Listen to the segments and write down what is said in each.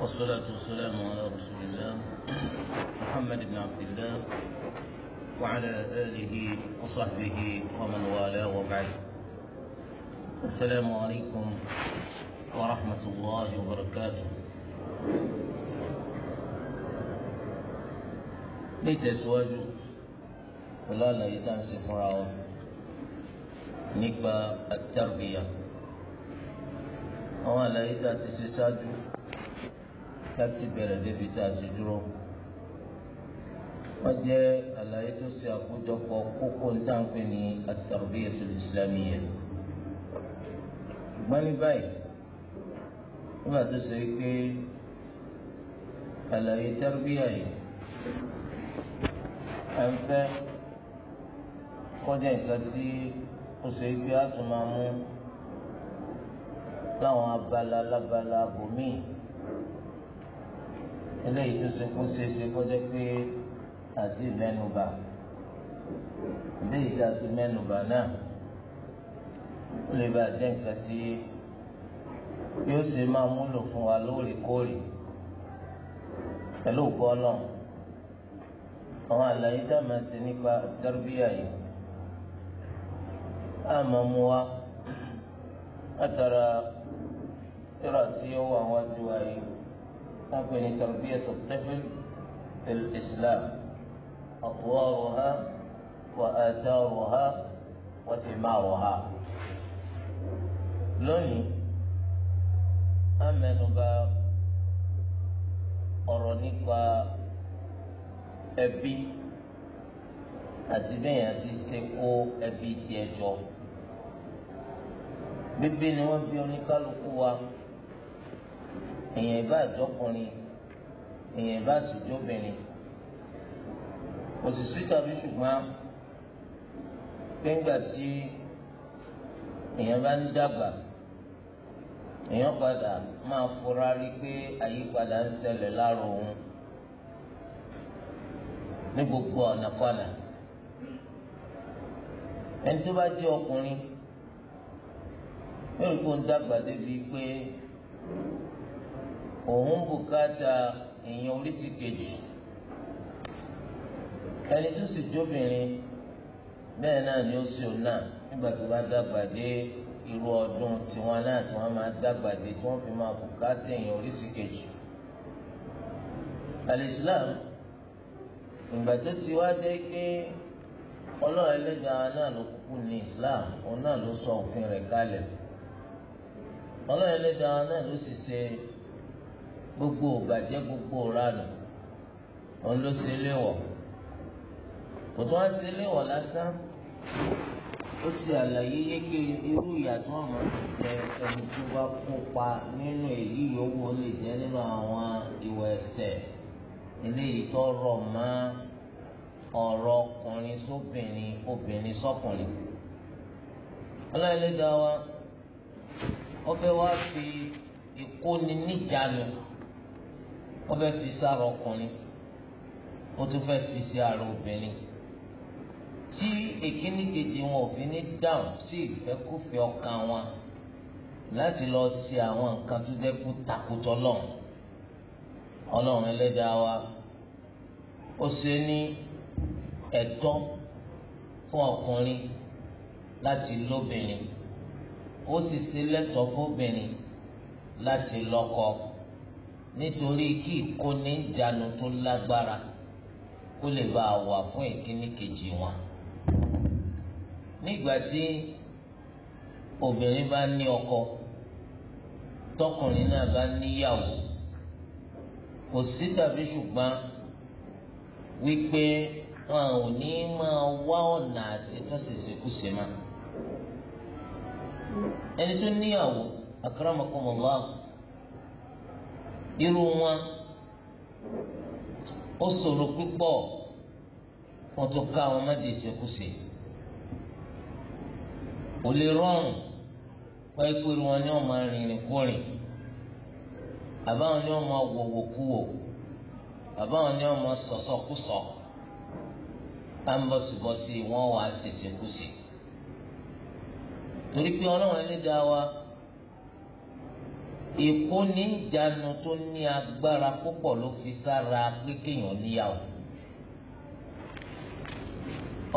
والصلاة والسلام على رسول الله محمد بن عبد الله وعلى آله وصحبه ومن والاه وبعد السلام عليكم ورحمة الله وبركاته ليت pẹ̀lú فلا لا à ń نكبة التربية wọn nípa àtàrbíyà láti bẹ̀rẹ̀ débi tá a ti dúró. wọ́n jẹ́ àlàyé tó ṣe àkójọpọ̀ kókó ní táǹpé ní at-tarbiyatul islamiyya. ṣùgbọ́n ní báyìí nígbà tó ṣe pé àlàyé tarbiyya yìí à ń fẹ́ kọjá nǹkan tí ó ṣe pé a tún máa mú láwọn abala lábala bòmíì eléyìí tó ṣe kó ṣeéṣe kó jẹ́ pé àti mẹ́nubà eléyìí tó ti mẹ́nubà náà ó lè bá jẹ́ nǹkan tí yóò ṣe máa múlò fún wa lóòrèkóòrè pẹ̀lú gbọ́lọ̀ àwọn àlàyé dáàmà sí nípa tẹ́rẹ́bíyà yìí á máa mú wa látara tíra tí ó wà wájú wa yìí wọ́n pè ní tarbiyatu tifl fil islam atwaruha wa atharuha wa thimaruha. lónìí a mẹ́nubà ọ̀rọ̀ nípa ẹbí àti bẹ́ẹ̀ àti ṣe kó ẹbí tiẹ̀ jọ bíbí ni wọ́n bí oníkálukú wa èèyàn ìbá àjọkùnrin èèyàn ìbá àṣìjọbìnrin òṣìṣẹ́ tàbí ṣùgbọ́n péńgbà tí èèyàn bá ń dàgbà èèyàn padà máa fura rí pé àyípadà ń ṣẹlẹ̀ lára òun ní gbogbo ọ̀nàkọ́nà ẹni tó bá jẹ́ ọkùnrin yóò rí kó ń dàgbà débi pé. òun bùkátà èèyàn oríṣi kejì ẹni tó sì jóbìnrin bẹ́ẹ̀ náà ni ó sì ò náà nígbà tó bá dàgbà dé irú ọdún tiwọn náà tí wọ́n máa dàgbà dé tí wọ́n fi máa bùkátà èèyàn oríṣi kejì alìsílám ìgbà tó ti wá dé pé ọlọ́run ẹlẹ́dàá náà ló kúkú ní islam òun náà sọ òfin rẹ̀ kalẹ̀ ọlọ́run náà ló sì gbogbo òbàjẹ́ gbogbo òranù òun ló ṣe léwọ̀ kò tó wá ṣe léwọ̀ lásán ó ṣe àlàyé yéké irú ìyà tí wọ́n máa ń jẹ ẹni tó bá kópa nínú èyí yòówù ó lè jẹ́ nínú àwọn ìwà ẹ̀ṣẹ̀ eléyìí tó rọ̀ mọ́ ọ̀rọ̀ ọkùnrin sóbìnrin obìnrin sọ́kùnrin ọlọ́ọ̀lẹ́dàá wa ó fẹ́ wá fi ìkóni níjànú wọ́n fẹ́ fi sára ọkùnrin ó tún fẹ́ fi sí ara obìnrin tí èkíní kejì wọn ò fi ní dáhùn sí ìfẹ́kùfẹ́ ọkàn wọn láti lọ ṣe àwọn nǹkan tó jẹ́ kó takùtọ̀ lọ́hùn ọlọ́run ẹlẹ́dàá wa ó ṣe ní ẹ̀tọ́ fún ọkùnrin láti lóbìnrin ó sì ṣe lẹ́tọ̀ọ́ fóbìnrin láti lọ́kọ nítorí kí ìkóni ìjánu tó lágbára kó lè bá a wà fún ìkíní kejì wọn. nígbà tí obìnrin bá ní ọkọ tọkùnrin náà bá níyàwó kò sí tàbí ṣùgbọ́n wípé wọn ò ní máa wá ọ̀nà àti tún ṣèṣekúṣe máa. ẹni tó níyàwó akramakumullah irú wọn ó ṣòro pípọ̀ wọn tó ká àwọn mẹ́jẹ ìṣekúṣe kò lè rọrùn wáyé pé irú wọn ni wọn máa rìnrìn kúrìn àbáwọn ni wọn máa wọ̀wọ̀ kúwò àbáwọn ni wọn máa ń wọn wà á torí pé ìkóni ìjánu tó ní agbára púpọ̀ ló fi sára pé kéèyàn níyàwó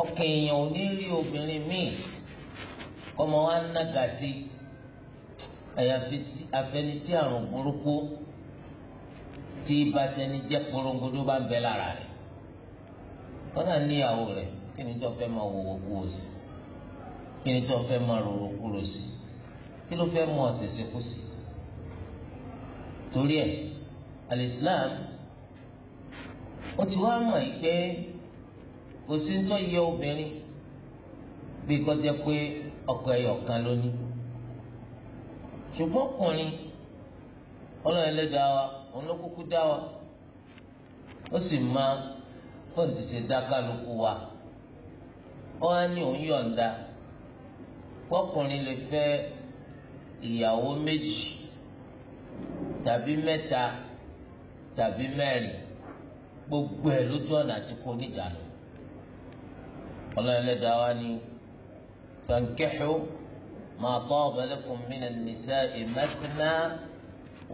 ọkàn èèyàn ò ní rí obìnrin míì kọ́mọ wa ń nàgà sí àyàfi afẹni tí àrùn burúkú tí ìbátẹni jẹ́ porongodo bá ń bẹ lára rẹ̀ kọ́nà níyàwó rẹ̀ kí ni tó fẹ́ máa wòwò kúrò sí kí ni tó fẹ́ máa rorò kúrò sí kí ló fẹ́ mú ọ̀sẹ̀ sí kú sí torí ẹ̀ alìsílám ó ti wá mọ̀ yìí pé kò sí ń tọ́ yẹ obìnrin bí kọjá pé ọkọ ẹyọ kan ló ṣùgbọ́n ọkùnrin ọlọ́run ẹlẹ́dàá wa òun ló kúkú dá wa ó sì máa fóun ti ṣe dá wa ó wá ní òun yọ̀ǹda kọkùnrin lè fẹ́ ìyàwó méjì tàbí mẹ́ta tàbí mẹ́rin gbogbo ẹ̀ lójú ọ̀nà àti kó níjànú ọlọ́run lẹ́dàá wa ni fankihu ma taba lakum minan nisa'i mathna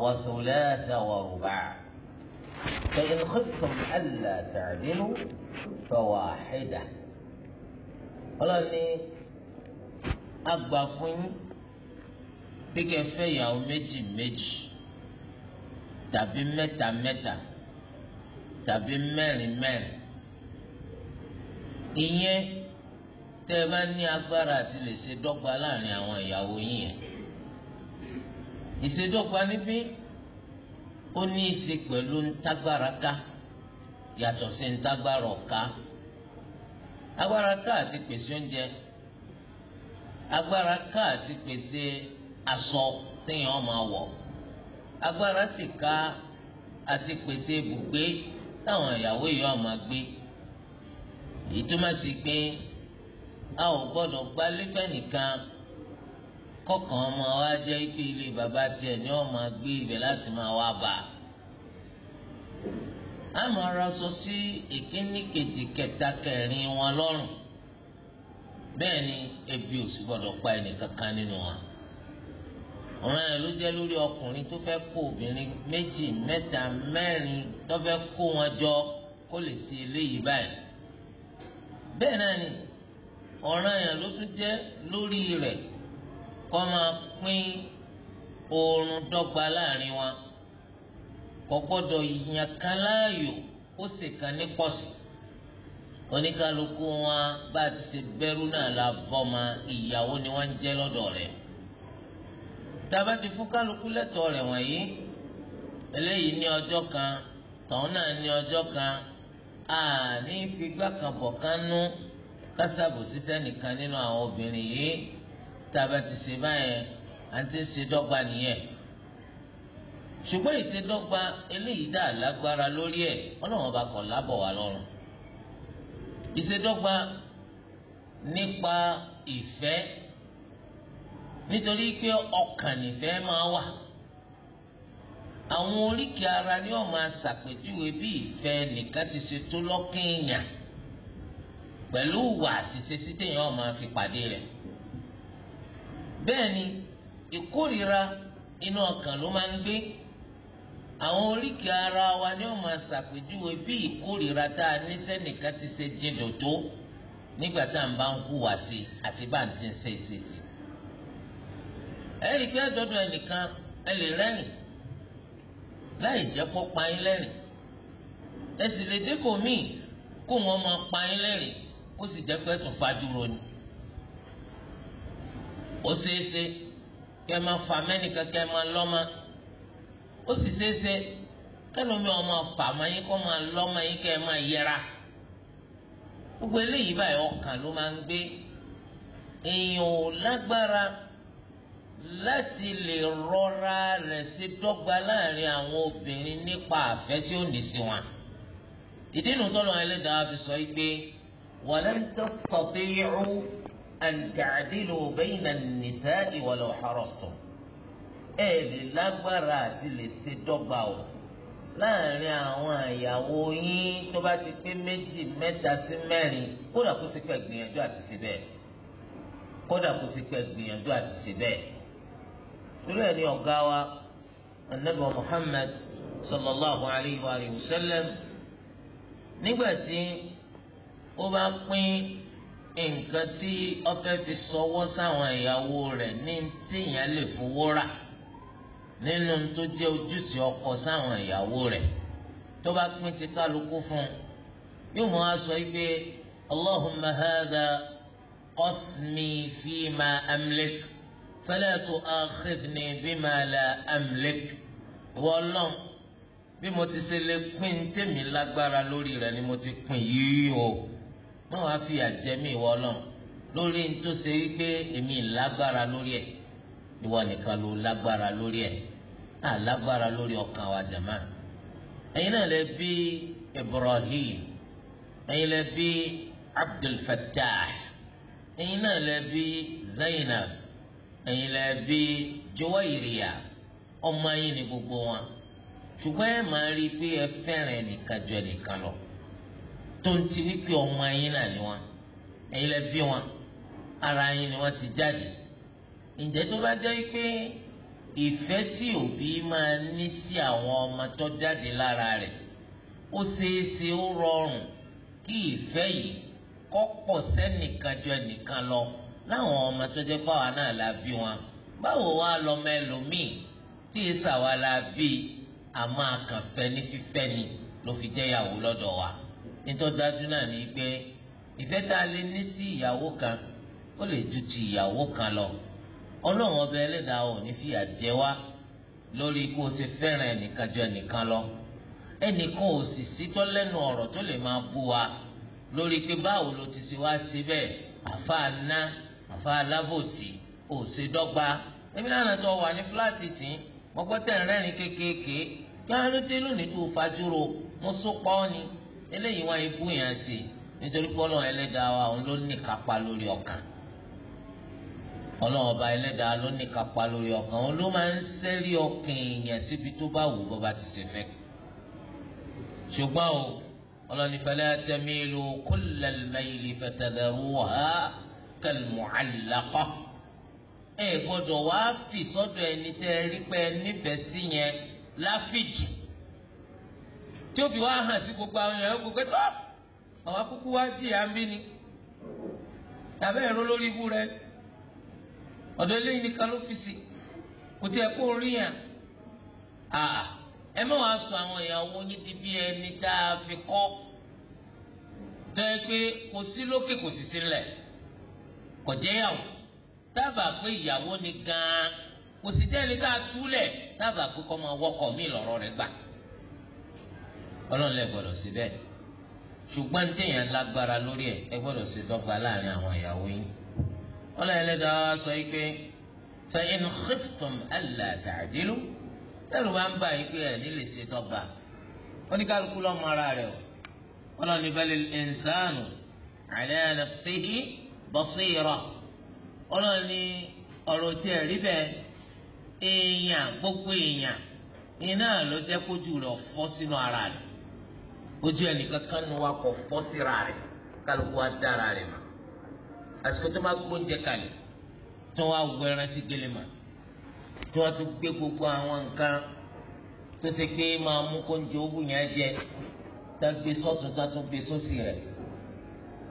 wa thulatha wa ruba' fa in khiftum alla ta'dilu fawahida ọlọ́run ni agbà fún yín bí kẹ́ fẹ́ tàbí mẹ́ta mẹ́ta tàbí mẹ́rin mẹ́rin ìyẹn tẹ́ ẹ bá ní agbára àti lè ṣe dọ́gba láàrin àwọn ìyàwó yín yẹn ìṣèdọ́gba níbí ó ní í ṣe pẹ̀lú ntágbára ká yàtọ̀ sí ntágbára ọ̀ká agbára ká àti pèsè oúnjẹ agbára ká àti pèsè aṣọ téèyàn máa wọ̀ agbára sì ká àti pèsè ibùgbé táwọn ìyàwó yìí ọmọ gbé èyí túmọ̀ sí pé a ò gbọ́dọ̀ gba lífẹ̀ nìkan kọ̀ọ̀kan ọmọ wa jẹ́ ipe ilé bàbá tiẹ̀ ní ọmọ gbé ibẹ̀ láti máa wá bá a. a máa ra sọ sí ìkíní kejì kẹta kẹrin wọn lọ́rùn bẹ́ẹ̀ ni ebi ò sì gbọ́dọ̀ pa ẹnìkankan nínú wọn ọ̀ràn yẹn ló jẹ́ lórí ọkùnrin tó fẹ́ kó obìnrin méjì mẹ́ta mẹ́rin tó fẹ́ kó wọn jọ kó lè ṣe eléyìí báyìí bẹ́ẹ̀ náà ni ọ̀ràn yẹn ló tún jẹ́ lórí rẹ̀ kó máa pín oorun dọ́gba láàrin wa kò gbọ́dọ̀ yàn kan láàyò ó sì kan ní pọ̀sì oníkálukú wọn bá ti ṣe bẹ́rù náà la bọ́ ma ìyàwó ni wọ́n ń jẹ́ lọ́dọ̀ rẹ̀ tába ti fún kálukú lẹ́tọ̀ọ́ rẹ̀ wọ̀nyí eléyìí ní ọjọ́ kan tọ̀hún náà ní ọjọ́ kan àní figbá kan bọ̀ kánú kásáàbò sísẹ́ nìkan nínú àwọn obìnrin yìí tába ti ṣe báyẹn à ń ti ṣe dọ́gba nìyẹn ṣùgbọ́n ìṣedọ́gba eléyìí dá lágbára lórí ẹ̀ ọlọ́run ọba kọ̀ lábọ̀ wá lọ́rùn ìṣedọ́gba nípa ìfẹ́ nítorí pé ọkàn nìfẹ́ máa wà àwọn oríkèé ara ni wọ́n máa ṣàpèjúwe bí ìfẹ́ nìkan ti ṣe tó lọ́kàn èèyàn pẹ̀lú ìwà àṣìṣe sí téèyàn máa fi pàdé rẹ̀ bẹ́ẹ̀ ni ìkórìíra inú ọkàn ló máa ń gbé àwọn oríkèé ara wa ni wọ́n máa bí ìkórìíra tá a ní sẹ́nìkan ti ṣe jìndò tó nígbà tá à ń bá ń hùwà sí àti bá ń ti ń ṣe é ṣe sí. ẹnì kí ẹdọdọ ẹnìkan ẹ lè rẹ́rìn láì jẹ́ kó pa yín lẹ́rìn ẹ sì lè dẹ́kọ̀ míì kó wọn máa pa yín lẹ́rìn kó sì jẹ́ pé tún fajúro ni ó ṣeéṣe kí ẹ máa fa mẹ́nìkan kí ẹ máa lọ́mọ ó sì ṣeéṣe kẹlòmí fà máa yín kó láti lè rọra rẹ̀ ṣe dọ́gba láàrin àwọn obìnrin nípa àfẹ́ tí ó ní sí wọn. ìdí inú tọ́lọ̀ ẹlẹ́dàá fi sọ yìí pé walan tastati'u an ta'dilu bayna an-nisa'i walau harastum. ẹ lè lágbára àti lè ṣe dọ́gba o láàrin àwọn àyàwó yín tó bá ti pé méjì mẹ́ta sí mẹ́rin kódà kó sì pẹ́ gbìyànjú àti ṣe bẹ́ẹ̀ kódà kó sì pẹ́ gbìyànjú àti ṣe bẹ́ẹ̀ irú ẹni ọ̀gá wa anabi muhammad sallallahu alayhi wa sallam nígbà tí ó bá ń pín nǹkan tí ó fẹ́ fi sọwọ́ sáwọn ìyàwó rẹ̀ ní tíyàn lè fowó rà nínú tó jẹ́ ojúṣe ọkọ sáwọn ìyàwó rẹ̀ tó bá pín ti kálukú fún yóò mọ aṣọ ife allahumma hadha qasmi fima amlik fala tu'akhidhni bima la amlik wọlọ́n bí mo ti ṣe lè pín tèmi lágbára lórí rẹ̀ ni mo ti pín yìí o má wàá fi àjẹmí wọlọ́n lórí n tó ṣe wípé èmi lágbára lórí ẹ̀ ìwọ nìkan ló lágbára lórí ẹ̀ á lágbára lórí ọkàn wa jàmá ẹ̀yin náà lè bí Ibrahim ẹ̀yin lè bí Abdul Fattah náà lè bí Zainab ẹ̀yin lẹ bí Juwayriya ọmọ yín ni gbogbo wọn ṣùgbọ́n ẹ máa rí i pé ẹ fẹ́ràn ẹnìkan ju ẹnìkan lọ tó ń ti wípé ọmọ yín náà ni wọn ẹ̀yin lẹ bí wọn ara yín ni wọ́n ti jáde ǹjẹ́ tó bá jẹ́ pé ìfẹ́ tí òbí máa ní sí àwọn ọmọ tó jáde lára rẹ̀ ó ṣeéṣe ó rọrùn kí ìfẹ́ yìí kó pọ̀ sẹ́nìkan ju ẹnìkan lọ láwọn ọmọ tó jẹ́ fáwa náà la bí wọn báwo wá lọ́mọ ẹlòmíì tí èsà wa la bí àmọ́ àkànfẹ́ ní fífẹ́ ni ló fi jẹ́ ìyàwó lọ́dọ̀ wa nítorí dájú náà ni pé ìfẹ́ tá a lè ní sí ìyàwó kan ó lè ju ti ìyàwó kan lọ ọlọ́run ọbẹ̀ ẹlẹ́dàá ò ní fìyà jẹ wá lórí kó o ṣe fẹ́ràn ẹnìkan ju ẹnìkan lọ ẹnìkan ò sì sítọ́ lẹ́nu ọ̀rọ̀ tó lè máa bú wa lórí pé báwo ló ti ṣe wá síbẹ̀ àfa ná àfa alábòsí òṣèdọ́gba ẹbí lánàá tó wà ní fúláàtì tì í wọ́n gbọ́ tẹ̀ rẹ́rìn kékèké kí wọ́n ló dé lónìí tó fajúro mo sún pọ́ ni eléyìí wọ́n ibú yẹn sí nítorí pé ọlọ́run ẹlẹ́dàá wa òun ló ní kápá lórí ọkàn ọlọ́run ọba ẹlẹ́dàá ló ní kápá lórí ọkàn òun ló máa ń sẹ́rí ọkàn èèyàn síbi tó bá wù bó ti ṣe fẹ́ ṣùgbọ́n o ọlọ́run ìfẹ́lẹ́ tẹ́mi lu kullal mayli fatadharuha kàlmùcàlàkọ ẹ gbọ́dọ̀ wá fi sọ́dọ̀ ẹni tẹ́ rí pé nífẹ̀ẹ́ sí yẹn láfíjì tí ó fi wá hàn sí gbogbo àwọn èèyàn gbogbo tó àwọn akúkú wá jìyà ń bí ni tàbí ẹ̀rọ lórí ibú rẹ ọ̀dọ̀ eléyìí nìkan ló fi sí kò tí ẹ kó rí yàn ẹ má wàá sọ àwọn ìyàwó yín di bí ẹni tá a fi kọ́ tẹ́ pé kò sí lókè kò sì sílẹ̀ kò jẹ́yàwó dábàá pé ìyàwó ni gan-an kò sì jẹ́ni ká túlẹ̀ dábàá pé kọ́ máa wọkọ̀ mí lọ́rọ̀ rẹ̀ gbà ọlọ́run lẹ gbọ́dọ̀ sí bẹ́ẹ̀ ṣùgbọ́n téèyàn lágbára lórí ẹ̀ ẹ gbọ́dọ̀ sí dọ́gba láàrin àwọn ìyàwó yín ọlọ́run ẹlẹ́dàá wá sọ pé fa in khiftum alla ta'dilu tẹ́lu ń bá yín pé ẹ̀ nílè ṣe dọ́gba oníkálukú lọ́mọ ara rẹ̀ o ọlọ́run ní basira ọlọ́run ní ọ̀rọ̀ tí ẹ̀ rí bẹ́ẹ̀ èèyàn gbogbo èèyàn iná ló jẹ́ kójú rẹ̀ fọ́ sínú ara rẹ̀ ojú ẹnìkan kan wa kọ̀ fọ́ síra rẹ̀ kálukú wa dára rẹ̀ mọ̀ àsìkò tó máa kalẹ̀ tó wá wọ mọ̀ tún gbé gbogbo àwọn nǹkan tó ṣe pé máa mú kóúnjẹ ó wù yẹn jẹ tá gbé sọ́tún tá tún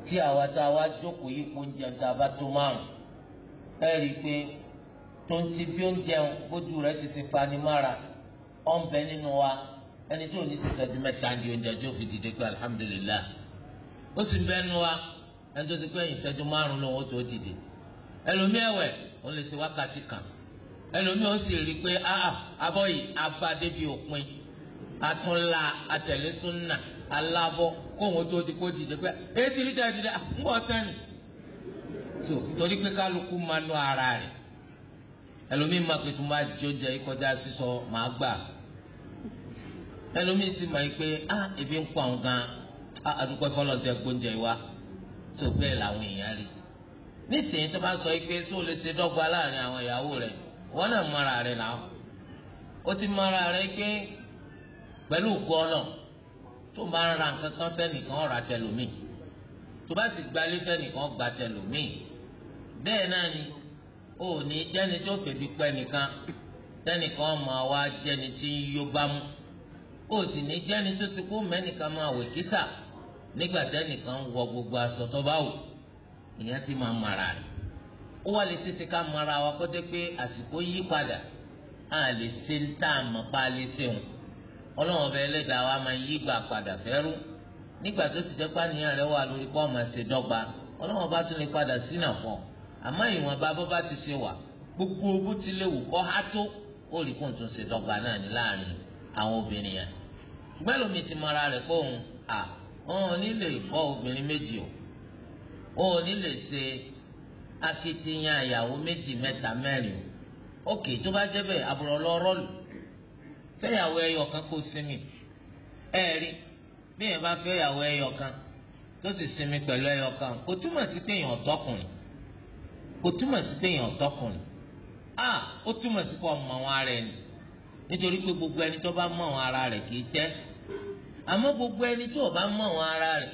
tí àwa tá a wá jókòó yìí kó oúnjẹ tá a bá tó márùn ẹ rí i pé tó ń ti bí oúnjẹ ojú rẹ ti ṣe panimára ọ̀ ń bẹ nínú wa ẹni tó ní sísè di mẹ́ta di oúnjẹ tó fi dìde pé alihamudulilayi ó sì ń nínú wa ẹni tó ti pé ìṣẹ́jú márùn lòun ó tó dìde ẹlòmí ẹ̀wẹ̀ ó lè ṣe wákàtí kan ẹlòmí ó sì rí i pé abọ́ yìí abá débi òpin atúnla atẹ̀lẹ́sùn náà alábọ kó wọn tó ti kó dìde pé èyí ti rí dá dìde ń bọ̀ tán ni torí pé kálukú máa nú ara rẹ̀ ẹlòmíì máa pè tún bá jó jẹ ìkọjá sísọ máa gbà ẹlòmíì sì máa pé a ebi ń pa òun gan a àdúgbò fọlọ́ọ̀tẹ gbóúnjẹ wa tó bẹ́ẹ̀ làwọn èèyàn rí nísìnyí tó bá sọ pé tó lè ṣe dọ́gba láàrin àwọn ìyàwó rẹ̀ wọn náà mara rẹ̀ náà ó ti mara rẹ̀ pé pẹ̀lú gọ́ọ̀nà tó máa ń ra nǹkan kan fẹ́nìkan ọ̀rà tẹlómi tó bá sì gbalé fẹ́nìkan gba tẹlómi bẹ́ẹ̀ náà ni ó ní jẹ́ni tó fèbí pẹ́ nìkan tẹ́nìkan máa wá jẹ́ni tí ń yó bá mú ó sì ní jẹ́ni tó sì kú mẹ́nìkan máa wẹ̀ kísà nígbà tẹ́nìkan wọ gbogbo aṣọ tó bá wù ìyẹn ti máa mara rẹ̀ ó wà lè ṣeéṣe ká mara wa kó jẹ́ pé àsìkò yí padà á lè ṣe ń tà mọ́ pa á lè ṣeun ọlọ́wọ́n bẹ ẹlẹ́dàá wa máa yí gbà padà fẹ́rú nígbà tó sì jẹ́ pàníyàn rẹ wà lórí pọ́ máa ṣe dọ́gba ọlọ́wọ́n bá tún lè padà sínà fún ọ àmọ́ ìwọ̀nba bó bá ti ṣe wà gbogbo bó ti lè wù kọ́ há tó ó rí kó n tún ṣe dọ́gba náà ní láàrin àwọn obìnrin yẹn ṣùgbọ́n lómi ti mọ ara rẹ̀ pé òun à òun ní lè kọ́ obìnrin méjì o òun ní lè ṣe akitiyan ìyàwó méjì mẹ́ta mẹ́rin o òkè tó bá jẹ́ bẹ́ẹ̀ àbúrò ọlọ́rọ́ lù fẹ́yàwó ẹyọ kan kó sinmi ẹ rí bí èèyàn bá fẹ́yàwó ẹyọ kan tó sì sinmi pẹ̀lú ẹyọ kan kò túmọ̀ sí pé èèyàn ọ̀tọ́kùnrin kò túmọ̀ sí pé èèyàn ọ̀tọ́kùnrin a ó túmọ̀ sí pé ọmọ wọn ara ẹni nítorí pé gbogbo ẹni tó bá mọ̀ wọn ara rẹ̀ kì í tẹ́ àmọ́ gbogbo ẹni tó bá mọ̀ wọn ara rẹ̀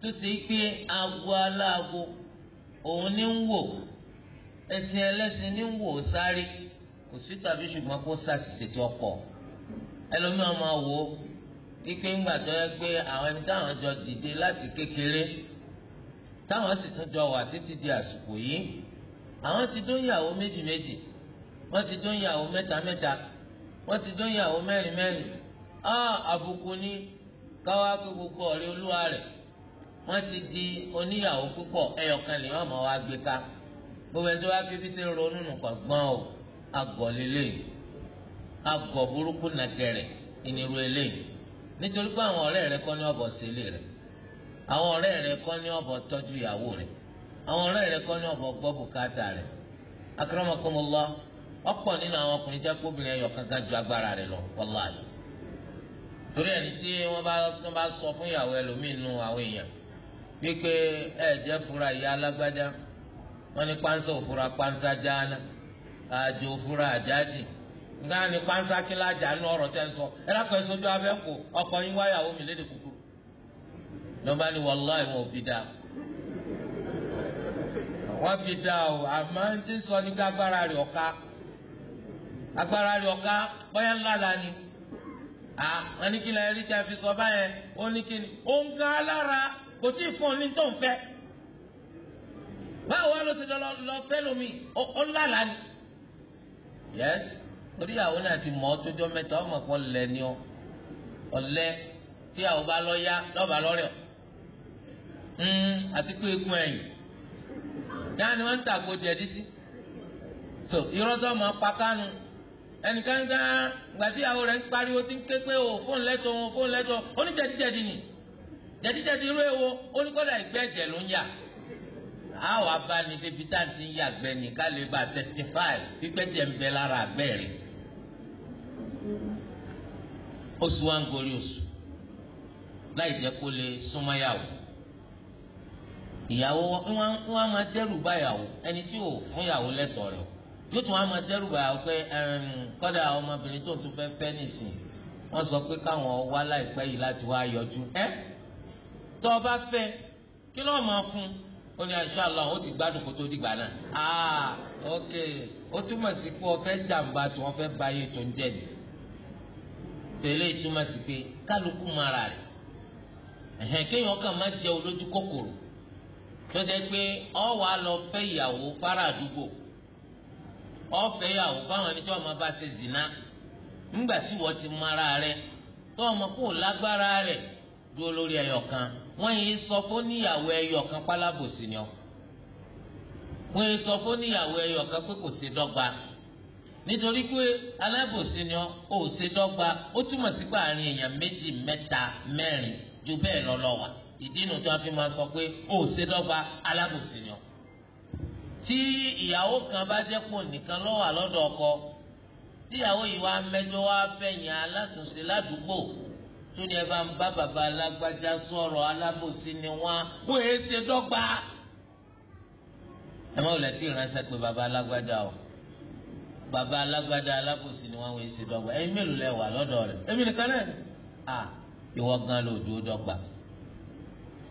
tó ṣe pé aago aláago òun ní ń wò ẹ̀sìn ẹlẹ́sìn ní ń wò sáré kò sí tàbí ṣùgbọ́n kó sàṣìṣe tí ó pọ̀ ẹlòmíràn máa wò ó ike ńgbà tó yẹ pé àwọn ẹni táwọn jọ dìde láti kékeré táwọn sì tún jọ wà títí di àsìkò yìí àwọn ti dún ìyàwó méjì méjì wọ́n ti dún ìyàwó mẹ́ta mẹ́ta wọ́n ti dún ìyàwó mẹ́rin mẹ́rin á àbùkù ni káwá pé gbogbo ọ̀rẹ́ olúwa rẹ̀ wọ́n ti di oníyàwó púpọ̀ ẹyọkan lè wọ́n mọ̀ wá gbé ká gbogbo ẹni tó wá fi fi ṣe ronú nù kọ̀ gbọ́n o àgọ́ lélẹ́yìí. agọ̀ burúkú na ìnirú eléyìí nítorí pé àwọn ọrẹ rẹ kọ ní ọ̀bọ̀ sílé rẹ àwọn ọ̀rẹ́ rẹ kọ́ ní ọ̀bọ̀ tọ́jú ìyàwó rẹ àwọn ọ̀rẹ́ rẹ kọ́ ní ọ̀bọ̀ gbọ́ bùkátà rẹ akramakumullah ọ̀pọ̀ nínú àwọn ọkùnrin jẹ́ kóbìnrin ẹyọ rẹ lọ wàláhì torí ẹni tí wọ́n bá bá sọ fún ìyàwó ẹlòmíín nu àwọn èèyàn wípé ẹ ìyá alágbádá ní nǹkan ni pàǹsákì lájà nínú ọ̀rọ̀ tẹ́ ń sọ ọkọ yín wáyàwó mi léde kúkúrú lọ́ba ni wàllá ìwọ̀n òbí dá wọ́n fi o àmọ́ ń ti sọ ní agbára rẹ̀ ọ̀ka agbára rẹ̀ ọ̀ka bóyá ńlá la ni fi sọ báyẹn ó ni ọ tó ń báwo ti orí àwọn náà ti mọ̀ ọ́ tójọ́ mẹ́ta ọmọ kan lẹ̀ ni ọ ọ̀lẹ́ tí àwọn bá lọ yá lọ́ba lọ́rẹ̀ ọ̀ hmm, àti pé egun ẹ̀yìn yáà ni wọ́n ń tàgò jẹ̀dí sí so ìrọ́jọ́ máa pa kánú ẹnìkan gán gbàtí àwọn rẹ̀ ń pariwo tí ń ké pé o fóun lẹ́tọ̀ o fóun lẹ́tọ̀ o ní jẹ̀díjẹ̀dí ni jẹ̀díjẹ̀dí irú èwo ó ní kọ́dà ìgbẹ́ ẹ̀jẹ̀ ló ń yà àwọn abáni débi tá ti ń yàgbẹ́ ni ká lè bá testify pípẹ́ jẹ̀ ń bẹ lára àgbẹ̀ rẹ̀ oṣù wa ń gorí oṣù láì jẹ́ kó lè súnmọ́yàwó ìyàwó wọn máa dẹ́rù báyàwó ẹni tí ò fún yàwó lẹ́tọ̀ọ́ rẹ̀ yóò tún wọn máa dẹ́rù báyàwó pé kọ́dà ọmọbìnrin tó ń tún fẹ́ fẹ́ nìsín wọ́n sọ pé káwọn wá láìpẹ́ yìí láti wá yọjú ẹ́ tó o bá fẹ́ kí ló máa fún ó ní inshallah ó ti gbádùn kó tó dìgbà náà ah ok ó túmọ̀ sí pé o fẹ́ jàǹbá tí wọ́n fẹ́ báyé tó ń jẹ́ nìyí tẹ̀lé ìtumọ̀ sí pé kálukú mara rẹ̀ ẹ̀hẹ̀n kéèyàn kàn má jẹ́ olójú kòkòrò tó jẹ́ pé ọ wà lọ fẹ́ ìyàwó fara àdúgbò ọ fẹ́ ìyàwó fáwọn ẹni tí wọ́n máa bá zina ńgbà tí ti mara rẹ̀ tó kò lágbára rẹ̀ dúró lórí wọ́n yìí sọ ni ọ wọ́n yìí sọ fún níyàwó nítorí pé alábòsí ni ó ṣe dọ́gba ó túmọ̀ sí pé àárín èèyàn méjì mẹ́ta mẹ́rin ju bẹ́ẹ̀ lọ lọ wà ìdí inú tí wọ́n fi máa sọ pé ó ṣe dọ́gba alábòsí ni ó. tí ìyàwó kan bá dẹ́kun nìkan ló wà lọ́dọ̀ ọkọ tíyàwó yìí wá mẹ́jọ wá fẹ̀yìn alátùnṣe ládùúgbò tó ní ẹ bá ń bá bàbá alágbájá sọ̀rọ̀ alábòsí ni wọ́n wọ́n ṣe dọ́gba. ẹ má wùlẹ̀ tí ìránṣẹ́ pé bàbá alágbájá o. Baba alágbádá alábòsí ni wọ́n wọ́n ṣe dọ́gba ẹ̀yin mélòó lẹ wà lọ́dọ̀ rẹ̀ èmi nìkan náà ni à ìwọ gan ló dúró dọ́gba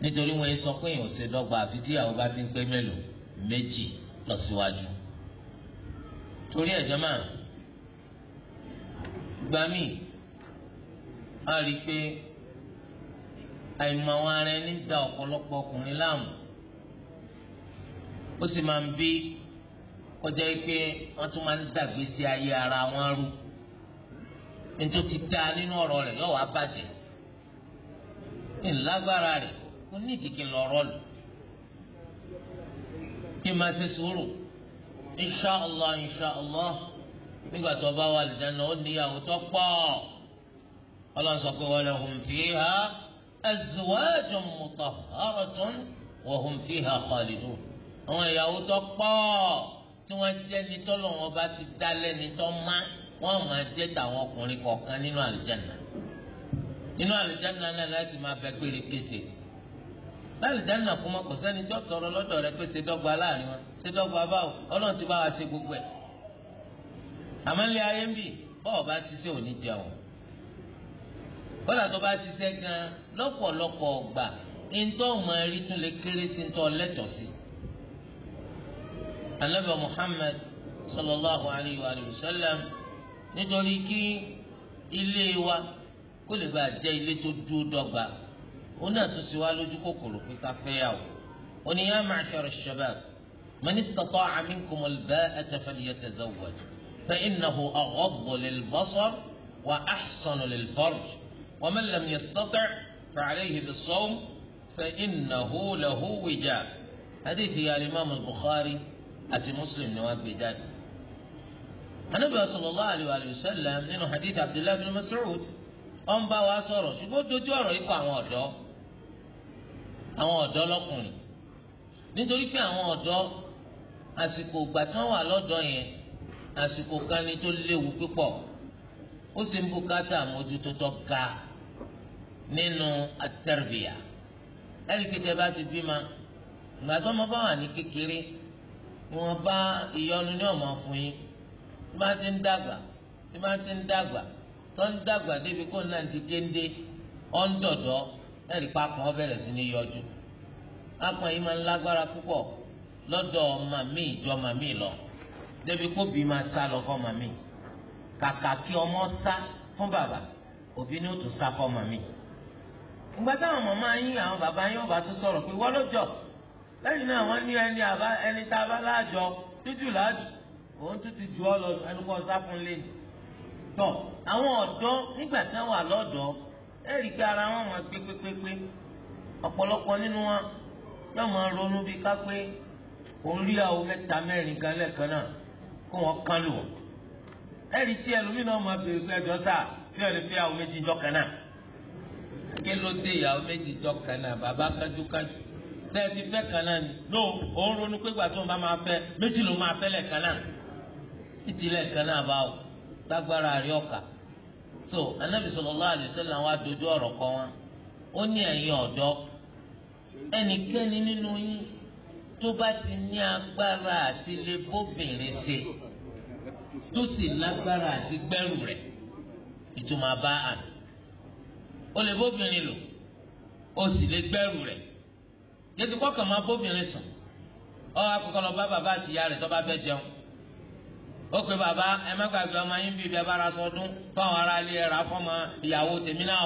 nítorí wọ́n sọ pé èèyàn ṣe dọ́gba àfi tí àwọn bá ti ń pé mélòó méjì lọ torí ẹ̀jọ́ máa gbà mí a rí i pé àìmọ̀ àwọn ẹni da ọ̀pọ̀lọpọ̀ ọkùnrin láàmú ó sì máa ń bí kọjá yìí pé wọ́n tún máa ń dàgbé sí ayé ara wọn rú nítorí ti da nínú ọ̀rọ̀ rẹ̀ yóò wá bàjẹ́ ńlágbára rẹ̀ ó ní kìkì lọ́rọ́ lò kí n máa ṣe sùúrù inṣàlá inṣàlá nígbà tó bá wà lìdáná ó níyàwó tó pọ̀ ọlọ́run sọ pé wọ́n lè fi ha azwajun mutahharatun wa hum fiha khalidun àwọn ìyàwó tó pọ̀ tí wọ́n jẹ́ ni tọ́lọ̀ wọn bá ti dá lẹ́ni tọ́ má wọ́n máa jẹ́ tàwọn ọkùnrin kọ̀ọ̀kan nínú àlùjáná nínú àlùjáná náà láti máa bẹ péré kése láàlùjáná kó má kò sẹ́ni tí ó tọrọ lọ́dọ̀ rẹ pé ṣe láàrin wọn ṣe dọ́gba báwo ọlọ́run ti bá wa ṣe gbogbo ẹ̀ àmọ́ ayé ń bì bọ́ọ̀ bá ṣiṣẹ́ òní jẹun bọ́dà tó bá ṣiṣẹ́ gan lọ́pọ̀lọpọ̀ ọgbà ntọ́ mọ̀ ẹ̀rí tún lè kéré sí ntọ́ lẹ́tọ̀ọ́ sí النبى محمد صلى الله عليه وآله وسلم نتولي كي إلي و كل با جاي لتجو دوبا هنا تسوى لجو في تفياو وني يا معشر الشباب من استطاع منكم الباءة فليتزوج فإنه أغض للبصر وأحصن للفرج ومن لم يستطع فعليه بالصوم فإنه له وجاء حديث يا الإمام البخاري àti muslim ni wọ́n gbé jáde. anabi sallallahu alayhi wa sallam nínú hadith abdullahi bin mas'ud ó ń bá wa sọ̀rọ̀ ṣùgbọ́n dojú ọ̀rọ̀ ikọ̀ àwọn ọ̀dọ́ àwọn ọ̀dọ́ lọ́kùnrin nítorí pé àwọn ọ̀dọ́ àsìkò ìgbà tí wọ́n wà lọ́dọ̀ yẹn àsìkò kan ni tó léwu púpọ̀ ó sì ń bùkátà àmójútó tó ga nínú at ẹ̀ríkìtẹ́ bá ti bímọ ìgbà tó ọmọ bá wà ní kékeré wọn bá ìyọnu ní ọmọ fún yín tí máa ti ń dàgbà tí máa ti ń dàgbà tó ń dàgbà débi kó náà ti géńdé ọ̀ ń dọ̀dọ̀ ẹ̀rí papọ̀ bẹ̀rẹ̀ sí ní yọjú akpọ̀ yìí máa ń lágbára púpọ̀ lọ́dọ̀ màmí ìjọ màmí lọ débi kó bí máa sá lọ fọ́ màmí kàkà kí ọmọ sá fún bàbá òbí ni ó tún sá fọ́ màmí. ìgbà táwọn màmá yín àwọn bàbá yín ọba tún sọ̀rọ̀ pé wọ́n ló lẹ́yìn náà wọ́n ní ẹni àbá ẹni tá a bá láàjọ tútù láàjù òun tún ti ju ọ lọ ẹnu kọ́ sáfún lẹ́nu. tọ́ àwọn ọ̀dọ́ nígbà tí wọ́n wà lọ́dọ̀ ẹ rí i pé ara wọn mọ̀ pépépépé ọ̀pọ̀lọpọ̀ nínú wọn yóò máa ronú bí ká pé òun rí àwọn mẹ́ta mẹ́rin kan lẹ́ẹ̀kan náà kó wọ́n kán lò wọ́n. ẹ rí tí ẹlòmíràn máa bèrè pé ẹjọ́ sáà tí ẹ lè fẹ́ àwọn méjì jọ kan náà kí ló dé ìyàwó méjì jọ kan náà bàbá tẹ́ẹ̀tì fẹ́ kan náà ni no òun ronú pé gbàtí òun bá máa fẹ́ méjì ló máa fẹ́ lẹ́ẹ̀kan náà títí náà bá rí so anabi sallallahu wa dojú ọ̀rọ̀ kọ wọn ó ní ẹ̀yin ọ̀dọ́ ẹnikẹ́ni nínú yín tó bá ti ní agbára àti lè bóbìnrin ṣe tó sì lágbára àti gbẹ́rù rẹ̀ ìtumọ̀ bá àná ó lè bóbìnrin lò ó sì lè yẹtù kọkàn máa bóbìnrin sùn ọ akọkọ lọ bá bàbá àti ìyá rẹ tó bá fẹ́ jẹun ó pe bàbá ẹ má gbàgbé ọmọ yín bíi bẹ́ẹ̀ bá ra sọdún fáwọn ará ilé ẹ rà fọmọ ìyàwó tèmi náà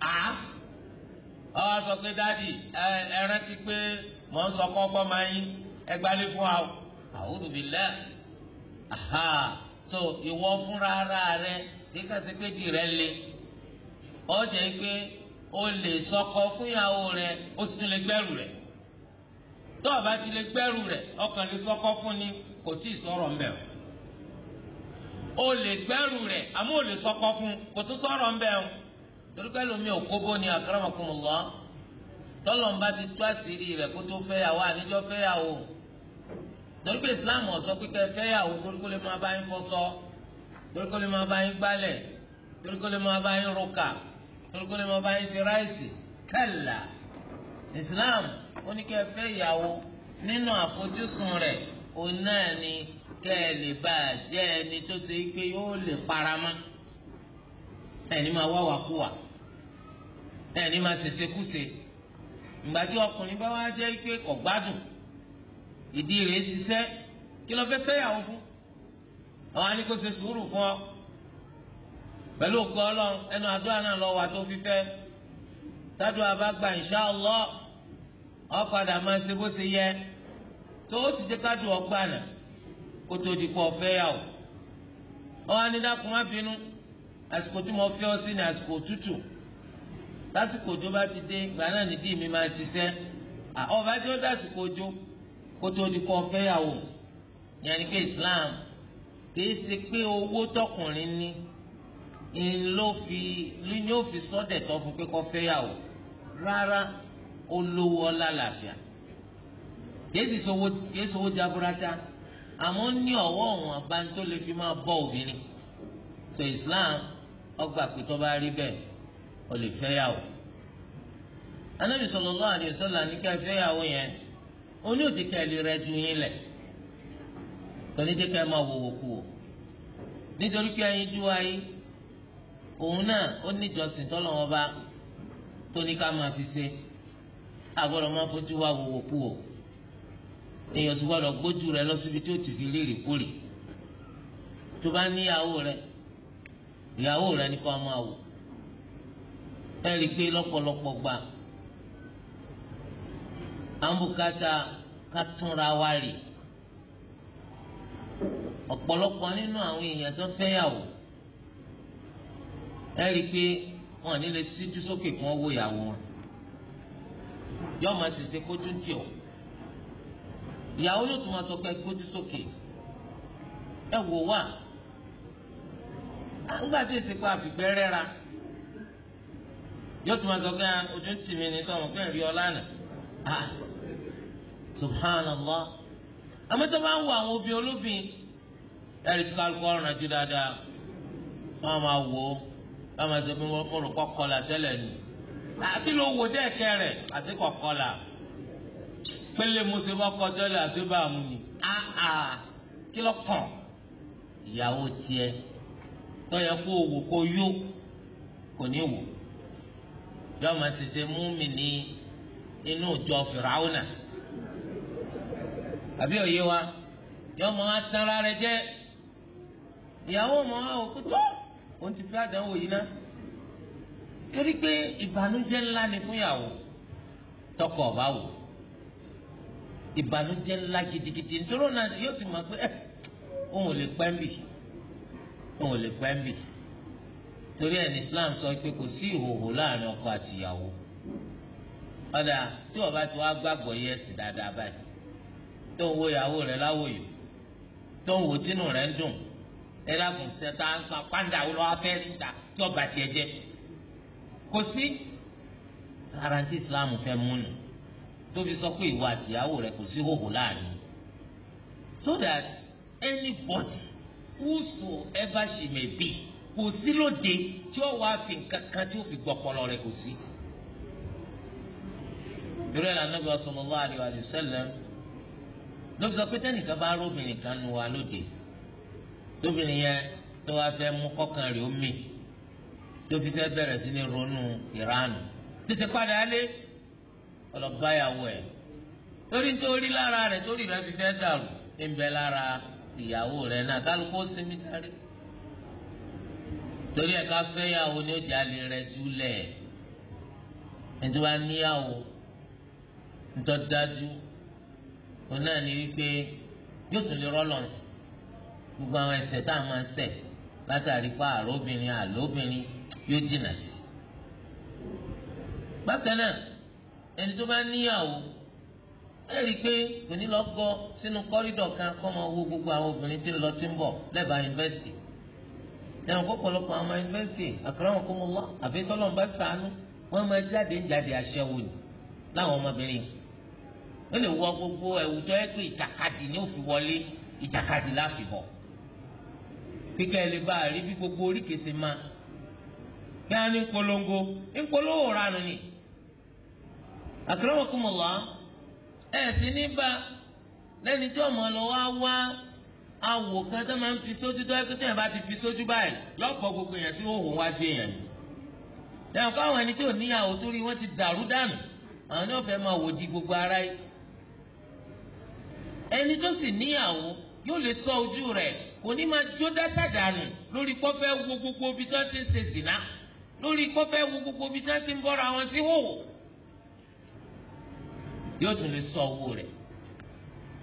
á ọ sọ pé dáàdì ẹ ẹ rántí pé mọ̀ ń sọ ọgbọ́n máa yín ẹ gbálé fún wa a'udhu billah aha so ìwọ fúnra ara rẹ kíkà sí pé di rẹ le ọ jẹ́ pé o lè sọkọ fún ìyàwó rẹ o sì tún lè gbẹ́rù rẹ̀ tó o bá ti lè gbẹ́rù rẹ̀ ọkàn lè sọ́kọ́ fún ni kò tí ì sọ̀rọ̀ ńbẹ̀ o o lè gbẹ́rù rẹ̀ àmọ́ o lè sọ́kọ́ fún kò tún sọ̀rọ̀ ńbẹ̀ o torí pé lómi ò kóbó ni akramakumullah tọ́lọ̀ ń bá ti tú àṣírí rẹ̀ kó tó fẹ́yàwó àníjọ́ fẹ́yàwó torí pé Islam ọ̀sọ́ pípẹ́ fẹ́yàwó torí kó lè máa bá yín fọṣọ torí kó lè máa bá yín gbálẹ̀ torí kó lè máa bá yín rọkà torí kó lè máa bá yín Islam ó ní kí ẹ ìyàwó nínú àfojúsùn rẹ̀ òun náà ni kẹ́ ẹ lè bá a jẹ́ ẹni tó ṣe pé yóò lè parama ẹni máa wá wàkúwà ẹni máa ṣèṣe kúṣe ìgbà tí ọkùnrin bá wá jẹ́ pé kò gbádùn ìdí rẹ̀ ṣiṣẹ́ kí ló fẹ́ fẹ́ ìyàwó fún àwọn á ṣe sùúrù fún ọ pẹ̀lú ògo ọlọ́run ẹnu àdúrà náà gba ọ padà máa ṣe bó ṣe yẹ tó o ti ṣe kádùn ọgbà náà kó tó di kó ọfẹ́ yà o. ọ̀hún anidákun má bínú àsìkò tí mo fẹ́ ọ sí ni àsìkò tútù lásìkò òjò bá ti dé ìgbà náà nídìí mi máa ṣiṣẹ́ ọba tí ó dásìkò òjò kó tó di kó ọfẹ́ yà o. yẹn ni pé Islam kì í ṣe pé owó tọkùnrin ní ń ló fi ló ní fi sọ́dẹ̀ tọ́ fún pé kó fẹ́ yà o rárá ó lówó ọlá làáfíà yéésì sọwọ́ jaburata àmọ́ ní ọ̀wọ́ ọ̀hún àbá tó lè fi máa bọ́ obìnrin tó Islam ọgbà pé tó bá rí bẹ́ẹ̀ ó lè fẹ́yàwó Ànábì sallallahu alaihi wasallam ní ká fẹ́yàwó yẹn ó ní òdì kẹ́lì rẹ ju yín lẹ̀ tọ́nídẹ́kẹ́ máa wòwò kú o nítorí pé ẹyin jú ayé òun náà ó níjọsìn tọ́lọ́wọ́n bá tó ní ká máa fi ṣe agbọ́dọ̀ máa fojú wa wòwò kú o èèyàn sì gbọ́dọ̀ gbójú rẹ lọ síbi tí ó ti fi rírì kúrì tó bá ní ìyàwó rẹ ìyàwó rẹ ni kó máa wò ẹ rí i pé lọ́pọ̀lọpọ̀ gbà àǹbùkátà ká túnra wa rè ọ̀pọ̀lọpọ̀ nínú àwọn èèyàn tó fẹ́yàwó ẹ rí i pé wọn ò ní lè síjú sókè kí wọ́n wò ìyàwó wọn yóò máa ṣèṣe kójú tì ọ́ ìyàwó yóò tún máa sọ pé kójú sókè ẹ wò wá nígbà tí èsì pa àfìgbẹ́ rẹ́ra yóò tún máa sọ pé ojú tì mí ni sọ̀rọ̀ pé rí ọ lánàá subhanallah àmọ́ bá ń wo àwọn obìnrin olóbìn tí dáadáa máa wò àti ló wò dẹ́ẹ̀kẹ́ rẹ̀ àti kọ̀kọ́ la pélé mose bá kọ́ tẹ́lẹ̀ àti bá a mú mi áá kí ló kàn ìyàwó tiẹ̀ tọ́yẹ kó wò kó yó kò ní wò yọọ ma ṣiṣẹ múmi ní inú ìjọ fìràwùnà àbí òye wa yọọ ma tán ara jẹ ìyàwó ma wò kó tó òun ti fi àdánwò yìí náà torí pé ìbànújẹ́ ńlá ni fún ìyàwó tọkọ ọba wò ìbànújẹ́ ńlá gidigidi nítorí náà yóò ti mọ̀ pé ẹ eh, òun ò lè pẹ́ mbì òun ò lè pẹ́ mbì torí ẹ̀ ní Islam sọ pé kò sí ìhòòhò láàrin ọkọ àti ìyàwó ọ̀dà tí ọba ti wá gbàgbọ́ yẹ ẹ̀sìn dáadáa báyìí tó ń wo ìyàwó rẹ láwòyò tó ń wo tínú rẹ ń dùn ẹ lágùn sẹ́ta ń pa pàǹdà wọ́n wá fẹ́ẹ́ síta tí ọba tiẹ̀ jẹ́ kò sí ara tí islam fẹ́ mú nù tó fi sọ pé ìwà àtìyàwó rẹ kò sí hòhò láàrin so that anybody whosoever she may be kò sí lóde tí ó wàá fi nǹkan kan tí ó fi gbọpọlọ rẹ kò sí. ìrẹ́ la Ànábì sallallahu alaihi wasallam ló sọ pé tẹ́nìkan bá róbìnrin kan nu wa lóde tóbìnrin yẹn tó wàá fẹ́ mú kọ́kàn rẹ̀ ó tó fi fẹ́ bẹ̀rẹ̀ sí ní ronú ìránù tètè padà lé ọlọ́gbáyàwó ẹ̀ torí nítorí lára rẹ̀ torí rẹ̀ fi fẹ́ dàrú ń bẹ lára ìyàwó rẹ̀ náà kálukú sinmi dárí torí ẹ̀ ká fẹ́yàwó ni ó di alẹ́ rẹ̀ júlẹ̀ ẹ̀dùn wa níyàwó ńtọ́ dájú òun náà ní wípé yóò tún lè rọ́lọ́ọ̀sì gbogbo àwọn ẹ̀ṣẹ̀ tá a máa ń ṣẹ̀ látàrí pa àròbìnrin àlóbìnrin yóò jìnnà sí. bákan náà ẹni tó bá níyàwó ẹ rí i pé kò ní lọ gọ sínú kọ́rídọ̀ kan kọ́ máa wo gbogbo àwọn obìnrin tí ń lọ sí ń bọ̀ lẹ́bàá yunifásitì ẹ̀rọ pọ̀pọ̀lọpọ̀ àwọn yunifásitì àkàràwọ̀n kó mo lọ àfi tọ́lọ̀ ń bá sànú wọ́n máa jáde ń jáde aṣẹ́wó ni láwọn ọmọbìnrin ó lè wọ gbogbo ẹ̀wù tó yẹ pé ìjàkadì ni ó fi wọlé ìjàkadì láfi bọ̀ kíkẹ́ ẹ lè bá a rí bí gbogbo oríkèsè máa yára ní ni àkàràwọ̀kùmọ̀lá ẹ̀ sì ní tí ọmọ lọ wá wá awò kan tó máa ń fi sójú tó ẹgbẹ́ tó yẹn bá ti fi sójú báyìí lọ́pọ̀ gbogbo yẹn sí òhùn wá ju ẹni tí ò níyàwó gbogbo ara yìí. ẹni tó sì níyàwó yóò lè sọ ojú kò ní máa jó lórí wo gbogbo ti ń ṣe zìnnà. lórí kọ́fẹ́ wo gbogbo ibi tí wọ́n ti ń bọ́ra wọn sí wòwò yóò tún lè sọ owó rẹ̀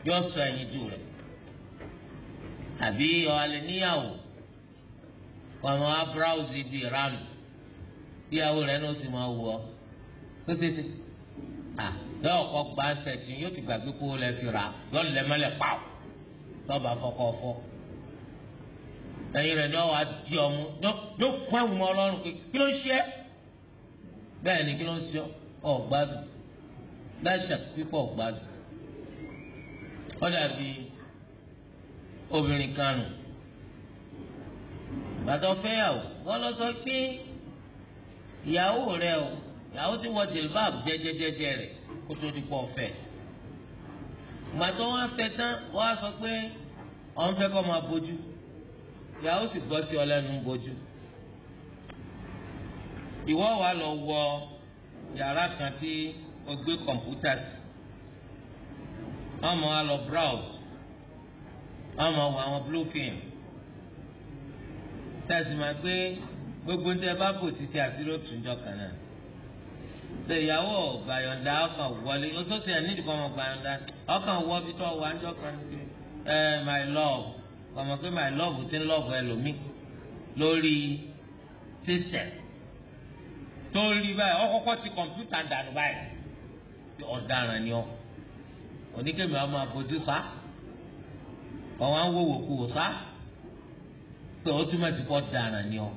yóò sọ ẹyin jù rẹ̀ àbí ọ̀hálẹ̀ níyàwó wà máa wá búráùsì bíi ìranù ìyàwó rẹ̀ náà sì máa wù ọ́ sóṣèṣe à yóò kọ́ gba ẹsẹ̀ tí yóò ti gbàgbé kó lẹ́ fi rà yóò lẹ́ mọ́lẹ̀ pàù tọ́ba fọkọ́ fọ́ ẹ̀yin rẹ̀ ni wọ́n wá di ọmú yóò fún ẹ̀wù mọ́ ọlọ́run pé kí ló ń ṣe é bẹ́ẹ̀ ni kí ló ń ṣe ọ gbádùn láṣà pípọ̀ gbádùn ó dàbí obìnrin kanù bàtọ́ fẹ́yàwó wọ́n lọ sọ pé ìyàwó rẹ o ìyàwó ti wọ jìlbáàbù jẹ́jẹ́jẹ́jẹ́ rẹ̀ kó tó di pọ̀ fẹ́ gbàtọ́ wọn fẹ́ tán wọ́n á sọ pé ọ̀n fẹ́ kọ́ máa bójú ìyàwó sì gbọ́ sí ọ lẹ́nu bójú ìwọ wa lọ wọ yàrá kan tí o gbé kọ̀ǹpútà sí ọmọ wa lọ browse ọmọ wa àwọn blue film tẹ̀sí ma pé gbogbo ń tẹ bá bò títí àṣírí òtúnjọ kan náà ṣe ìyàwó gbàyọ̀ǹda ọkàn wọlé oṣooṣù ẹ̀ nídìí kan ọmọ gbàyọ̀ǹda ọkàn wọ bí tó wà ń jọ kan sí ẹ eh, my love ọmọ pé my love ti ń love ẹlòmíì lórí system tó rí báyìí ọkọ̀kọ́ ti kọ̀mpútà dànù báyìí ọ̀daràn ni ọ oníkèmí ọmọ àbójú sá ọmọ àwọn wòwò kú wò sá tó o túmọ̀ sí kọ́ daràn ni ọ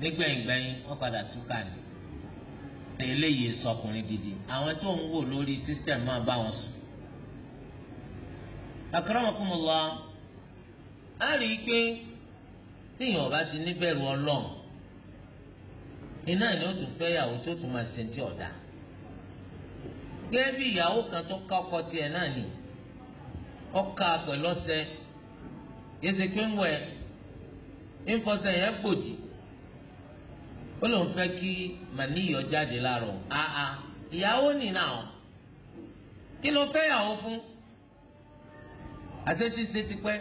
nígbẹ̀yìngbẹ̀yìn wọ́n padà túkà ní eléyìí sọkùnrin gidi àwọn tó ń wò lórí system máa bá wọn sùn. akramakumullah á rí i pé tíyàn ọba ti níbẹ̀rù ọlọ́run iná ni ó tún fẹ́ yàwó tó tún máa ṣe ti ọ̀dà gẹ́gẹ́ bí ìyàwó kan tó ká ọkọ tiẹ̀ náà ni ọkà pẹ̀lú ọṣẹ yẹsẹ pé ń wẹ̀ ń fọṣẹ yẹn gbòdì ó lóun fẹ́ kí màníyọ jáde láàrọ̀ àà ìyàwó nìyà ọ̀ kí ló fẹ́ yàwó fún àṣetí ṣe ti pẹ́.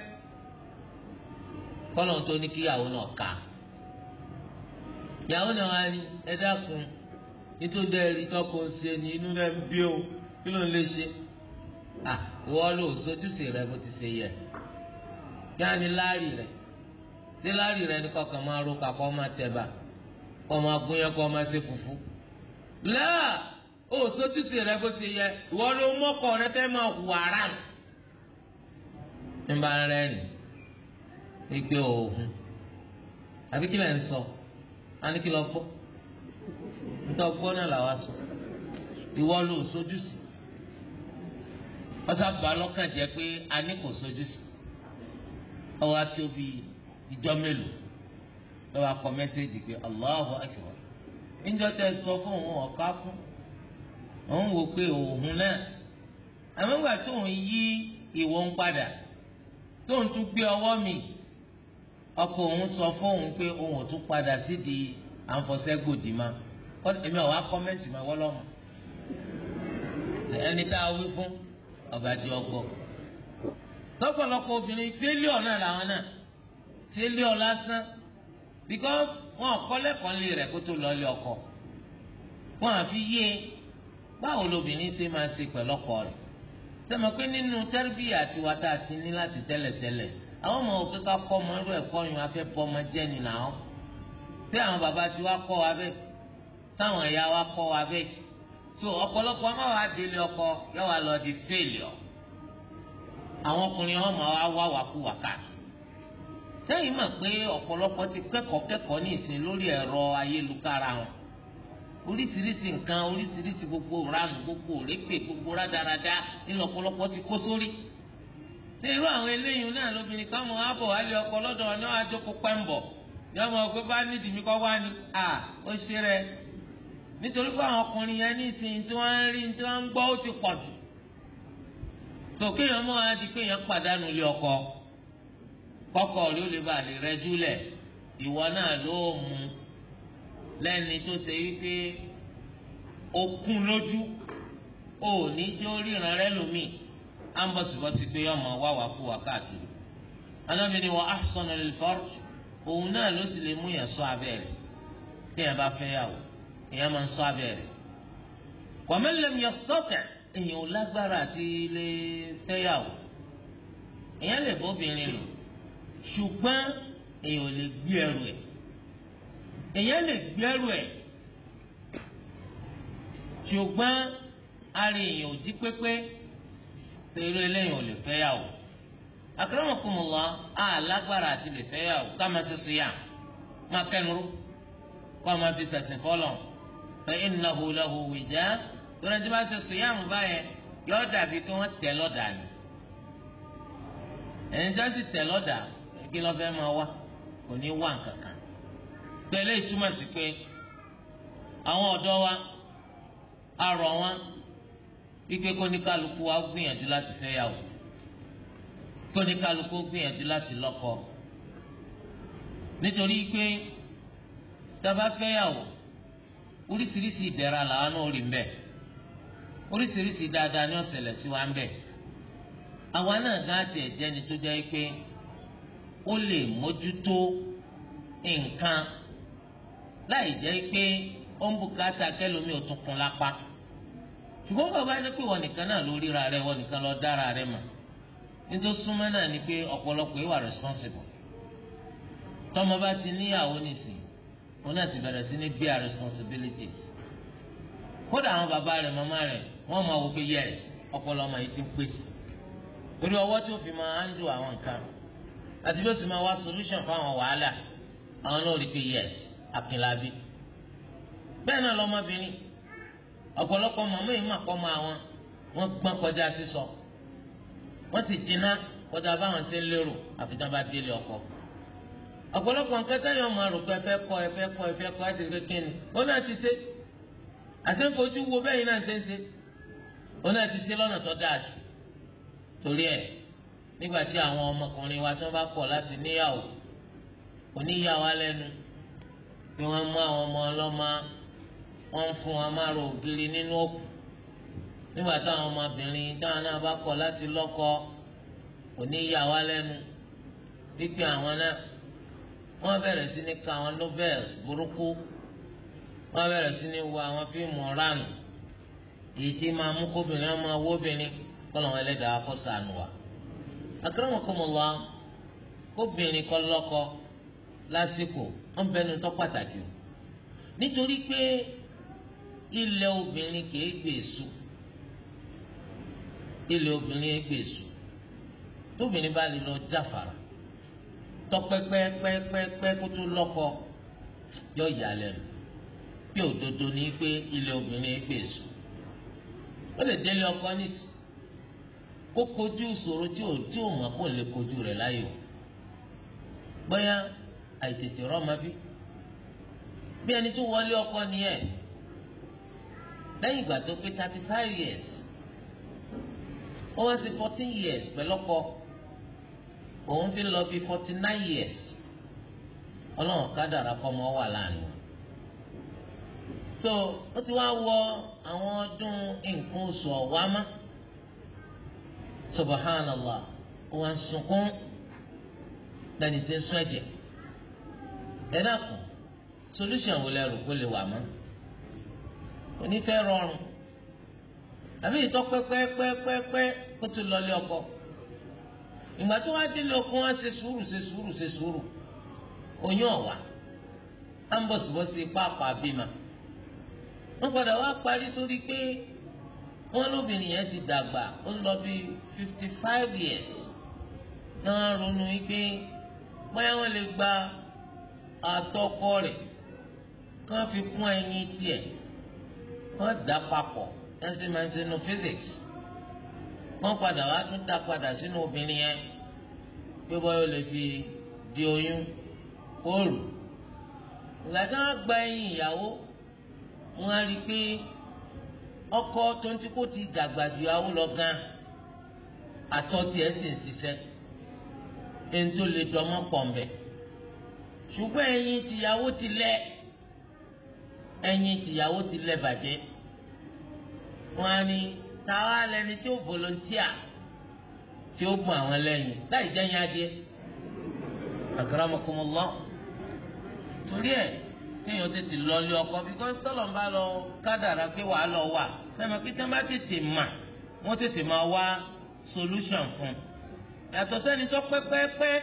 kọ́lọ́n tó ní kíyàwó náà ká ìyàwó náà wá ní ẹ dákun nítorí ẹ̀rí tọkọ ṣe ni inú rẹ̀ ń bí o kí ló ń lè ṣe à wọ́n lò sójúṣe rẹ bó ti ṣe yẹ yá ni láàrì rẹ sí láàrì rẹ ní kọkàn máa ro kakọ́ máa tẹ̀bà kọ́ máa gún yẹn kọ́ máa ṣe fùfú láà ó sójúṣe rẹ bó ṣe yẹ ìwọ́n ló mọ́kọ̀ rẹ fẹ́ máa hùwà rà ní bá rẹ́ wípé òògùn àbí kí lẹ̀ ń sọ á ní kí lọ gbọ́ nítorí ọgbọ́n náà làwa sọ ìwọ ló sojú sí ọsàn bá lọ́kàn jẹ́ pé a kò sojú sí ọwọ́ atóbi ìjọ mélòó lọ́wọ́ akọ mẹ́sẹ́jì pé Allahu akbar níjọ́ tẹ sọ fún òun ọ̀ká kún òun wò pé òun náà àmọ́ ìgbà tó ń yí ìwọ̀n padà tó tún gbé ọwọ́ mi ọkọ òun sọ fóun pé òun ò tún padà sídìí à ń fọṣẹ́gbòdì ma èmi ọ̀ wá kọ́mẹ́ǹtì ma wọ́ lọ́mọ ẹni tá a wí fún ọ̀gá di ọgbọ́ sọ́pọ̀lọpọ̀ obìnrin fẹ́líọ̀ náà làwọn náà fẹ́líọ̀ lásán because wọn kọ́ lẹ́kọ̀ọ́ lé rẹ̀ kó tó lọ lé ọkọ wọn àfi yé e, báwo lobìnrin ṣe máa ṣe pẹ̀lọ́kọ rẹ̀ sẹ́mi pé nínú tẹ́rìbì àtiwátá ti ní láti tẹ́lẹ̀tẹ́lẹ̀ àwọn ọmọ òkè ká kọ́ ọmọ irú ẹ̀kọ́ yun afẹ́ bọ́ ọmọ jẹ́ ni nà án ṣé àwọn bàbá tí wàá kọ́ wa bẹ́ẹ̀ táwọn ẹ̀yà wa kọ́ wa bẹ́ẹ̀ so ọ̀pọ̀lọpọ̀ ọmọ wa délé ọkọ yóò lọ di fèlìọ̀ àwọn ọkùnrin ọmọ wa wá wà kú wà káàkiri sẹ́yìn mọ̀ pé ọ̀pọ̀lọpọ̀ ti kẹ́kọ̀ọ́ kẹ́kọ̀ọ́ ní ìsìn lórí ẹ̀rọ ayélujára wọn oríṣiríṣi nǹkan oríṣiríṣi gbogbo ránù gbogbo òrépè gbogbo rádaràda ńlọpọlọpọ ti kó sórí. ṣé irú àwọn eléyìí náà lóbìnrin kan mọ àbọ̀ a ọkọ lọ́dọ̀ ọ̀nà àjọkọ̀ pẹ́ńbọ̀ ní ọmọ ọgbẹ́ bá nídìí mi kọ́ wá ni à ó ṣe rẹ nítorí pé àwọn ọkùnrin yẹn nísìnyí tí wọ́n ń rí tí wọ́n ń gbọ́ ó ti pọ̀ jù tòkè yẹn mọ́ ọkọ kọkọ rí ó lè ba lè naa lẹ̀ ìwọ náà ló mú lẹ́ni tó ṣe wípé okun lójú à ń bọ̀ síbọ̀ sí pé ọmọ wa wà kú wa káàkiri anábìrin wa ahsanu lil farj òun náà ló sì lè mú yẹn ṣọ́ abẹ́ rẹ̀ téèyàn bá fẹ́ yàwó èèyàn máa ń ṣọ́ abẹ́ rẹ̀ wa man èèyàn ò lágbára àti lè fẹ́ yàwó èèyàn lè bọ́ obìnrin lò ṣùgbọ́n èèyàn ò lè gbé ẹrù ẹ̀ èèyàn lè gbé ẹrù ẹ̀ ṣùgbọ́n ara èèyàn ò jí pépé. ṣe irú eléyìí ò lè fẹ́ yàwó akramakumullah á lágbára àti lè fẹ́ yà ká máa ṣe yà máa kẹnuru kó fi sẹ̀sìn fọlọ̀ fa innahu lahu wija tó lẹ́ni tí wọ́n yà mú báyẹn yọ dàbí kí wọ́n tẹ̀ lọ́dà ni ẹni tí wọ́n sì tẹ̀ lọ́dà kí lọ́ fẹ́ máa wá kò ní wá nǹkan àwọn ọ̀dọ́ wa arọ̀ ike kóníkàlùkù wa gbìyànjú láti fẹ́yàwó kóníkàlùkù gbìyànjú láti lọ́kọ nítorí pé tábà fẹ́yàwó oríṣiríṣi ìdẹ̀ra làwọn náà rí mbẹ́ oríṣiríṣi dáadáa ni ó ṣẹlẹ̀ sí wa mbẹ́ àwa náà gán àti ẹ̀jẹ̀ ni tó jẹ́ pé ó lè mójútó nǹkan láì jẹ́ pé ó ń bùkátà kẹlòmíì ó tún kún lápá. ṣùgbọ́n bàbá yẹn pé wọn nìkan náà ló ríra rẹ wọn nìkan lọ dára rẹ mà nítorí súnmọ́ náà ni pé ọ̀pọ̀lọpọ̀ ìwà responsible tọ́mọ bá ti níyàwó nìsín wọn náà ti bẹ̀rẹ̀ sí ní bear responsibilities kódà àwọn bàbá rẹ màmá rẹ wọn máa wò pé yes ọpọlọ ọmọ yìí ti ń pèsè torí ọwọ́ tí ó fi máa handle àwọn nǹkan àti bí ó sì máa wá solution fún àwọn wàhálà àwọn náà rí pé àkìnlábí bẹ́ẹ̀ náà lọ́mọbìnrin ọ̀pọ̀lọpọ̀ màmá yìí mà kọ́ ma wọn wọ́n gbọ́n kọjá sísọ wọ́n sì jiná kọjá báwọn ṣe ń lérò àfi tán bá délé ọkọ ọ̀pọ̀lọpọ̀ nǹkan táyọ̀ máa rò pé ẹ fẹ́ kọ́ ẹ fẹ́ kọ́ ẹ fẹ́ kọ́ ẹ ti rí kí ni ó náà ti ṣe àṣẹ́fojú wo bẹ́ẹ̀ náà ṣe ń ṣe ó náà ti ṣe lọ́nà tó dáa jù torí ẹ̀ nígbà tí àwọn ọmọkùnrin wa tí wọ́n bá kọ̀ láti níyàwó oníyàwó alẹ́nu bí wọ́n mú àwọn ọmọ ọlọ́mọ wọ́n ń fún wọn márùn ògiri nínú òkú nígbà táwọn ọmọbìnrin táwọn náà bá láti lọ́kọ kò yà wá lẹ́nu wípé àwọn náà wọ́n bẹ̀rẹ̀ sí ní ka àwọn novels burúkú wọ́n bẹ̀rẹ̀ sí ní wo àwọn fíìmù ọ̀ránù èyí tí máa mú kóbìnrin ọmọ owó obìnrin kọ́nà wọn ẹlẹ́dàá kọ́ sànù wa. kóbìnrin ilẹ̀ obìnrin kìí gbèsù ilẹ̀ obìnrin kìí gbèsù tóbìnrin bá lè lọ jáfara tọpẹpẹpẹpẹ kó tó lọ́kọ yọ ìyàlẹ́nu bí òdodo ní pé ilẹ̀ obìnrin kìí gbèsù ó lè délé ọkọ nísì kó kojú ìṣòro tí ò tí ò mọ̀ kó lè kojú rẹ̀ láyò bóyá àìtètè rọ́ọ̀mọ́ bí bí ẹni tó wọlé ọkọ nìyẹn lẹ́yìn ìgbà tó pé thirty five years ó wá sí fourteen years pẹ̀lọ́kọ òun fi lọ bí forty nine years ọlọ́run kádàrá kọ́ ọmọ wà láàrin so ó ti wá wọ àwọn ọdún nǹkan oṣù ọ̀wámá subhanallah ó wá ń sunkún lẹ́ni tí ń sún ẹ̀jẹ̀ ẹ dákun solution wo lẹ rò kó lè wà mọ́ onífẹ́ rọrùn àbí ìtọ́ pẹ́pẹ́pẹ́pẹ́ kó tún lọlé ọkọ ìgbà tó wá délé ọkọ wá ṣe sùúrù ṣe sùúrù ṣe sùúrù oyún ọ̀wà á ń bọ̀sibọ́sí pápá bímọ wọ́n padà wá parí sórí pé wọ́n lóbìnrin yẹn ti dàgbà ó lọ bí fifty five years náà ronú wípé bóyá wọ́n lè gba àtọkọ rẹ̀ kí wọ́n fi kún ẹyin tiẹ̀ wọ́n dà papọ̀ ẹ̀sìn máa ń sinú physics wọ́n padà wá tún dá padà sínú obìnrin yẹn pé bọ́yọ̀ lè fi di oyún kóòrù ìgbà tí wọ́n gba ẹyin ìyàwó wọ́n á rí i pé ọkọ tó ń tí kò ti dàgbà ju ìyàwó lọ gan àtọ̀ tiẹ̀ sì ń ṣiṣẹ́ ẹni tó lè dọmọ pọ̀nbẹ ṣùgbọ́n ẹyin tìyàwó ti lẹ ẹyin tìyàwó ti lẹ bàjẹ́ wọ́n á ní táwa lẹni tí ó volontia tí ó gun àwọn lẹ́yìn láì jẹ́yìn adìẹ akramakumullah torí ẹ̀ kéèyàn tètè lọlé ọkọ bíkọ́sì tọ́lọ̀ ń bá lọ kádàrá pé wàá lọ wà sẹ́mi kí tẹ́ bá tètè mà wọ́n tètè máa wá solution fún un yàtọ̀ sẹ́ni tó pẹ́pẹ́pẹ́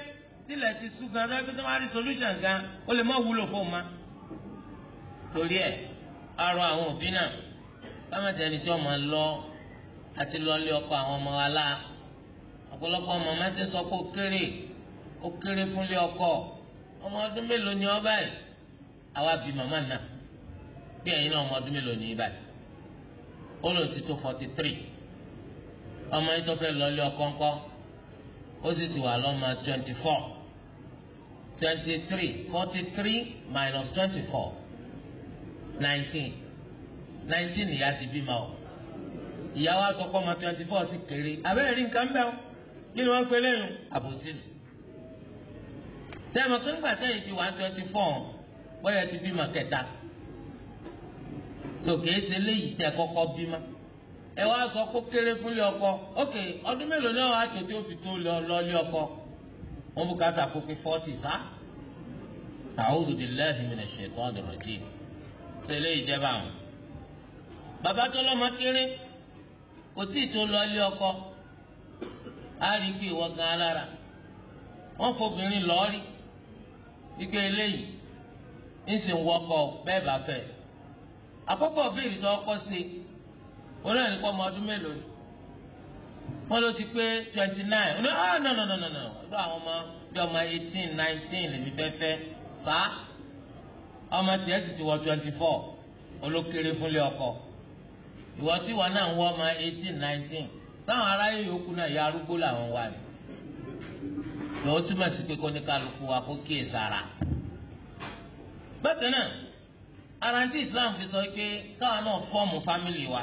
tilẹ̀ ti sú gan lọ́wọ́ pé tó máa rí solution gan ó lè má wúlò fún un ma torí ẹ̀ arọ àwọn òbí náà kámẹ́tẹ́ni tí wọ́n máa lọ àti lọ́ọ́lé ọkọ àwọn ọmọ wa la ọ̀pọ̀lọpọ̀ ọmọ máa ti sọ pé ó kéré ó kéré fúnlé ọkọ ọmọ ọdún mélòó ni ọ báyìí àwa bí màmá náà bí ẹ̀yin náà ọmọ ọdún mélòó ni báyìí ó lò ti tó forty three ọmọ yìí tó fẹ́ lọ́ọ́lé ọkọ ńkọ́ ó sì ti wà lọ́mọ twenty four twenty three forty three minus twenty four nineteen nineteen ìyá ti bímọ o ìyá wa sọ kọ́ ọmọ twenty four sí kéré abẹ́rẹ́ rí nǹkan bẹ́ẹ̀ o kí ni wọ́n pe lẹ́yìn àbòsí nù sẹ́mi kí nígbà sẹ́yìn ti one twenty four bóyá ti bímọ kẹta tó kìí ṣe léyìí tẹ kọ́kọ́ bímọ ẹ wá sọ kó kéré fúnlé ọkọ ok ọdún mélòó náà wàá tó tí ó fi tó lọ lé ọkọ wọn bú kàtà kó pé forty sá a'udhu billahi minash shaitanir rajim tẹ́lẹ̀ ìjẹba àwọn. bàbá tó lọ́mọ kéré kò tí ì tó lọ ilé ọkọ á rí pé ìwọ gan alára wọ́n fobìnrin lọ́ọ́rì wípé eléyìí ń sì ń wọ́kọ̀ bẹ́ẹ̀ bá fẹ́ àkọ́kọ́ béèrè tó ọkọ ọmọ ọdún mélòó pé twenty nine ah, no no no àwọn ọmọ bí ọmọ eighteen nineteen lèmi fẹ́fẹ́ sá ọmọ ti wọ twenty four olókèrè fúnlé ọkọ. ìwọ tí wọn náà ń wọ ọmọ eighteen nineteen táwọn aráyé yòókù náà ya arúgbó làwọn wà ní. lọ́wọ́ túmọ̀ sí pé kó kálukú wa kó ara tí Islam fi sọ pé káwọn náà fọ́ọ̀mù fámìlì wa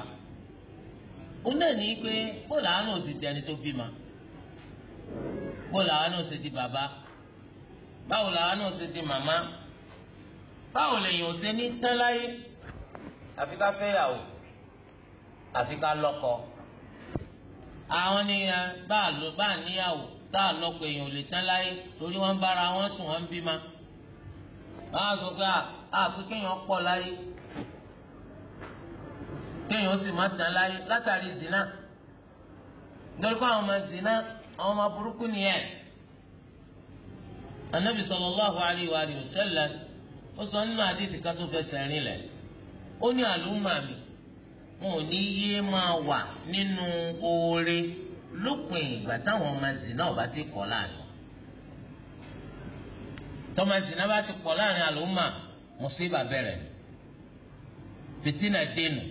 ó náà ní pé bóòlù àwọn náà sì di ẹni tó bímọ bóòlù àwọn náà sì di bàbá báwo làwọn náà sì di màmá báwo lèyìn ò ṣe ní tán àfi àfi ká lọ́kọ. àwọn nìyẹn bá a lọ bá a níyàwó tá a lọ́kọ èèyàn ò lè tán láyé torí wọ́n ń bára wọn sùn wọ́n ń bímọ. wọ́n á sọ pé àfi kéèyàn pọ̀ láyé kéèyàn sì má tán láyé látàrí zina nítorí pé àwọn ọmọ zina àwọn ọmọ burúkú nìyẹn. النبي صلى الله عليه وآله وسلم وصلنا حديث كتب سعيني له أني ألوم أمي wọn ò ní yéé máa wà nínú oore lópin ìgbà táwọn ọmọ zina ọba ti pọ̀ láàrin tọmọ zina bá ti pọ̀ láàrin àlùmà mùsíbà bẹ̀rẹ̀ fìtínà dénú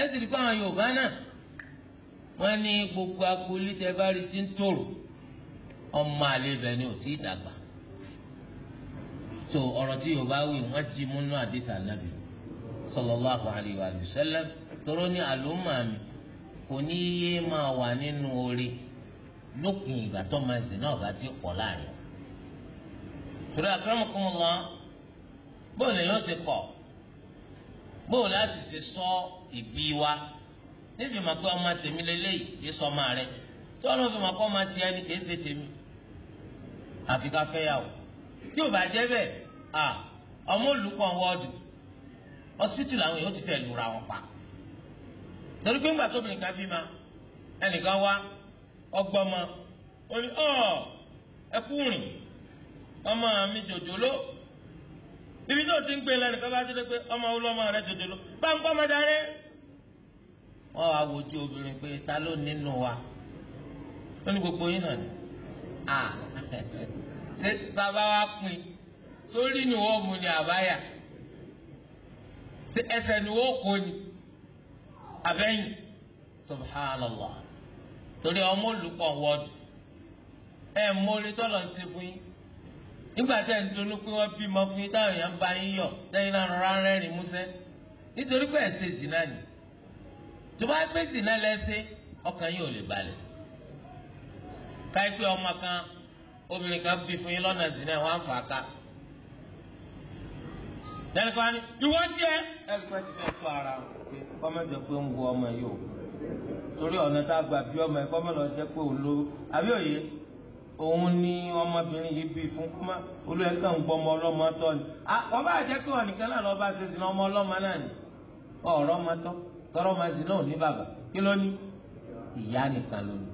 ẹsì rí fáwọn yorùbá náà wọ́n ní gbogbo agboolé tẹ bá rí ti ń tòrò ọmọ àlè rẹ ni ò tí ì dàgbà so ọ̀rọ̀ tí yorùbá wí wọ́n jí múnú àdìsá nàbì sallallahu alayhi wa sallam tóró ní àlùmọ́ mi kò ní yé máa wà nínú orí lópin ìgbà tó máa zì náà bá ti pọ̀ láàrin. torí akramakumullah bóun ni yóò ṣe kọ̀ bóun láti ṣe sọ ìbí wa níbi mà pé ọmọ tèmi lélẹ́yìí yé sọ ọmọ rẹ tí wọn lọ fi mà pé ọmọ tiẹ̀ ni kìí ṣe tèmi àfi ká tí ò bá jẹ́ bẹ́ẹ̀ ọmọ olùkọ́ wọ́ọ̀dù. hospital làwọn yóò ti fẹ́ lura wọn pa torí pé ńgbà fi ma ẹnìkan wá ọgbọmọ ó ní ọ ẹkú rìn ọmọ mi jòjòló ibi ti ń gbé lẹ́nu kọ́ bá ti pé ọmọ olómọ rẹ jòjòló bá ń wá obìnrin pé ta ló nínú wa ó ní gbogbo yín náà ni ṣé pin sórí ni ni àbáyà. ṣe ẹsẹ̀ ni wọ́n kó ni abẹ́yìn subhanallah torí ọmọ olùkọ́ wọ́ọ̀dù ẹ̀ mórí tọ́lọ̀ ń ṣe fún yín nígbà tẹ̀ ń dunú pé wọ́n bímọ fún yín táwọn èèyàn ń bá yín yọ̀ tẹ́yìn náà rọra ń rẹ́rìn músẹ́ nítorí pé ẹ̀sẹ̀ zìnà ni tó bá pé zìnà lẹ́sẹ̀ ọkàn yín ò lè balẹ̀ káyipẹ́ ọmọ kan obìnrin kan bí fún yín lọ́nà zìnà wọn fà á ká lẹ́nìkan wá ní ìwọ jẹ́ ẹ̀ríkọ́ ti fẹ́ tó ara pé kọ́mẹ́jọ pé ń wọ ọmọ yìí o torí ọ̀nà tá a gbà bí ọmọ yìí kọ́mẹ́lọ jẹ́ pé òun ló àbí òye òun ni ọmọbìnrin yìí bí fún kúmá olùyẹ̀kọ́ ń gbọ́ ọmọ ọlọ́mọ tọ́ ni ọba àjẹkọ́ ọ̀nìkan náà lọ́ba ṣe sí ọmọ ọlọ́mọ náà ni ọ̀rọ̀ ọmọ tọ́ tọ́rọ ọmọ sí náà ní bàbá kí ló ní ìyá nìkan ló ní.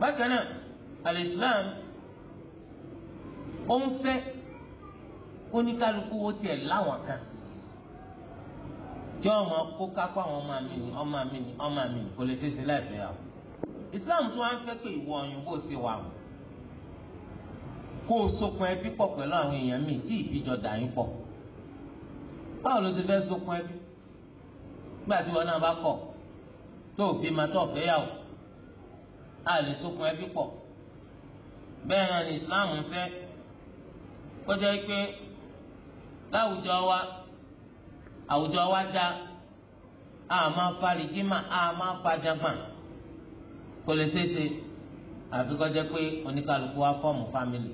bákan náà alẹ́ Islam ó ń fẹ́ ó ní kálukú wo tiẹ̀ láwọn kan tí ọmọ kó kápá àwọn ọmọ mi ni ọmọ mi ni ọmọ mi ni kò lè ṣeéṣe láìpẹ́ yà wò Islam tún wá ń fẹ́ pé ìwọ ọyàn bó ṣe wà wò kó o sokun ẹbí pọ̀ pẹ̀lú àwọn èèyàn míì tí ìbíjọ dà yín pọ̀ báwo ló ti fẹ́ sokun ẹbí nígbà tí wọn náà bá kọ̀ tó o fi máa tó ọ̀fẹ́ yà wò a lè sokun ẹbí pọ̀ bẹ́ẹ̀ náà ni Islam ń fẹ́ kọjá pé láwùjọ wa àwùjọ wa dá a máa farigímà a máa fàjàgbà kò lè ṣeéṣe àfi kọjá pé oníkàlùkù wa fọ́ọ̀mù fámìlì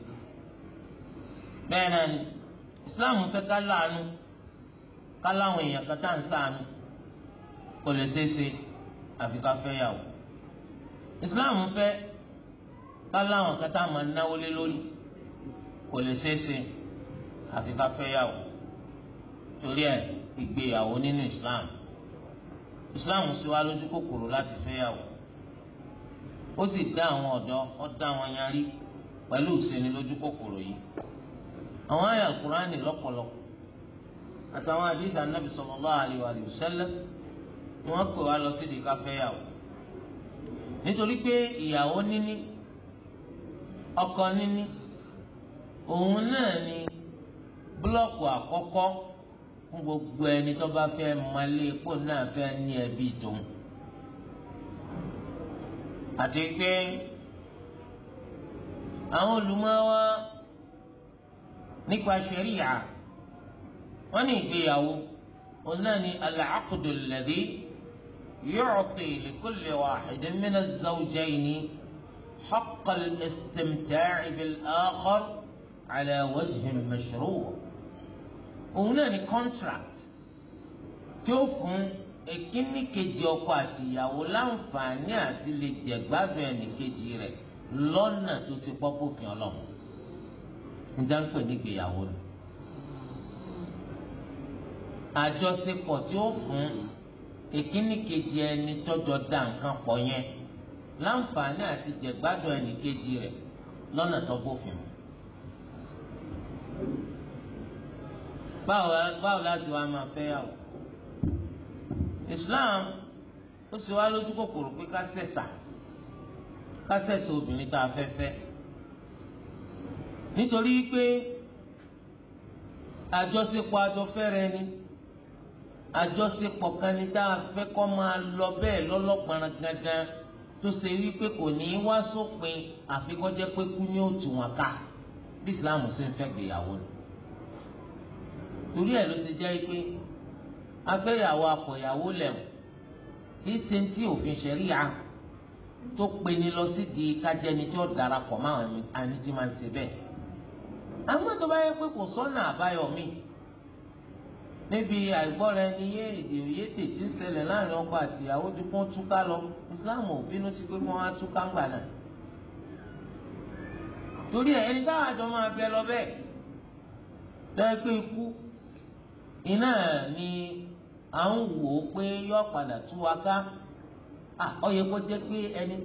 bẹ́ẹ̀ náà ni Islam fẹ́ ká láàánú ká láwọn èèyàn kan ń ṣàánú kò lè ṣeéṣe àfi ká fẹ́ yàwó Islam fẹ́ ká láwọn kan tá à máa náwó lé lórí kò lè ṣeéṣe àfi ká fẹ́ yàwó torí ẹ̀ ìgbéyàwó nínú Islam Islam sì wá lójú kòkòrò láti fẹ́yàwó ó sì dá àwọn ọ̀dọ́ ó dá wọn yarí pẹ̀lú ìsẹ́ni lójú kòkòrò yìí àwọn àyà kúránì lọ́pọ̀lọpọ̀ àtàwọn àdìsá nàbì sallallahu alaihi wa sallam ni wọ́n pè wá lọ sí ìdíkà fẹ́yàwó nítorí pé ìyàwó níní ọkọ níní òun náà ni búlọ́ọ̀kù àkọ́kọ́ fún gbogbo ẹni tó bá fẹ́ mọlé epo náà fẹ́ ní ẹbí tòun àti pé àwọn olùmọ̀wá nípa ṣẹ̀ríyà wọ́n ní ìgbéyàwó òun náà ni al-aqdu alladhi yu'ti li kulli wahidin min az-zawjayni haqqa al-istimta'i bil-akhar ala wajhin mashru'. òun náà ni contract tí ó fún èkíní kejì ọkọ àti ìyàwó láǹfààní àti lè jẹ̀gbádùn ẹnìkejì rẹ̀ lọ́nà tó ṣe pọ́pọ́fin ọlọ́run nígbà ń pè nígbèyàwó ni àjọṣepọ̀ tí ó fún èkíní kejì ẹni tọ́jọ́ da nǹkan pọ̀ yẹn láǹfààní àti jẹ̀gbádùn ẹnìkejì rẹ̀ lọ́nà tó bófin mu. báwo báwo láti wá máa fẹ́ yàwó Islam ó sì wá lójú kòkòrò pé ká sẹ̀sà ká sẹ̀sà obìnrin tá a fẹ́ fẹ́ ni àjọṣepọ̀ kan ni tá a fẹ́ kọ́ máa lọ bẹ́ẹ̀ lọ́lọ́pàá gangan tó ṣe wípé kò ní í wá sópin àfikọ́jẹ́ pé kú wọn ká bí Islam sì ń fẹ́ gbéyàwó torí ẹ̀ ló ti jẹ́ pé afẹ́yàwó akọ̀yàwó lẹ̀wọ̀n kì í ṣe ti òfin ṣẹ̀ríà tó peni lọ sí di kájẹni tí ó darapọ̀ mọ́ àwọn àní tí máa ń ṣe bẹ́ẹ̀. àmọ́ tó bá yẹ pé kò sọ́nà àbáyọ mi níbi àìgbọ́ra ẹni yé èdè òyédè tí ń ṣẹlẹ̀ láàrin ọkọ àti ìyàwó tí wọ́n túká lọ Islam ò bínú sí pé wọ́n á túká ń gbà torí ẹ̀ ẹni táwọn àjọ máa bẹ lọ bẹ́ẹ̀ tẹ́ pé ikú iná ni à ń wò ó pé yọ padà tú wa ká ó yẹ kó pé ẹni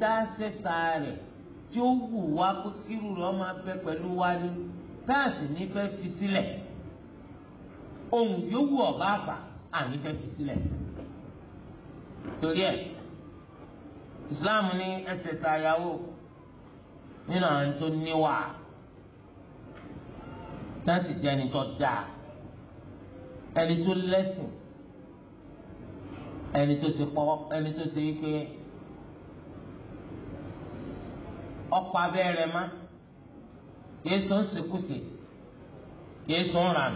tí ó wù wá pé kírú ọmọ abẹ wa a sì ní fẹ́ fi ohun ọba àfà fi Islam ní ẹsẹ̀ ṣàyàwó nínú àwọn tó níwà tá a ẹni tó dáa. ẹni tó lẹ́sìn ẹni tó ṣe pọ́ ẹni tó ṣe pé ọkọ̀ abẹ́rẹ́ má kìí sọ ń ṣekúṣe kìí sọ ń ràn.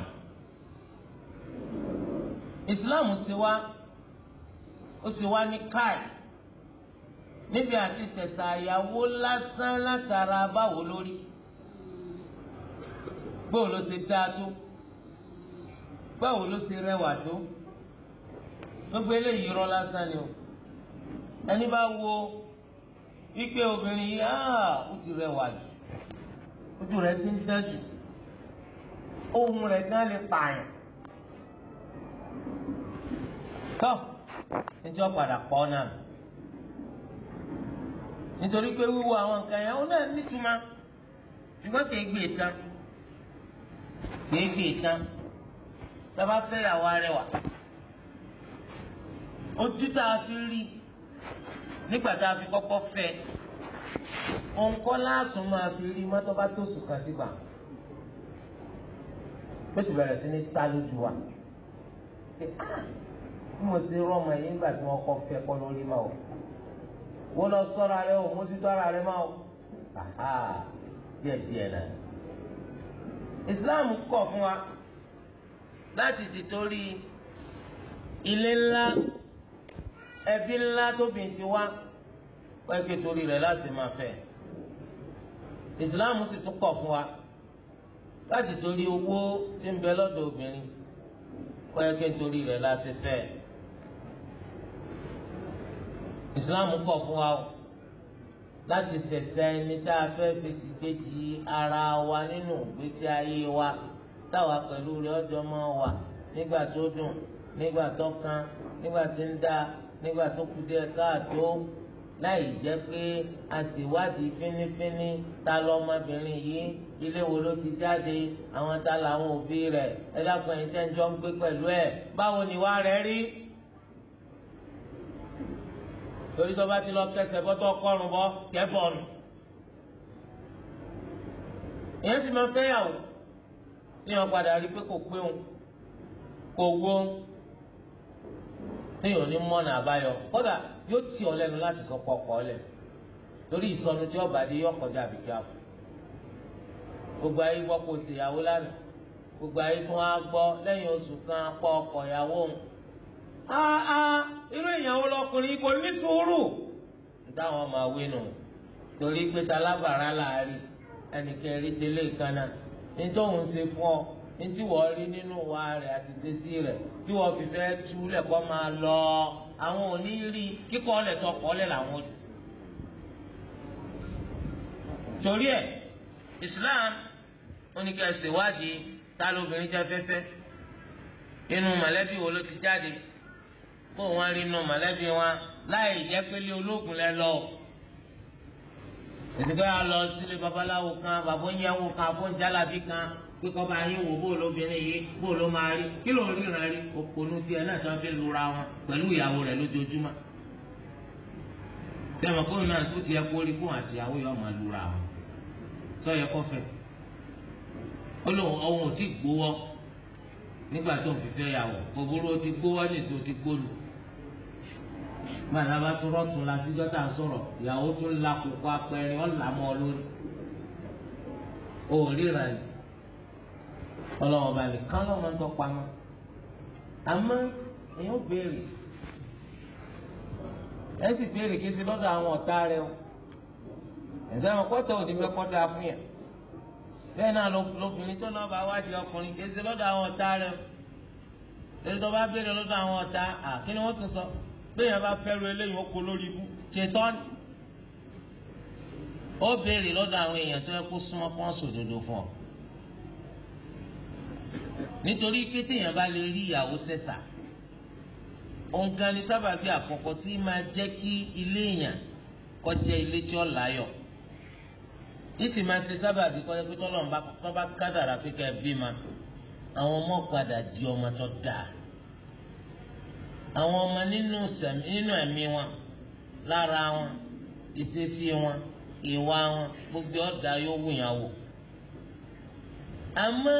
ìsìláàmù ṣe wá ó ṣe wá ní káàdì níbi àti tẹ̀sà àyàwó lásán látara báwo lórí bóun ló ṣe dáa tó. báwo ló ti rẹwà tó gbogbo eléyìí rọ lásán ni o ẹni bá wo wípé obìnrin yìí áà ah, ó ti rẹwà jù ojú rẹ ti ń ohun rẹ gan lè pààyàn tó níjọ́ padà pọ̀ náà nítorí pé wíwo àwọn nǹkan yẹn ó náà nítumọ̀ ṣùgbọ́n kì í e e tàbá fẹ́ yàwó arẹwà ojú tá a fi rí nígbà tá a fi kọ́kọ́ fẹ́ òǹkọ́ láàtún máa fi rí mọ́tò bá tó sùn kan sígbà ó sì bẹ̀rẹ̀ sí ní sá lójú wa ah, bí mo ṣe rọ́ọ̀mù ẹ̀yìn nígbà tí wọ́n kọ́ fẹ́ kọ́ lórí máa o wọ́n lọ sọ́ra rẹ o mójútó ara rẹ máa o díẹ̀ díẹ̀ náà Islam kọ̀ fún wa láti ti torí ilé ńlá ẹbí ńlá tóbi ti wá wọ́n ké torí rẹ̀ láti máa fẹ́ ìsìláàmù sì tún kọ̀ fún wa láti torí owó tí ń bẹ lọ́dọ̀ obìnrin wọ́n ké torí rẹ̀ láti fẹ́ ìsìláàmù kọ̀ fún wa o láti ṣẹ̀ṣẹ̀ ẹni tá a fẹ́ fi sì gbé ti ara wa nínú ìgbésí ayé wa táwa pẹ̀lú rẹ̀ ọjọ́ mọ́ wà nígbà tó dùn nígbà tó kan nígbà tí ń dá nígbà tó kù díẹ̀ káàtó láì jẹ́ pé a sì wádìí fínífíní ta lọ́mọbìnrin yìí ilé wo ló ti jáde àwọn ta làwọn òbí rẹ̀ ẹ dákun ẹ̀yin tẹ́ ń jọ ń gbé pẹ̀lú ẹ̀ báwo ni ìwà rẹ̀ rí. torí tó bá ti lọ kẹsẹ̀ bọ́tọ̀ kọrùn bọ́ kẹ́ bọ̀rùn. ìyẹn sì máa fẹ́ yàwó ní wọn padà rí pé kò pé òun kò wó téèyàn ní mọ́nà àbáyọ kódà yóò tì ọ lẹ́nu láti sọ pọ̀ pọ̀ lẹ̀ torí ìsọnu tí ọba dé yọ kọjá àbíkí àfọ gbogbo ayé gbọ́ kó ṣe ìyàwó lánàá gbogbo ayé tó wá gbọ́ lẹ́yìn oṣù kan pọ̀ ọkọ̀ ìyàwó òun aa irú ìyàwó lọkùnrin kò ní sùúrù táwọn máa wí nù torí pé talábàárà láàárín ẹnìkẹ́rì délé kan náà nítòhún ṣe fún ọ ntí wọ́n rí nínú wa rẹ̀ àti ṣesí rẹ̀ tí wọ́n fi fẹ́ tú lẹ́kọ́ máa lọ àwọn òní rí kíkọ́ ọ̀lẹ̀ tọkọ̀ ọ̀lẹ̀ làwọn torí ẹ̀ Islam oníkẹ́sì wádìí ta lóbìnrin jẹ́ fẹ́fẹ́ inú mọ̀lẹ́bí wo ló ti jáde kó wọ́n rí inú mọ̀lẹ́bí wọn láì jẹ́ pélé ológun lẹ́ lọ́ọ̀ ètùkọ́ yà lọ sílé babaláwo kan bàbá yẹn wò kan bó ń jálàbí kan pé kọ́ bá yín wò bó lóbìnrin yìí bó ló máa rí kí ló ríran rí òpònú tiẹ̀ náà tó ń fi lura wọn pẹ̀lú ìyàwó rẹ̀ lójoojúmọ́ sẹ́wọ̀n kó náà tó ti yẹ kó rí kóhùn àti ìyàwó yọ̀ máa lura wọn sọ yẹ kó fẹ́ ó lóun ọ̀hún ò tí gbowó nígbà tó ń fi fẹ́ yàwó kò burú ó ti gbowó ní ìsìn ó ti gbólu gbàdá bá tún rọtún la síjọ́ tá a sọ̀rọ̀ ìyàwó tún la kókó apẹ̀rẹ̀ ọ̀làmọ́ lórí òríra ni ọlọ́wọ́ bá lè kán lọ́wọ́ tó pamọ́ àmọ́ èèyàn béèrè ẹ sì béèrè kí ti lọ́dọ̀ àwọn ọ̀tá rẹ o ẹ̀sẹ̀ wọn kọ́tà òdì fẹ́ kọ́tà fún yẹn bẹ́ẹ̀ náà lóbìnrin tó náà bá wádìí ọkùnrin kí ti lọ́dọ̀ àwọn ọ̀tá rẹ o lórí tó bá béèrè lọ́dọ̀ àwọn ọ̀tá à kí ni wọ́n tún sọ bẹ́ẹ̀ bá fẹ́ru eléyìí ó kó lórí ibú ṣètọ́ni ó béèrè lọ́dọ̀ àwọn èèyàn tó yẹ kó súnmọ́ kó wọ́n sòdodo fún ọ nítorí pé téèyàn bá lè rí ìyàwó sẹ́sà òǹkan ni sábàbí àkọ́kọ́ tí máa jẹ́ kí ilé èèyàn kó jẹ́ ilé tí ó láyọ̀ ìsì máa ṣe sábàbí kọ́ pé tọ́lọ́mùbá kọ́ bá kádàrá pé ká àwọn ọmọ padà di ọmọ tó dáa àwọn ọmọ nínú sẹ̀mí nínú ẹ̀mí wọn lára wọn ìṣesí wọn ìwà wọn gbogbo ọ̀dà yóò wù yàn wò. àmọ́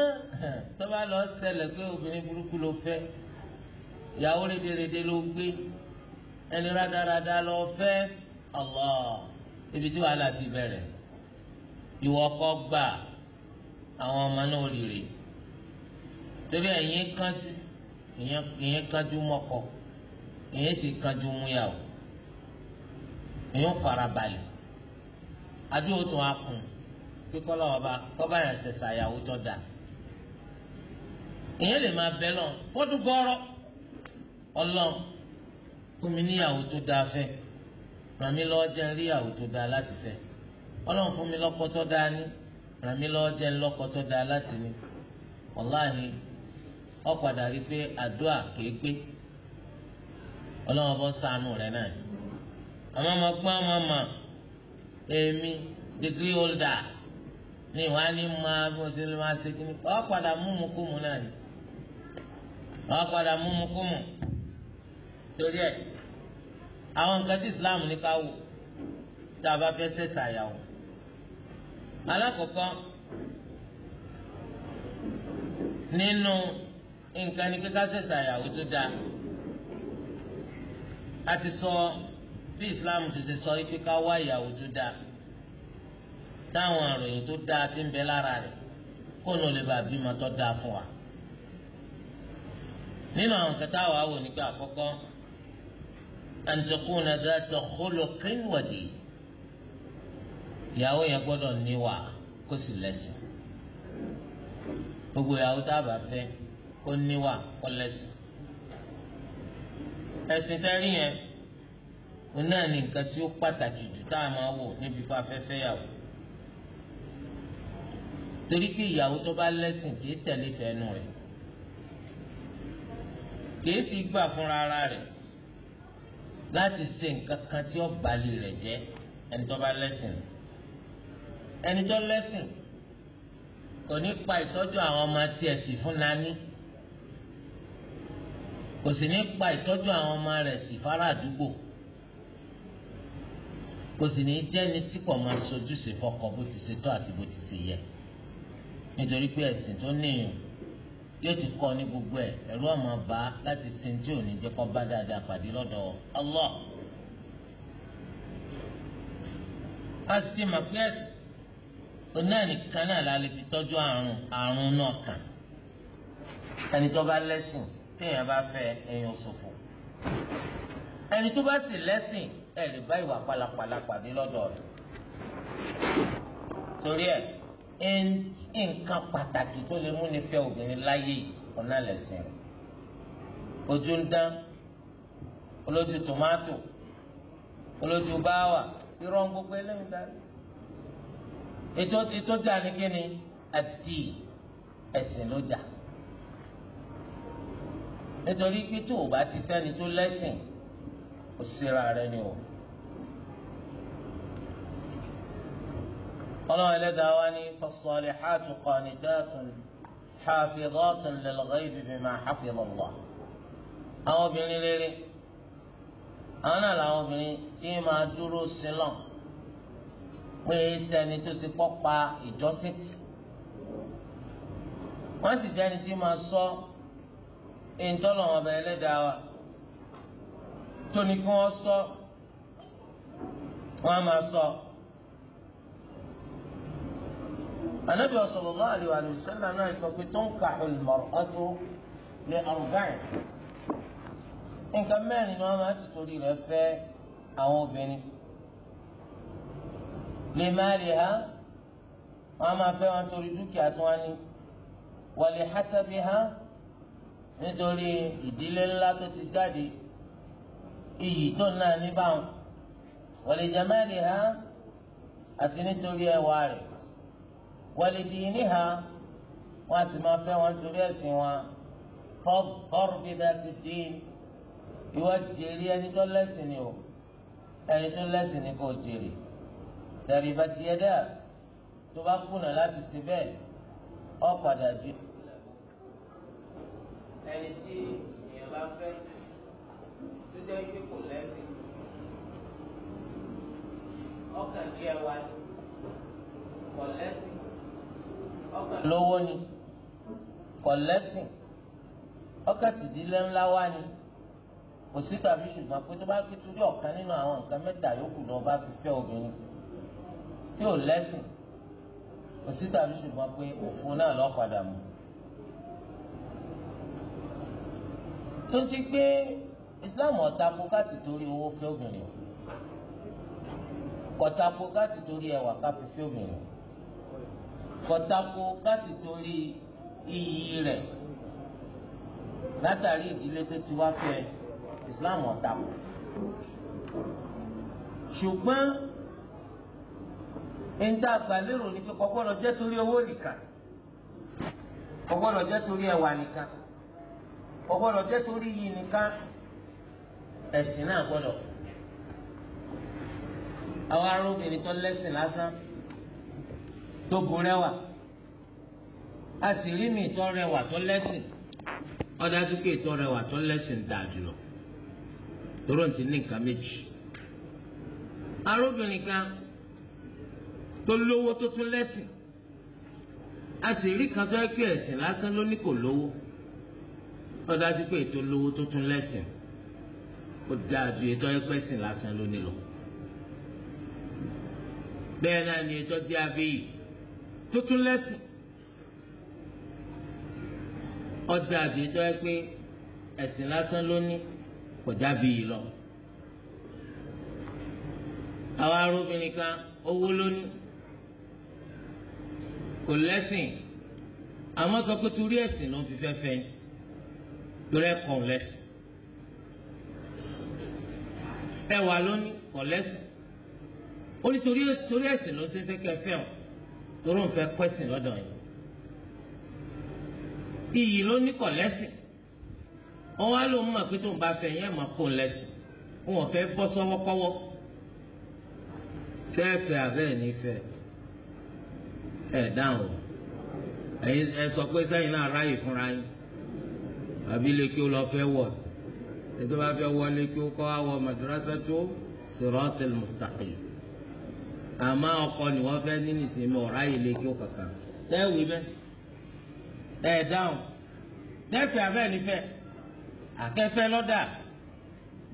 tó bá lọ ṣẹlẹ̀ pé obìnrin burúkú ló fẹ́ ìyàwó rédèrèdè ló gbé ẹni rádaràda lọ fẹ́ Allah ibi tí wàhálà ti bẹ̀rẹ̀ ìwọ ọkọ gbà àwọn ọmọ náà rírì torí ẹ̀yin kájú ìyẹn kájú mọ́kọ. èyí sì kanjú mú yà o èyí fara balẹ̀ adúlọ̀ tó a kùn kíkọ́ lọ́wọ́ bá kọ́bá yẹn ṣẹ̀ṣẹ̀ àyàwó tó dà èyí lè máa bẹ̀ lọ́n fọ́dún gbọ́rọ́ ọlọ́n fún mi níyàwó tó dáa fẹ́ ràn mí lọ́wọ́ jẹ́ ríyàwó tó dáa láti fẹ́ ọlọ́n fún mi lọ́kọ tó dáa ní ràn mí lọ́wọ́ jẹ́ lọ́kọ tó dáa láti ní wàláhì ó padà rí pé àdúrà ọlọ́wọ́n bọ́ sànù rẹ̀ náà ni àmọ́ ọmọ gbọ́n ọmọ mọ̀ èmi degree holder ni máa bí wọ́n ti lè máa ṣe kíni ọ̀ padà múmu kúmu náà ni ọ̀ padà múmu kúmu torí ẹ̀ àwọn nǹkan tí Islam ní ká wò tá a bá fẹ́ ṣẹ̀ṣà yàwó alákọ̀ọ́kọ́ nínú nǹkan ní kíkà ṣẹ̀ṣà yàwó tó dáa a ti sọ bí islam ti ṣe sọ pé ká wá ìyàwó tó dáa táwọn àròyìn tó dáa ti ń bẹ lára rẹ̀ kó nù lè bá bímọ tó dáa fún wa nínú àwọn kẹta wàá wò nígbà àkọ́kọ́ àǹtẹ̀kùn nàdá tó kóló kéwàdì ìyàwó yẹn gbọ́dọ̀ níwà kó sì lẹ́sìn gbogbo ìyàwó tá a bá fẹ́ kó níwà kó lẹ́sìn ẹ̀sìn tẹ́rí yẹn òun náà ní nǹkan tí ó pàtàkì jù tá a máa wò níbi pa afẹ́fẹ́ yàwó torí pé ìyàwó tó bá lẹ́sìn kì í tẹ̀lé fẹ́nu rẹ̀ kì í sì gbà fúnra ara rẹ̀ láti ṣe nǹkan kan tí ó balẹ̀ rẹ̀ jẹ́ ẹni tó bá lẹ́sìn ẹni tó lẹ́sìn kò ní pa ìtọ́jú àwọn ọmọ tiẹ̀ tì fún nání kò sì ní pa ìtọ́jú àwọn ọmọ rẹ̀ tì fara àdúgbò kò sì ní jẹ́ni tí kò máa sojú sí fọkọ bó ti ṣe tọ́ àti bó ti ṣe yẹ nítorí pé ẹ̀sìn tó níyàn yóò ti kọ́ ní gbogbo ẹ̀ ẹ̀rú ọmọ bá láti sin tí ò ní jẹ́ kó bá dáadáa pàdé lọ́dọ̀ Allah. a sì mọ̀ pé ẹ̀sìn tó náà nìkan náà la lè fi tọ́jú àrùn àrùn náà kàn ẹni tó bá lẹ́sìn téèyàn bá fẹ́ ẹyin òṣòfò ẹni tó bá sì lẹ́sìn ẹ lè bá ìwà pálapàla pàdé lọ́dọ̀ rẹ̀ torí ẹ nǹkan pàtàkì tó lè múni fẹ́ obìnrin láyé ọ̀nà lẹ́sìn rẹ̀ ojú ń dán olójú tòmátò olójú báwà irọ́ ń gbogbo eléyìí dárí ètò ètò jà ní kíni àti ẹ̀sìn ló jà. Ja nítorí pé tó o bá ti sẹ́ni tó lẹ́sìn ó síra rẹ ni o. ọlọ́run ẹlẹ́dàá wa ní fassalihatu qanitatun hafizatun lil-ghaybi bima hafiza Allah. àwọn obìnrin rere àwọn náà làwọn obìnrin tí máa dúró sílọ̀ pé sẹ́ni tó ti pọ́ pa wọ́n sì jẹ́ni tí máa sọ. So, ìtọ́lọ̀ wọn bẹ ẹlẹ́dàá wa tó ní kí wọ́n sọ wọ́n á máa sọ. anabi sallallahu alaihi wa sallam náà sọ pé tunkahu al-mar'atu li arba'in nǹkan mẹ́rin ni wọ́n máa ti torí rẹ̀ fẹ́ àwọn obìnrin li maliha wọ́n máa fẹ́ wọn torí dúkìá tí wọ́n ní wa li hasabiha nítorí ìdílé ńlá tó ti jáde iyì tó náà ní báwọn wọlé jamali ha àti nítorí ẹwà rẹ̀ wọlé dìínì ha wọn a sì máa fẹ́ wọn torí ẹ̀sìn wọn fọrọbì dàtí dín ìwọ jèrè ẹni tó lẹ́sìn ni o ẹni tó lẹ́sìn ni kò jèrè tẹríba tiẹ̀ dá tó bá kùnà láti ṣe bẹ́ẹ̀ padà jèrè ẹni tí èèyàn bá fẹ́ tó jẹ́ pé kò lẹ́sìn ọkàn bí ẹwà ni kò lẹ́sìn ọkàn lówó ni kò lẹ́sìn ọkàn tìdílé ńlá wá ni kò sí tàbí ṣùgbọ́n pé tó bá kí torí ọ̀kan nínú àwọn nǹkan mẹ́ta yòókù náà bá fi fẹ́ obìnrin tí ò lẹ́sìn kò sí tàbí ṣùgbọ́n pé òfun náà lọ́ọ́ padà mú. tó ti pé islam ọ̀tako káti torí owó fẹ́ obìnrin kọ̀tako káti torí ẹwà káfi fẹ́ obìnrin kọ̀tako káti torí iyì rẹ̀ látàrí ìdílé tó ti wá fẹ́ islam ọ̀tako ṣùgbọ́n níta àgbàlérò ni pé kò gbọ́dọ̀ jẹ́ torí owó nìkan kò gbọ́dọ̀ jẹ́ torí ẹwà nìkan kò gbọ́dọ̀ jẹ́ torí yìí nìkan ẹ̀sìn náà gbọ́dọ̀ àwọn arúgbìnrin tó lẹ́sìn lásán tó gun rẹwà a sì rí mi tó rẹwà tó lẹ́sìn ọ̀dájú pé tó rẹwà tó lẹ́sìn dà jùlọ tóró ti ní nǹkan méjì arúgbìnrin kan tó lówó tó tún lẹ́sìn a sì rí kan tó ẹ pé ẹ̀sìn lásán ló ní kò lówó ó dájú pé ètò olówó tó tún lẹ́sìn ó dáa ju ètò ẹgbẹ́sìn lásán lónìí lọ. bẹ́ẹ̀ náà ni ètò tí a fi yìí tó tún lẹ́sìn ó dáa ju ètò ẹgbẹ́ ẹ̀sìn lásán lónìí kò jábì yìí lọ. àwa arúbìnrin kan owó lónìí kò lẹ́sìn àmọ́ sọ pé torí ẹ̀sìn ló ń fi fẹ́ fẹ́ yín lórí ẹ̀kọ́ ọ̀lẹ́sì ẹwà lónìí ọ̀lẹ́sì ó ní torí torí ẹ̀sìn ló ṣe ń fẹ́ kẹ́ fẹ́ ọ torí òun fẹ́ kọ́sìn lọ́dọ̀ yìí iyì ló ní kọ̀lẹ́sìn ọwọ́ ló ń mọ̀ pé tó ń bá fẹ́ yẹn mọ̀ kó lẹ́sìn wọn fẹ́ bọ́ sọ́wọ́kọ́wọ́ sẹ́ẹ̀fẹ̀ abẹ́ẹ̀ nífẹ̀ẹ́ ẹ̀ dáhùn ẹ̀ sọ pé sẹ́yìn náà ráyè fúnra yín àbí lèkí ó lọ fẹ́ wọ̀ ètò bá fẹ́ wọ lèkí ó kọ́ àwọ̀ madrasa tó siratil mustaqim àmọ́ ọkọ ni wọ́n fẹ́ ní nìsinmi ọ̀rá yìí lèkí ó kankan tẹ́wì bẹ́ ẹ̀ dáhùn tẹ́fẹ̀ abẹ́nifẹ́ akẹ́fẹ́ lọ́dà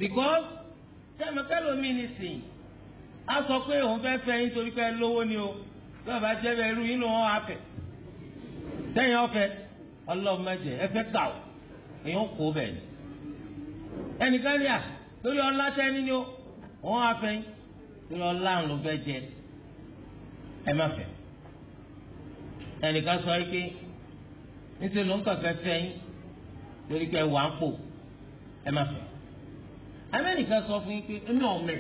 because sẹ́mikẹ́lì omi ni sìn á sọ pé òun fẹ́ fẹ́ yín torí pé lówó ni o bí ọba jẹ́ bẹ́ẹ̀ irú yín ló wọ́n sẹ́yìn ọ̀fẹ́ ọlọ́mọdé ẹ fẹ́ kà ó èèyàn kó bẹ̀ ni ẹnìkan ní à torí ọlá sẹ́ni ni ó wọ́n á fẹ́ torí ọlá ń lo fẹ́ jẹ ẹ má fẹ́ ẹnìkan sọ yìí pé níṣẹ́ ló ń kọ̀kẹ́ fẹ́ yín torí pé wà á pò ẹ má fẹ́ amẹ́nìkan sọ fún yín pé ẹ̀mí ọ̀mẹ́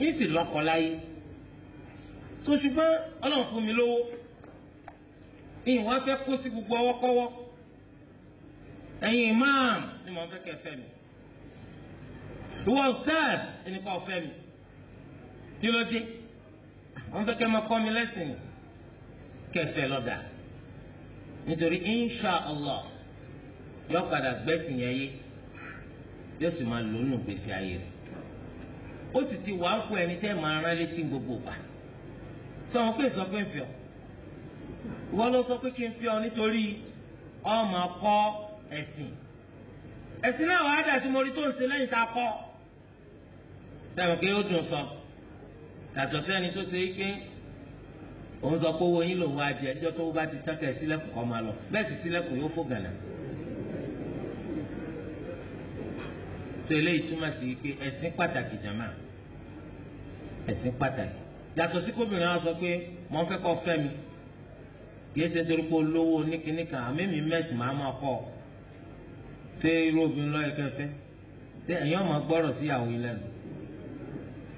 yín sì lọ́kọ̀ láyé so ṣùgbọ́n ọlọ́run fún mi lówó ìyìn wá kó sí gbogbo ọwọ́kọ́wọ́ ẹ̀yin imam ni mò ń fẹ́ kẹ́ fẹ́ mi ìwọ ustaz ẹni kọ́ fẹ́ mi kí ló dé wọ́n fẹ́ kẹ́ máa kọ́ mi lẹ́sìn kẹfẹ́ lọ́dà nítorí insha allah yọ padà gbẹ́sìn yẹn yé yóò sì máa lò nù gbèsè ayé rẹ̀ ó sì ti wàá kó ẹni tẹ́ máa rán létí gbogbo gbà sọ wọn pé sọ pé ń fi ọ ìwọ ló sọ pé kí n fi ọ nítorí ọ máa kọ́ ọ ẹ̀sìn ẹ̀sìn náà wàá dà sí mori tó ń ṣe lẹ́yìn tá a kọ́ sẹ́wọ̀n pé ó dùn sọ yàtọ̀ sẹ́ni tó ṣe é pé òun sọ pé owó yín lòun á jẹ ẹjọ́ tó bá ti tọ́kẹ̀ sílẹ̀kùn kọ́ máa lọ bẹ́ẹ̀ sì sílẹ̀kùn yóò fò gànà. tó eléyìí túmọ̀ sí pé ẹ̀sìn pàtàkì jàmá ẹ̀sìn pàtàkì yàtọ̀ sí kóbìnrin wa sọ pé mo fẹ́ kọ́ fẹ́ mi kì í ṣe nítorí pé olówó oníkíníkan àmì mi mẹ́sì máa máa kọ́ ọ ṣé irú obìnrin lọ́yẹ kẹfẹ́ ṣé ẹ̀yin ọmọ gbọ́rọ̀ sí ìyàwó yìí lẹ́nu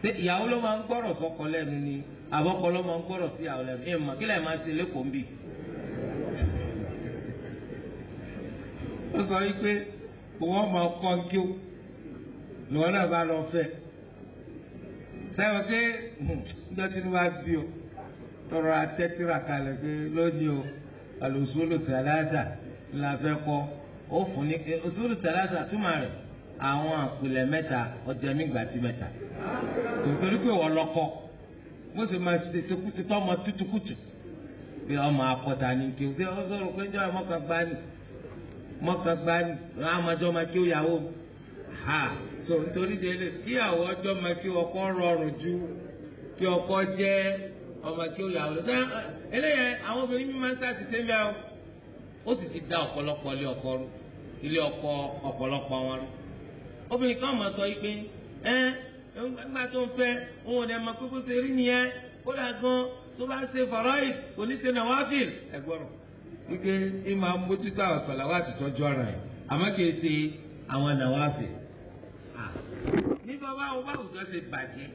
ṣé ìyàwó ló máa ń gbọ́rọ̀ sọ́kọ lẹ́nu ni àbọ̀kọ ló máa ń gbọ́rọ̀ sí ìyàwó lẹ́nu ẹ̀ mọ̀ kí lẹ́ẹ̀ máa ṣe lẹ́kọ̀ọ́ ń bì. ó sọ wípé wọ́n máa kọ́ kí ó lọ́wọ́ náà bá lọ fẹ́ sẹ́wọ̀n pé hmm, ǹjọ́ tinubu á bí o tọrọ atẹ́tìrà kalẹ̀ pé lónìí o àlùsùn olùtàládà la fẹ́ kọ́ ó fún ní usulu tẹ̀láṣà túmọ̀ rẹ̀ àwọn àpilẹ̀ mẹ́ta ọjà mígbàtí mẹ́ta tòtòrí pé wọ́n lọ́kọ́ bó ṣe máa ṣe ṣekúṣe tó ọmọ tútùkùtù pé ọmọ akọta ní kí o ṣe ọ sọ̀rọ̀ pé njẹ́ ọmọ kan gbá ni ọmọ kan gbá ni amadé ọmọ kí o yàwó ha so nítorí délé kí àwọn ọjọ́ máa kí ọkọ rọrùn ju kí ọkọ jẹ́ ọmọ kí o yàwó lọ eléyà àwọn obìnrin mi máa ń sá ti sẹ́mi àwọn ó sì ti da ọ̀pọ̀lọpọ̀ lé ọkọ rú ilé ọkọ ọ̀pọ̀lọpọ̀ wọn rí obìnrin kan máa sọ pé ẹ nígbà tó ń fẹ́ òun ò dẹ̀ mọ kókó ṣe rí nìyẹn ó dà gan tó bá ṣe fọ̀rọ̀ìd kò ní ṣe nàwáfìl ẹ gbọ́rọ̀. wípé ẹ máa mójútó àwọn sọ̀lá wá ti tọ́jú ara ẹ̀ àmọ́ kì í ṣe àwọn nàwáfìl. nígbà báwo báwo sọ ṣe bàjẹ́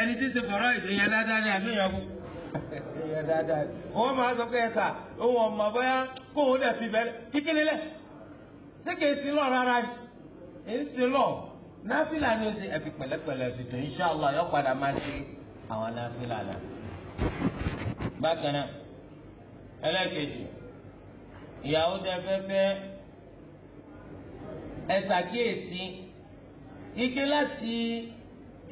ẹni tí ń ṣe fọ̀rọ̀ìd èèyàn dáadáa ni àbí èèyàn kú èèyàn dáadáa ni. òun máa sọ pé ẹ sà òun ọmọ ṣé kìí sin lọ rárá ni ń sin lọ náfìlà ni ó ṣe ẹ̀fì pẹ̀lẹ́pẹ̀lẹ́ fi tó inṣàlá yọ padà máa ṣe àwọn náfìlà náà. bákan náà ẹlẹ́kejì ìyàwó tẹ fẹ́ fẹ́ ẹ ṣàkíyèsí ike láti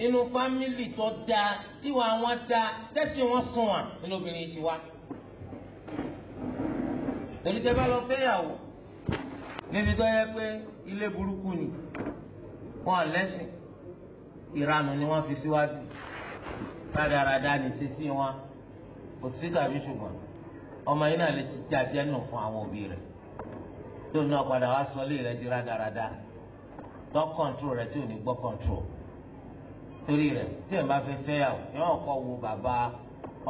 inú fámìlì tó dáa tíwa wọn dáa tẹ́sí wọn sunwọ̀n nínú obìnrin tiwa. torí tẹ bá lọ fẹ́yàwó níbi tó yẹ pé ilé burúkú ni wọn lẹ́sìn ìranù ni wọ́n fi síwájú rádaràdá ní sísí wọn kò sí tàbí ṣùgbọ́n ọmọ yìí náà lè ti jàjẹ́ nù fún àwọn òbí rẹ̀ tó náà padà wá sọ lé rẹ̀ di rádaràdá tó kọ̀ǹtró rẹ̀ tí ò ní gbọ́ kọ̀ǹtró torí rẹ̀ tí ẹ̀ bá fẹ́ fẹ́yàwó yóò kọ́ wo bàbá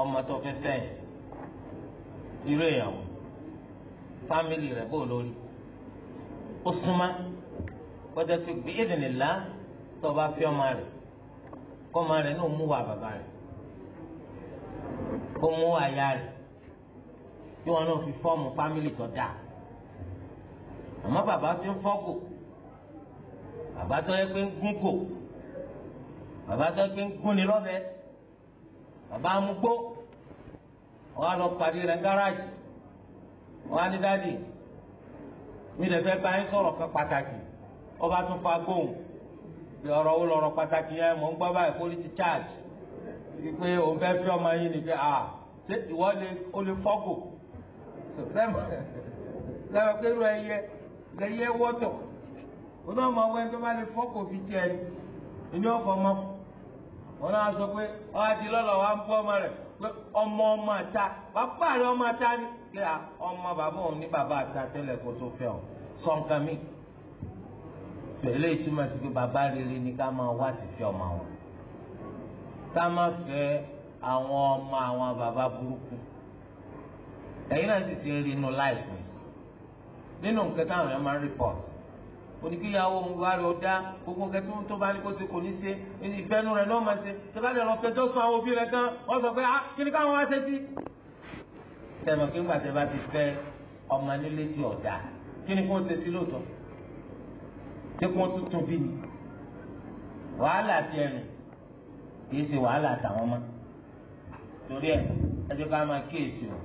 ọmọ tó fẹ́ fẹ́yìn irú èèyàn wò fámìlì rẹ̀ bò lórí. ó súnmá kọjá pé bí ìdìnnìlá tó bá fi ọmọ rẹ̀ kọ́ ọmọ rẹ̀ náà mú wà bàbá rẹ̀ kó mú àyà rẹ̀ kí wọn náà fi fọ́ọ̀mù fámìlì tó dáa àmọ́ bàbá fi ń fọ́gò bàbá tó yẹ pé ń gún kò bàbá tó yẹ pé ń gún ni mi lè fẹ́ bá yín sọ̀rọ̀ kan pàtàkì ọba tún fa gbóhùn ọ̀rọ̀ wo lọ̀rọ̀ pàtàkì yẹn mò ń gbọ́ báyìí polisi charge pé òun fẹ́ fi ọmọ yín ni pé à ṣé ìwọ lè o lè fọ́gò sẹ́wọ̀n pé irú ẹyẹ lẹ́yẹ wọ́tọ̀ ó náà mọ ọwọ́ ẹni tó bá lè fọ́gò fi tiẹ̀ ni ìní ọ̀fọ̀ mọ́ wọn náà sọ pé ọ̀ lọ́lọ́ wa ń bọ́ ọmọ rẹ̀ pé ọmọ ọmọ ta pé ọmọ bàbá òun ní bàbá àti àtẹlẹ kò tó fẹ́ ọ sọ nǹkan mi tẹ̀lé ìtumọ̀ sí pé bàbá rere ni ká máa wá ti fẹ́ ọmọ wọn ká má fẹ́ àwọn ọmọ àwọn bàbá burúkú ẹ̀yin náà sì ti ń rí inú láìpẹ́ nínú nǹkan táwọn yẹn máa ń report oníkíyàwó ń wá rẹ̀ ó dá gbogbo nǹkan tí wọ́n tó bá ní kó se kò ní ṣe ìfẹ́nu rẹ̀ lọ́ọ́ máa ṣe tí wọ́n bá lè lọ fẹjọ́ sùn àwọn òbí rẹ̀ gan wọ́n sọ pé ah kí ni káwọn wá ṣe sí sẹ́wọ̀n kí ńgbà tẹ́ bá ti fẹ́ ọmọ nílé tí ọ̀dà kí ni kò ṣe sí lóòótọ́ tí kò tuntun bí ni wàhálà ti ẹ̀rìn kì í ṣe wàhálà tàwọn mọ́ torí ẹ̀ ẹjọ́ ká máa kíyèsí o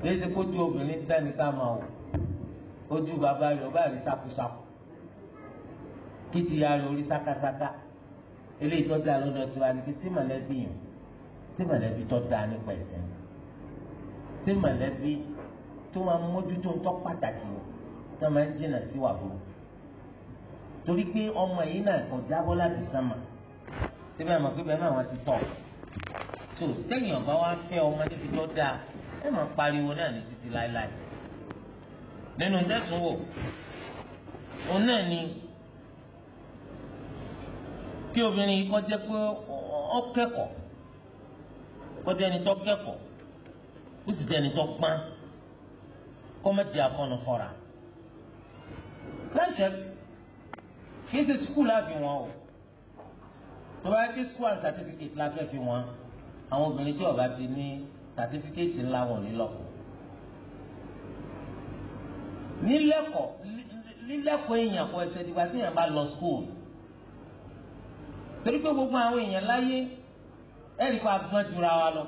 kì í ṣe kó ju obìnrin dání ká máa wò ojú bàbá rẹ̀ ọba rí sákúsákú kí ti ya rẹ̀ orí sákásáká eléyìí tó dáa lọ́dọ̀ tiwa ni kí sí mọ̀lẹ́bí yìí sí mọ̀lẹ́bí tó nípa ẹ̀sìn sí mọ̀lẹ́bí tó máa mójútó ń tọ́ pàtàkì o tó máa ń jìnnà sí wà burú torí pé ọmọ yìí náà kò jábọ́ láti sánmà síbẹ̀ àmọ́ pé bẹ́ẹ̀ náà wọ́n ti tọ̀ so téèyàn bá wá fẹ́ ọmọ níbi tó dáa ẹ máa pariwo náà ní títí láéláé nínú tẹ́sán wò òun náà ni kí obìnrin kọ́ jẹ́ pé ó kẹ́kọ̀ọ́ kó jẹ́ ẹni tó kẹ́kọ̀ọ́ ó sì jẹ́ ẹni tó pọ́n kó má di afọ́nu fọ́ra. láṣẹ kì í ṣe skul láfi wọn o tó bá yẹ kí skul and certificate láfẹ́ fi wọn àwọn obìnrin tí ó ti ní certificate ńlá wọn ní lọ́kọ. nílẹ̀kọ̀ lílẹ̀kọ̀ èèyàn kọ ẹsẹ̀ dìgbà tí èèyàn bá lọ skul torí pé gbogbo àwọn èèyàn láyé ẹ̀rí kó agbọ́n jura wa lọ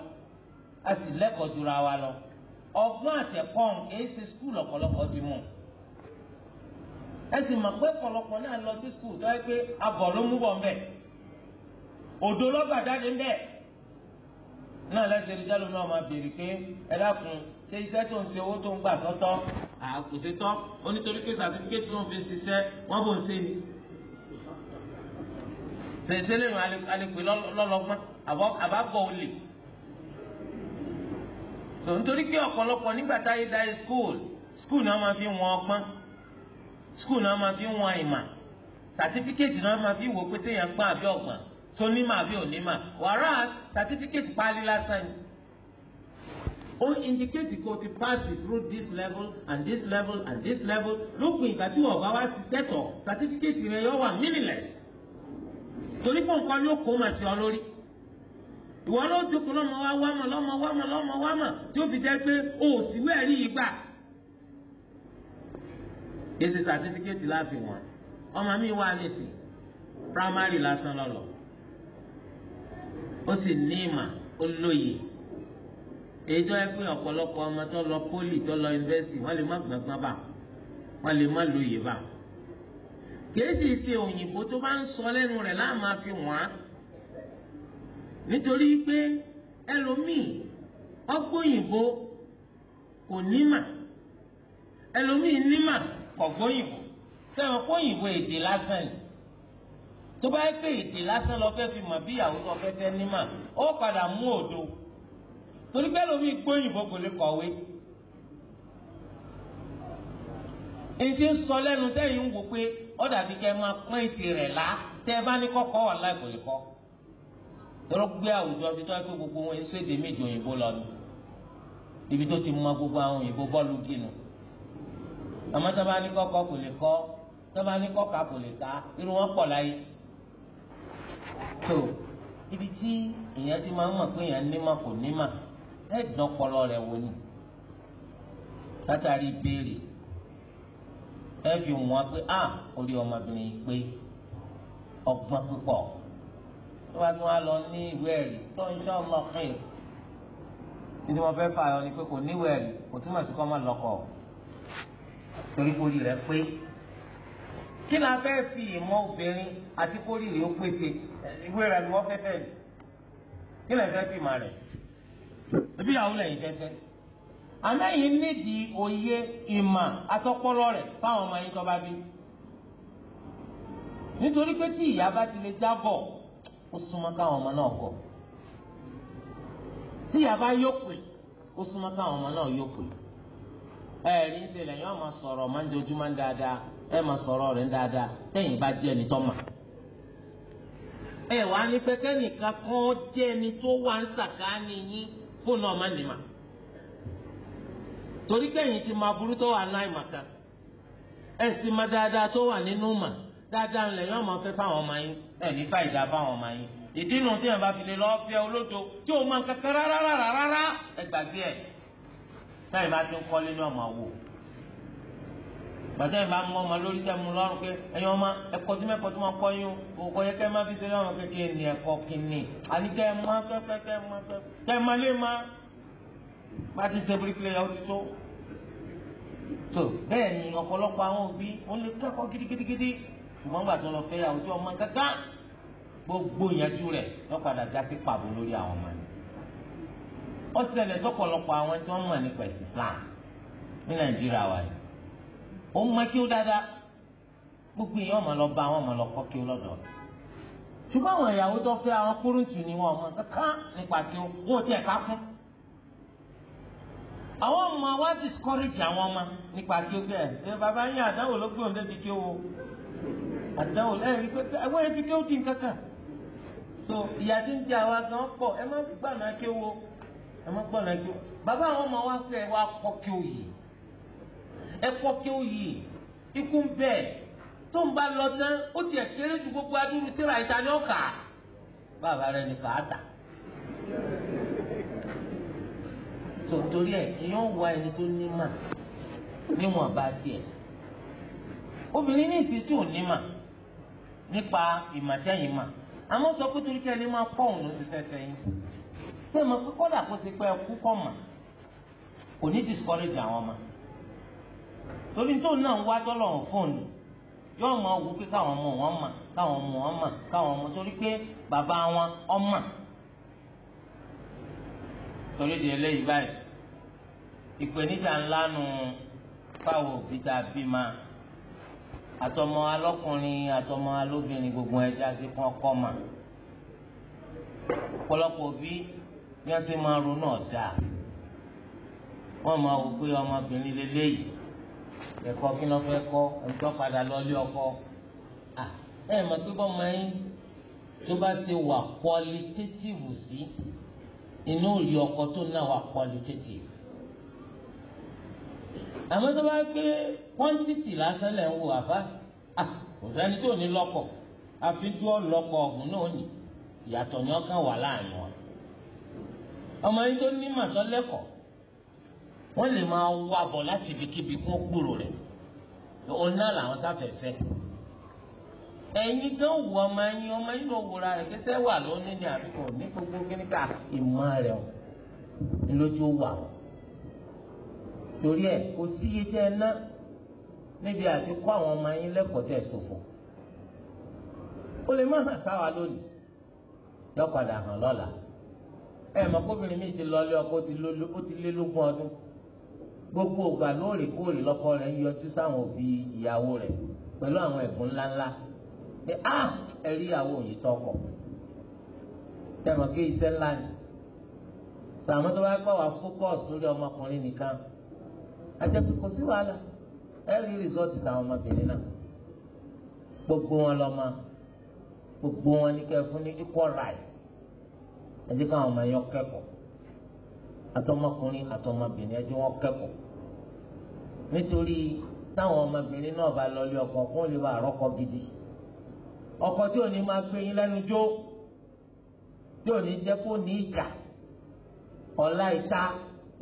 a sì lẹ́kọ̀ọ́ jura wa lọ ọgbọ́n àtẹ̀kọ́n kìí ṣe skul ọ̀pọ̀lọpọ̀ ti mú ẹ sì mọ̀ pé ọ̀pọ̀lọpọ̀ náà lọ sí skul tó yẹ pé abọ̀ ló mú bọ̀ mbẹ̀ òdo lọ́gbà jáde mbẹ̀ náà lẹ́sẹ̀ ẹ̀rí jáde náà máa béèrè pé ẹ dákun ṣé iṣẹ́ tó ń ṣe owó tó ń gbà sọ́tọ̀ àkùsẹ́tọ́ onítorí pé sàtífíkẹ́tì tó ń fi ṣiṣẹ́ wọ́n bò ń ṣe ni tẹ̀sílẹ̀ alẹ́pẹ́ lọ́lọ́gbọ́n àbábọ̀ olè nítorí pé ọ̀pọ̀lọpọ̀ nígbà táyé darí skul skul náà máa fi wọn ọpọ́n skul náà máa fi wọn ìmà sàtífíkẹ́tì náà máa fi wò pé téèyàn gbọ́n àbí ọ̀gbọ́n tó nímọ̀ àbí ònímọ̀ wàrà sàtífíkẹ́tì pálí lásán ni. ó indicate kó o ti pass through this level and this level and this level lópin ìgbà tí wọ́n bá wá ti sẹ́tọ̀ sàtífíkẹ́tì rẹ̀ yọ wà meaningless torí pé nǹkan yóò kó màsí ọ lórí ìwọ ló jókòó lọ́mọ wá wámọ̀ lọ́mọ wámọ̀ lọ́mọ wámọ̀ tí ó fi jẹ́ pé o ò sì wẹ́ẹ̀rí yìí gbà. èsì sàtífíkẹ́tì láàfin wọn ọmọ mi wà nísìn primary lásán lọ́lọ́ ó sì ní ìmà ó lóye èyí tó yẹ pé ọ̀pọ̀lọpọ̀ ọmọ tó lọ pólì tó lọ yunifásitì wọ́n lè má gbọ̀ngbọ̀n bá wọ́n lè má lóye bá kì í sì ṣe òyìnbó tó bá ń sọ lẹ́nu rẹ̀ láàmú àfihàn nítorí pé ẹlòmíì ọgbóyìnbó kò nímà ẹlòmíì nímà kọ̀gbóyìnbó sẹ́wọ̀n kóyìnbó èdè lásán ni tó bá yẹ pé èdè lásán lọ fẹ́ fi mọ̀ bí ìyàwó lọ fẹ́ fẹ́ nímà ó padà mú òdo torí pé ẹlòmíì gbóyìnbó kò lè kọ̀wé ètí ń sọ lẹ́nu tẹ́yìn ń wò pé ọ̀dàbí kẹ́ máa pọ́n ètè rẹ̀ lá tẹ́ bá ní kọ́kọ́ wà láì kò lè kọ́ lọ́rọ́ gbé àwùjọ bí tó wá pé gbogbo wọn èso èdè méjì òyìnbó lọ ni ibi tó ti mọ gbogbo àwọn òyìnbó bọ́ọ̀lù gínú àmọ́ tó bá ní kọ́kọ́ kò lè kọ́ tó bá ní kọ́ka kò lè ta irú wọn pọ̀ láyé tó ibi tí èèyàn ti máa ń mọ̀ pé èèyàn nímọ̀ kò nímọ̀ ẹ̀ dán pọlọ rẹ̀ wò ni látàrí ìbéèrè ẹ fi wọn pé a ah, orí ọmọbìnrin pé ọgbọ́n púpọ̀ wá ní wá lọ ní ìwé ẹ̀rí tó inshallah khair títí wọn fẹ́ fà yọ ni pé kò níwèé ẹ̀rí kò túmọ̀ sí kọ́ máa lọ́kọ̀ torí kórì rẹ̀ pé kí la fẹ́ fi ìmọ̀ obìnrin àti kórì rẹ̀ ó pèsè ìwé rẹ̀ ni wọ́n fẹ́ fẹ́ mi kí lè fẹ́ fi ìmọ̀ rẹ̀ ebi ìyàwó lẹ́yìn fẹ́fẹ́ àmẹ́yìn nídìí òye ìmọ̀ atọ́pọ́lọ́ rẹ̀ fáwọn ọmọ yín tó bá bí nítorí pé tí ìyá bá ti lè jábọ̀ ó súnmọ́ káwọn ọmọ náà gọ̀ tí yàrá yóò pè ó súnmọ́ káwọn ọmọ náà yóò pè ẹ̀rí ṣe lẹ́yìn ọmọ sọ̀rọ̀ máa ń dojúmọ́ dáadáa ẹ máa sọ̀rọ̀ rẹ̀ dáadáa tẹ̀yìn bá jẹ́ ẹni tọ́ mà. ẹ wàá ní pẹ́kẹ́ nìkan kọ́ jẹ́ ẹni tó wà ń sàkáání yín fóònù ọmọ nìmà torí kẹ́yìn ti máa burú tó wà náà màkà ẹ sì máa dáadáa tó wà nínú mà dáadáa ńlẹ̀ yọ̀ọ́ máa fẹ́ fáwọn ọmọ yín. ẹ ní fàyídà fáwọn ọmọ yín ìdínú tí yẹn bá fi lè lọ fẹ́ olódo tí o máa kankan rárá rárá rárá ẹ gbàgbé ẹ táyì bá ti ń kọ́lé ní ọmọ wò gbàtẹ́ ìbá mú ọmọ lórí tẹ́ mu lọ́rùn pé ẹ̀yin ọmọ ẹ̀kọ́ tí mẹ́kọ́ tí wọ́n kọ́ yín o kò yẹ kẹ́ ẹ má fi ṣeré ọ̀rọ̀ kékeré ní ẹ̀kọ́ kìíní àní kẹ́ ẹ má pẹ́pẹ́ kẹ́ ẹ má pẹ́pẹ́ kẹ́ ẹ má lé má bá ti ṣe bíríkìlẹ̀ yà ó ti tó. tó bẹ́ẹ̀ ni ọ̀pọ̀lọpọ̀ àwọn òbí wọ́n lè kẹ́kọ̀ọ́ gidigidigidi ṣùgbọ́n gbà tó lọ fẹ́ yàwó tí ọmọ kankan gbogbo ìyànjú rẹ̀ lọ́ padà já sí pàbó lórí àwọn ọmọ ni. ó ṣẹlẹ̀ sọ́pọ̀lọpọ̀ àwọn tí wọ́n mọ̀ nípa ẹ̀sìn Islam ní Nàìjíríà wa ni. ó mọ kí ó dáadáa gbogbo ìyẹn ọmọ lọ bá àwọn ọmọ lọ kọ́ kí ó lọ́dọ̀ ṣùgbọ́n àwọn ìyàwó tó fẹ́ àwọn kúrúntù ni wọn ọmọ kankan nípa kí wọ́n tiẹ̀ ká fún àwọn ọmọ wa discourage àwọn ọmọ nípa kí ó bẹ́ẹ̀ àdáhùn lẹ́yìn pé ẹ̀wọ́n ẹ fi kí ó di nǹkan so ìyá tí ń jẹ àwa gan pọ̀ ẹ má gbàna kí wo ẹ má gbàna kí ó bàbá àwọn ọmọ wa fẹ́ wa kọ́ kí ó yìí ẹ kọ́ kí ikú ń tó ó tiẹ̀ kéré ju gbogbo tíra ìta ni ó kà á bàbá rẹ ni kà á tà so ẹ ìyẹn wà ẹni tó ní mà níwọ̀n obìnrin ní ìsìn tí ò ní mà nípa ìmọ̀tẹ́yìn mà àmọ́ sọ pé torí kẹ́lẹ́ máa pọ̀ òun ló ti fẹ́fẹ́ yín ṣé mo pé kọ́dà kó ti pẹ́ kú kọ́ mà kò ní discourage àwọn ọmọ torí tó náà ń wá tọ́lọ̀ fóònù yóò mọ owó pé káwọn ọmọ wọn mà káwọn ọmọ wọn mà káwọn ọmọ torí pé bàbá wọn ọmọ torí di eléyìí báyìí ìpèníjà ńlá nu fáwọn òbí tá a bí máa àtọmọ alọkùnrin àtọmọ alóbìnrin gbogbo ẹjẹ àfikún ọkọ mà ọ̀pọ̀lọpọ̀ òbí bí wọ́n ṣe máa ronú ọdá wọ́n máa wò pé ọmọbìnrin lélẹyìí ẹ̀kọ́ kí ló fẹ́ kọ́ ẹjọ́ padà lọlé ọkọ ẹ mọ̀ pé bọmọ yín tó bá ṣe wà qualitative sí inú òòlì ọkọ tó náà wà qualitative àmọ́ tó bá gbé quantity lásán lẹ̀ ń wo àfa kò sẹ́ni tí ò ní lọ́pọ̀ àfi dúró lọ́pọ̀ ọ̀gùn náà ní ìyàtọ̀ ni ọkàn wà láàrin wọn. ọmọ yìí tó ní màtọ́ lẹ́kọ̀ọ́ wọ́n lè máa wá bọ̀ láti ibikíbi kún gbòòrò rẹ̀ òun náà làwọn sáfẹ̀fẹ́. ẹ̀yin gan wù ọmọ yín ọmọ yín ló wura rẹ̀ kí sẹ́ wà lónìí ní ní gbogbo kíníkà ìmọ̀ rẹ̀ ò lójú wà wọ́n torí ẹ kò síye tẹ́ ẹ ná níbi àti kọ́ àwọn ọmọ yín lẹ́kọ̀ọ́ tẹ́ ṣòfò ó lè má hàn sáwa lónìí lọ́padà hàn lọ́la ẹ mọ̀ kóbìnrin mi ti lọ́lé ọkọ ó ti lé lógún ọdún gbogbo ògbà lóòrèkóòrè lọ́kọ rẹ̀ ń yọjú sáwọn òbí ìyàwó rẹ̀ pẹ̀lú àwọn ẹ̀bùn ńláńlá pé a ẹ̀rí ìyàwó yìí tọkọ̀ tẹ̀mọ̀ kí iṣẹ́ ńlá ni sàmútọ́ bá gbọ́ wá fókọ̀sì lórí ọmọkùnrin nìkan àjẹpẹ kò sí wàhálà ẹ rí rìsọ́ọ̀tì táwọn ọmọbìnrin náà gbogbo wọn lọ́mọ gbogbo wọn ní kẹ́ fún ní equal right ẹ jẹ́ káwọn ọmọ yẹn kẹ́kọ̀ọ́ àtọmọkùnrin àtọmọbìnrin ẹ jẹ́ wọn kẹ́kọ̀ọ́ nítorí táwọn ọmọbìnrin náà bá lọ ọkọ kó lè bá gidi ọkọ tí ò ní máa gbé yín lẹ́nu jó tí ò ní jẹ́ ìjà ọ̀la ìta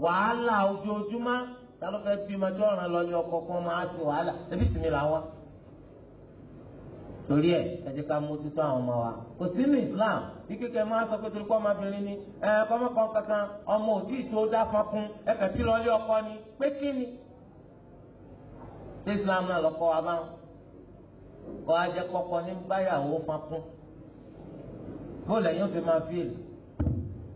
wàhálà ojoojúmọ́ ta ló fẹ́ bímọ tí ọ̀ràn lọ ní ọkọ kan máa ṣe wàhálà ẹbí sì mi là wá. torí ẹ ẹ jẹ́ ká mójútó àwọn ọmọ wa kò sínú Islam bí kékeré máa sọ pé torí kọ́ ọmọbìnrin ni ẹ kọ́mọkàn kankan ọmọ òtí ìtò dáfọn fún ẹ kàtí lọ lé ọkọ ni pé kí ni. Islam náà lọkọ wa bá kọ́ ajẹ́ kọ́kọ́ ní báyàwó fakún bó lẹ́yìn ó sì máa fi èlò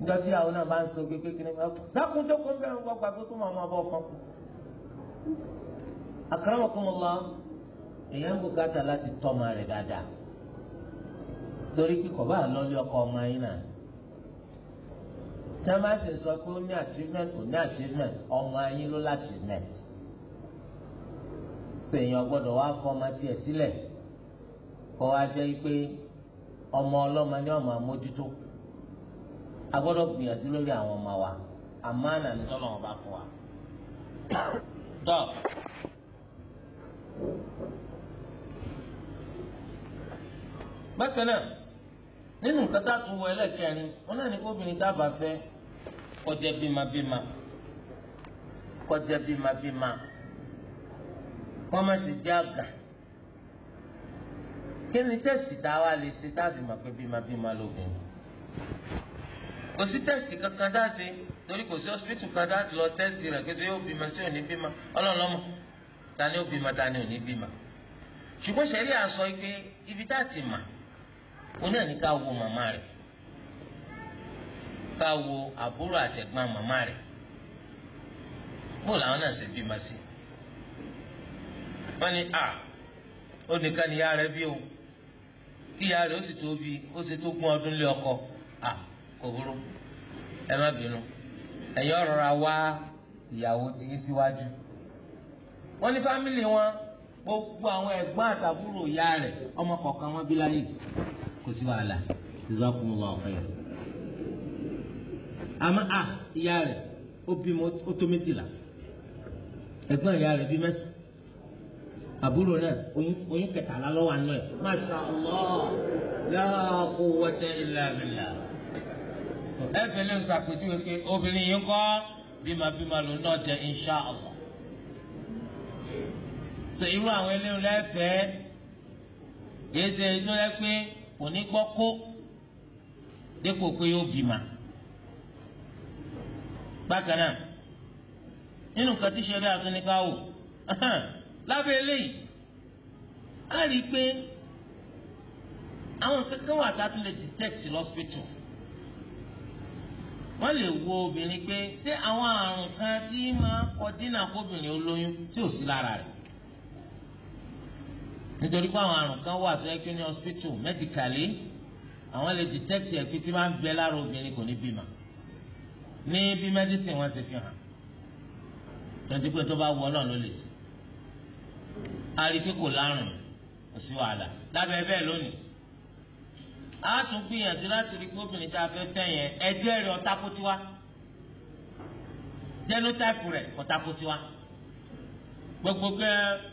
níjọ́ tí àwọn náà bá ń so gbégbé kiri máa dákúndókòó bẹ́ẹ̀ ń gbọ́ gbàgbé kó máa máa bọ́ fakún akramakumullah èèyàn bùkátà láti tọ́mọ rẹ̀ dáadáa torí kíkọ̀ bá lọ́lé ọkọ ọmọ yín náà tẹ́ sọ pé ó ní achievement kò ní achievement ọmọ yín ló lá achievement ṣe èèyàn gbọ́dọ̀ wá fọmọ tiẹ̀ sílẹ̀ kó wá jẹ́ pé ọmọ ọlọ́mọ ni ọmọ àmójútó a gbọ́dọ̀ gbìyànjú lórí àwọn ọmọ wa àmọ́ àná ni tọ́lọ́wọ́n bá fún wa tọ́ bákan náà nínú nǹkan tá a tún wọ ẹlẹ́kẹrin wọn náà ní kó obìnrin dábàá fẹ́ kọjá bímabíma kọjá bímabíma wọn má sì jẹ́ àgà kí ni tẹ́sì tá a wá lè ṣe tá a fi mọ̀ pé bímabíma lóbìnrin kò sí tẹ́sì kankan dá sí i torí kò sí hospital kan láti lọ test rẹ̀ pé ṣé yóò bímọ sí òní bímọ ọlọ́run lọ́mọ tani ó bímọ tani ò ní bímọ. ṣùgbọ́n sẹ́rí àsọ pé ibi tá a ti mà ó náà ní ká wo màmá rẹ̀ ká wo àbúrò àtẹ̀gbọ́n màmá rẹ̀ bó làwọn náà ṣe bímọ sí. wọ́n ní a ó nìkan ni ìyá rẹ̀ bí o kí ìyá rẹ̀ ó sì tó bí ó ṣe tó gún ọdún lé ọkọ a kò burú ẹ má bínú ẹ̀yọ́ rọra wá ìyàwó ti yí síwájú. wọ́n ní fámìlì wọn gbogbo àwọn ẹ̀gbọ́n àtàbúrò ìyá rẹ̀ ọmọ kọ̀ọ̀kan wọn bí láyé kò sí wàhálà jazakumullahu khairan. àmọ́ à ìyá rẹ̀ ó bímọ ó tó méjìlá ẹ̀gbọ́n ìyá rẹ̀ bí mẹ́sàn àbúrò náà oyún kẹtàlá lọ́wọ́ àná ẹ̀. masha Allah la quwwata illa billah ẹ fẹlẹ ń sàpèjúwe pé obìnrin yìí ń kọ́ bímabíma ló náà jẹ insha allah so irú àwọn eléyìí lẹ́fẹ̀ẹ́ kìí ṣe èso yẹ pé kò ní gbọ́ kó dépò pé yóò bímọ bákan náà nínú nǹkan tí ṣẹlẹ̀ àtúnika wò lábẹ́ eléyìí á rí i pé àwọn kankan wà tá a tún lè detect lọ́sípítù wọ́n lè wo obìnrin pé ṣé àwọn àrùn kan tí máa kọ dínà kóbìnrin olóyún tí ò sí lára rẹ̀ nítorí pé àwọn àrùn kan wà tó yẹ kí ní hospital medically àwọn lè detect ẹ̀ pé tí máa ń bẹ lára obìnrin kò ní bímọ ní bí medicine wọn ti fi hàn tọ́jú pé tó bá wọ náà ló lè sí a rí i pé kò lárùn kò sí wàhálà lábẹ́ bẹ́ẹ̀ lónìí a tún gbìyànjú láti rí gbóbìnrin tá a fẹ́ fẹ́ yẹn ẹjẹ́ rẹ̀ ọ̀tá kó tiwa genotype rẹ̀ ọ̀tá kó tiwa gbogbo gbẹ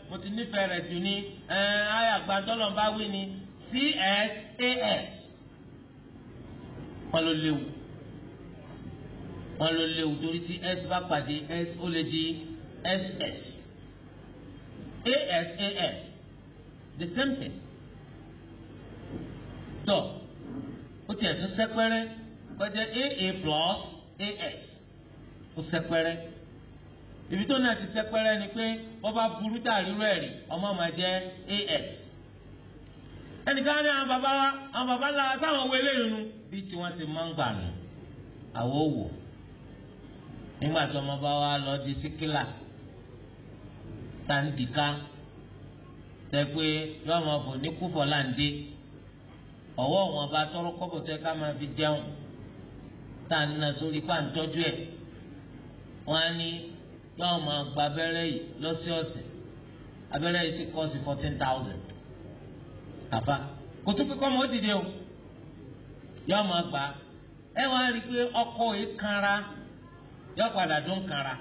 mo ti nífẹ̀ẹ́ rẹ̀ jù ní ayé àgbàdọ́lọ̀ bá wí ni csas wọn ló léwu wọn ló léwu torí tí s bá pàdé s ó lè di ss asas the same thing tọ̀ o tiẹ̀ tún sẹ́pẹ́rẹ́ kọjá aa plus as ó sẹ́pẹ́rẹ́ ibi tó náà ti sẹ́pẹ́rẹ́ ni pé wọ́n bá burú tàrí rẹ̀ rí ọmọ máa jẹ́ as ẹnìkan ní àwọn baba wa àwọn baba la táwọn wo eléyìí nu bí tiwọn ti máa ń gbà nù àwọn wò nígbà tí ọmọ bá wa lọ di síkìlà tàǹdìkà tẹ pé yọọ máa fò ní kúfọ̀ láǹdé. ọwọ́ wọn bá tọrọ kọ́bọ̀ tó ká máa fi jẹun tá a nà sórí pa ntọ́jú ẹ̀ wọ́n á ní yóò máa gba abẹ́rẹ́ yìí lọ́sọ̀ọ̀sẹ̀ abẹ́rẹ́ yìí sì kọ́ sí fourteen thousand kò mọ́ dìde o yóò máa gbà á ẹ rí i pé ọkọ yìí kanra yóò padà dún kanra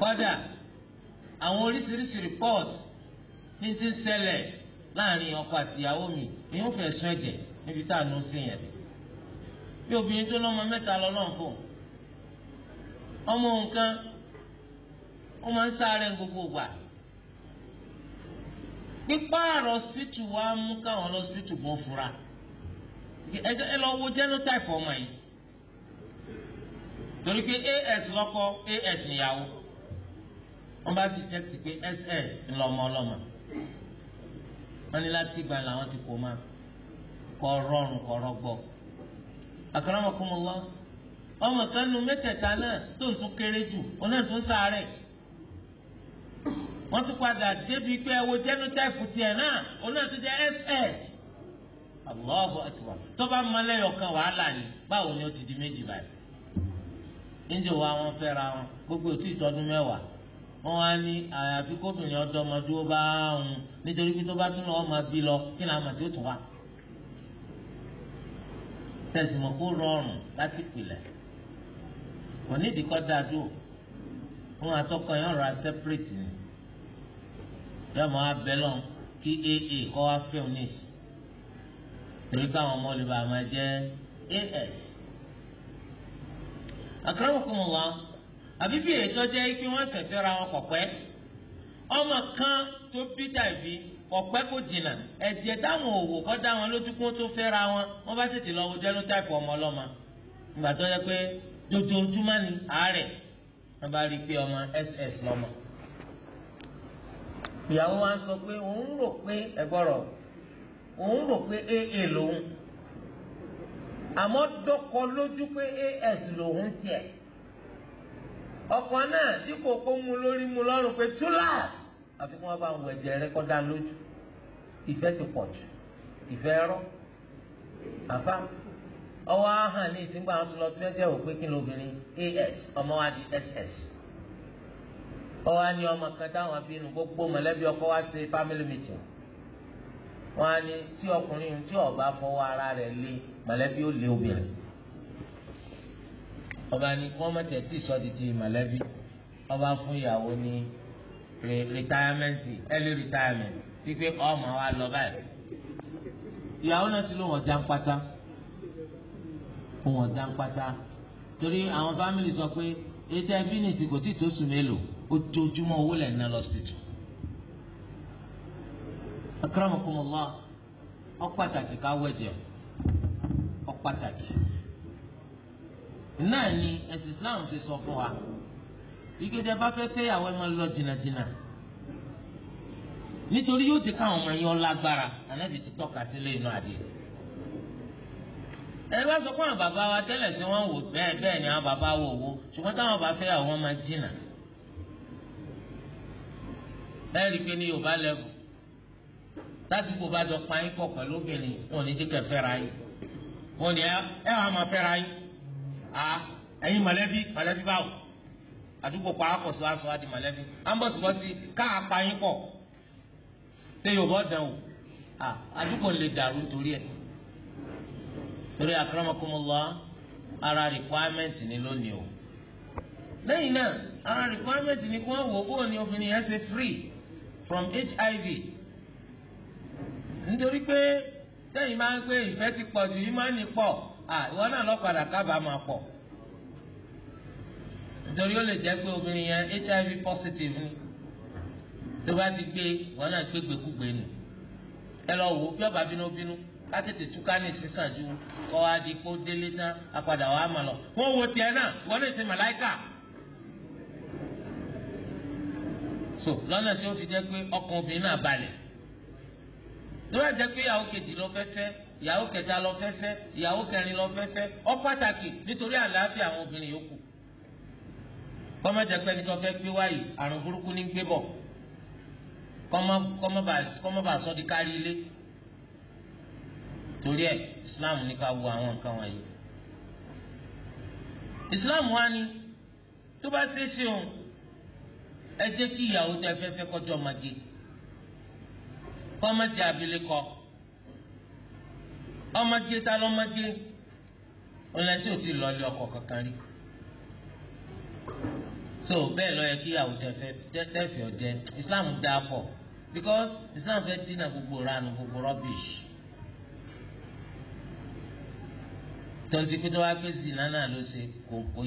kọ́dà àwọn oríṣiríṣi ní ti ń láàrin ọkọ àtìyàwó mi èyí ń fẹ̀sùn ẹ̀jẹ̀ níbi tá à ń sí yẹn bí obìnrin tó lọ́mọ mẹ́ta lọ́lọ́ fún ọmọ nǹkan ó máa ń sáré gbogbo lọ síìtù fura ẹ lọ wo genotype ọmọ yìí torí pé as lọ́kọ as ìyàwó wọ́n bá ti pé ss ńlọmọ wọn ní láti gbà làwọn ti kó máa kọ rọrùn kọ rọgbọ. akramakumullah ọmọ kan nu mẹ́tẹ̀ẹ̀ta náà tó ń tún kéré jù òun náà tún sáré wọ́n tún padà débi pé ẹ̀wọ̀ jẹ́nútẹ́ẹ̀fù tiẹ̀ náà òun náà tún jẹ́ ss Allahu akbar tó bá mọ́lẹ́yọ̀ wàhálà ni báwo ni ó ti di méjì báyìí. níjẹ́ wo àwọn fẹ́ra wọn gbogbo ètò ìtọ́dún mẹ́wàá wọn wá ní àyàfi kóbìnrin ọdọ ọmọdé ó bá ń nítorí pé tó bá tún lọ ọmọ bí lọ kí ni àmọ̀ tí ó tún wà. sẹ́sì mọ̀ kó rọrùn láti pìlẹ̀ kò ní ìdíkọ́ dáadó wọn àtọkọ yẹn ọ̀rọ̀ àṣẹpẹ̀rẹ̀tì ni yọ mọ abẹ lọ kí aa kọ́ wá fẹ́ oníṣ torí káwọn ọmọ olùbàmọ̀ jẹ́ as. àkàrà wọ́n kọ́ mọ̀ wá. àbí bí ètò jẹ́ pé wọ́n ṣẹ̀ṣẹ̀ ra wọn kọ̀pẹ́ ọmọ kan tó bí tàbí kọ̀pẹ́ kò jìnnà ẹ̀jẹ̀ edawon òwò kọ́ dá wọn lójú kó tó fẹ́ ra wọn wọ́n bá tètè lọ wo genotype ọmọ ọlọ́mọ ìgbà tó yẹ pé dojoojúmọ́ ni àárẹ̀ ọmọ ss lọ́mọ. ìyàwó wa sọ pé òun rò pé òun rò pé as lòun tiẹ̀. ọkọ náà tí kò kó mu lórí mu lọ́rùn pé túláàsì àfi kí wọ́n bá wọ ẹ̀jẹ̀ rẹ kọ́ da lójú ìfẹ́ ti pọ̀ jù ìfẹ́ rọ́ àfa ọwọ́ ahàn ní ìsìngbà wọn tún lọ tún ẹ̀jẹ̀ wò kí ni obìnrin as ọmọ wa di ss ọwọ́ ni ọmọ kan táwọn abínú gbogbo mọ̀lẹ́bí ọkọ wa ṣe family meeting wọ́n á ní tí ọkùnrin tí ọba fọwọ́ ara rẹ̀ lé mọ̀lẹ́bí ó lé obìnrin ọba ní kí wọ́n má tẹ̀ tí sọ títí mọ̀lẹ́bí ọba fún ìyàwó ní rìtáyámẹ́ǹtì early retirement wípé ọmọ wa lọ báyìí ìyàwó náà sì ló wọ̀ já ń pátá wọ̀ já ń pátá torí àwọn fámìlì sọ pé ètò ẹbí nìsí kò tí tó sùn mélòó ojoojúmọ́ owó lẹ̀ ń ná lọ sí tù. akramakumullah ọ pàtàkì ká wẹ̀jẹ̀ ọ pàtàkì náà ni ẹ̀sìn Islam ṣe sọ fún wa ike tẹ bá fẹ́ fẹ́ yàwó ẹ máa lọ jìnnàjìnnà nítorí yóò ti káwọn ọmọ yẹn lágbára ànábì ti tọ́ka sílé inú àdé ẹ bá sọ fún àwọn bàbá wa tẹ́lẹ̀ sí wọ́n wò bẹ́ẹ̀ bẹ́ẹ̀ ni àwọn bàbá wò wò ṣùgbọ́n táwọn bá fẹ́ yàwó wọn máa jìnnà bẹ́ẹ̀ rí i pé ní Yorùbá lẹ́bù láti kó bá jọ pa yín pọ̀ pẹ̀lú obìnrin wọn ò ní jẹ́ kẹ́ fẹ́ra yín wọn ò ní ẹ wàá máa fẹ́ra yín. ẹ̀yin mọ̀lẹ́bí mọ̀lẹ́bí báwo àdúgbò pa akọ̀sọ̀ aṣọ káà pa yín pọ̀ ṣé yorùbá dàn o àdúgbò lè dàrú torí ẹ̀ torí akramakumullah ara requirement ni lónìí o lẹ́yìn náà ara requirement ni kí wọ́n wò ó obìnrin yẹn ṣe free from HIV nítorí pé sẹ́yìn máa ń pé ìfẹ́ ti pọ̀ jù pọ̀. ìwọ náà lọ padà kábàámọ̀ pọ̀ nítorí ó lè jẹ́ pé obìnrin yẹn HIV positive ni tó bá ti gbé ìwọ náà gbé gbèkúgbè nù ẹ lọ wò ó bí ọba bínú bínú látètè túká ní sísàn ju kọ́ adigbó délé tán apàdà wàá mà lọ wọ́n wo tiẹ̀ náà wọ́n lè ṣe màláìkà. so lọ́nà tí ó fi jẹ́ pé ọkàn obìnrin náà balẹ̀ tó bá jẹ́ pé ìyàwó kejì lọ fẹ́ fẹ́ ìyàwó kẹta lọ fẹ́fẹ́ ìyàwó kẹrin lọ fẹ́fẹ́ ọ pàtàkì nítorí àlàáfíà àwọn obìnrin yòókù kọ́mọ̀jẹ̀pẹ́ ni tó fẹ́ gbé wáyé àrùn burúkú ní gbé bọ̀ kọ́mọ̀bà sọ di kárí ilé torí ẹ̀ Islam ní ká wo àwọn nǹkan wọ̀nyí Islam wa ni tó bá ṣe é ṣe òun ẹ jẹ́ kí ìyàwó tẹ fẹ́fẹ́ kọjọ́ ọmọge kọ́mọ̀jẹ̀ abilékọ. ọmọdé ta lọmọdé ọlọsí ò ti lọlé ọkọ kankan rí so bẹẹ lọ yẹ kí ìyàwó tẹfẹ ọjẹ Islam dáa pọ̀ because Islam fẹ́ dínà gbogbo ranu gbogbo rubbish tonti pé tó wá pé zina náà ló ṣe kò kò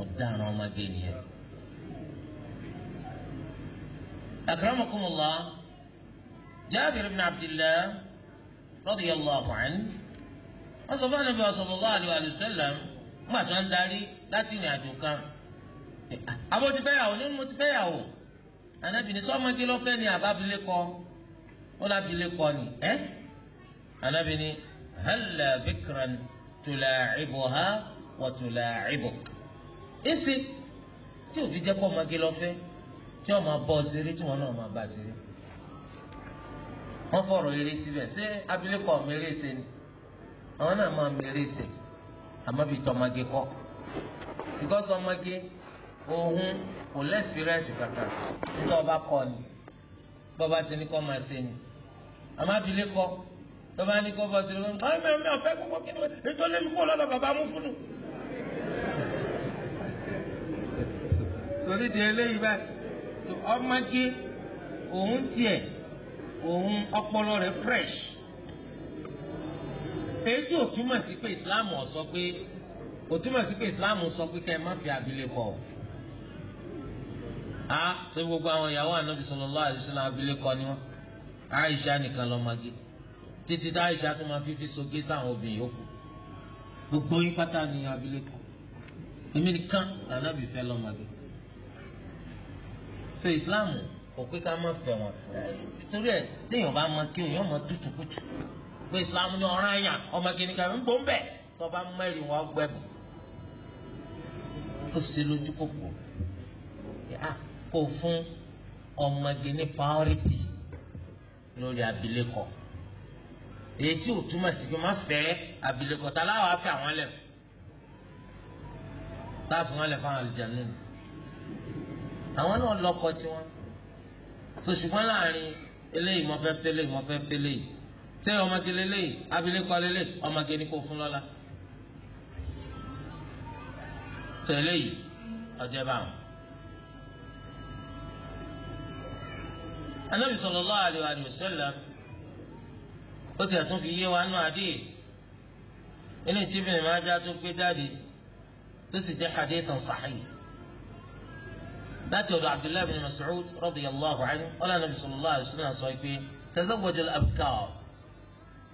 ọ̀daràn nìyẹn. radiyallahu anhu wọ́n sọ fún Ànábì sallallahu alaihi wasallam nígbà tó ń darí láti ìrìn àjò kan àbó ti fẹ́ yàwó nínú mo ti fẹ́ yàwó Ànábì ní sọ́mọ́gí ló fẹ́ ni àbábilẹ́kọ ó lábilẹ́kọ ni ẹ́ Ànábì ní halla bikran tula'ibuha wa tula'ibuk èsì tí òfin jẹ́ pọ́ mọ́gí lọ́fẹ́ tí wọ́n máa bọ́ ọ ṣeré tí wọ́n náà máa bá ṣeré wọ́n fọ̀rọ̀ eré síbẹ̀ ṣé abilékọ mèrè ṣe ni àwọn náà máa mèrè ṣe àmọ́ bíi tọmọge kọ́ bíkọ́sì ọmọge òun kò lẹ́sìrẹ́sì kankan nígbà ọba kọ ni bọ́ba ti ní kọ́ máa ṣe ni àmọ́ abilékọ tọ́ba ní kọ́ bá ṣe ni ọ̀hún mi mi ọ̀fẹ́ kókó kí ni ètò lèmi kó lọ́dọ̀ bàbá mú fún un. sórí di eléyìí báyìí ọmọge òun tiẹ̀ òun ọpọlọ rẹ̀ fresh èyí tí ò túmọ̀ sí pé islam ò sọ pé ò túmọ̀ sí pé islam sọ pé kẹ́ ẹ má fi abilékọ o a ṣé gbogbo àwọn ìyàwó ànábi sallallahu alaihi wasallam abilékọ ni wọn Aisha nìkan lọ́mọge títí tá Aisha tó máa fífi soge sáwọn obìnrin yòókù gbogbo yín pátá ni abilékọ èmi nìkan lànà bí fẹ́ lọ́mọge so islam. So, kò pé ká má fẹ́ wọn torí ẹ̀ téèyàn bá mọ kí èèyàn mọ tútù kùtù pé islam ní ọ̀ràn àyàn ọmọ kìíní kan ń gbóǹbẹ tó bá mẹ́rin wọn gbẹ̀bù ó sì lójú kòkò kò fún ọmọge ní priority lórí abilékọ èyí tí ò túmọ̀ sí pé má fẹ́ abilékọ tá láwọn á fẹ́ àwọn lẹ̀ tá a fi wọn lẹ̀ fún àwọn àlùjá nínú àwọn náà lọ́kọ tiwọn so ṣùgbọ́n láàrin eléyìí mo fẹ́ fẹ́ léyìí mo fẹ́ fẹ́ léyìí ṣé ọmọge leléyìí abilékọ leléyìí ọmọge ni kò fún lọ́la sọ eléyìí ọjọ́ bá wọn. anabi sallallahu alaihi wa sallam ó ti àtún fi yé wa nù adé eléyìí tí Ibn Majah tó gbé jáde tó sì jẹ́ hadithan sahih. بات عبد الله بن مسعود رضي الله عنه ولا نبي صلى الله عليه وسلم صيفين تزوج الأبكار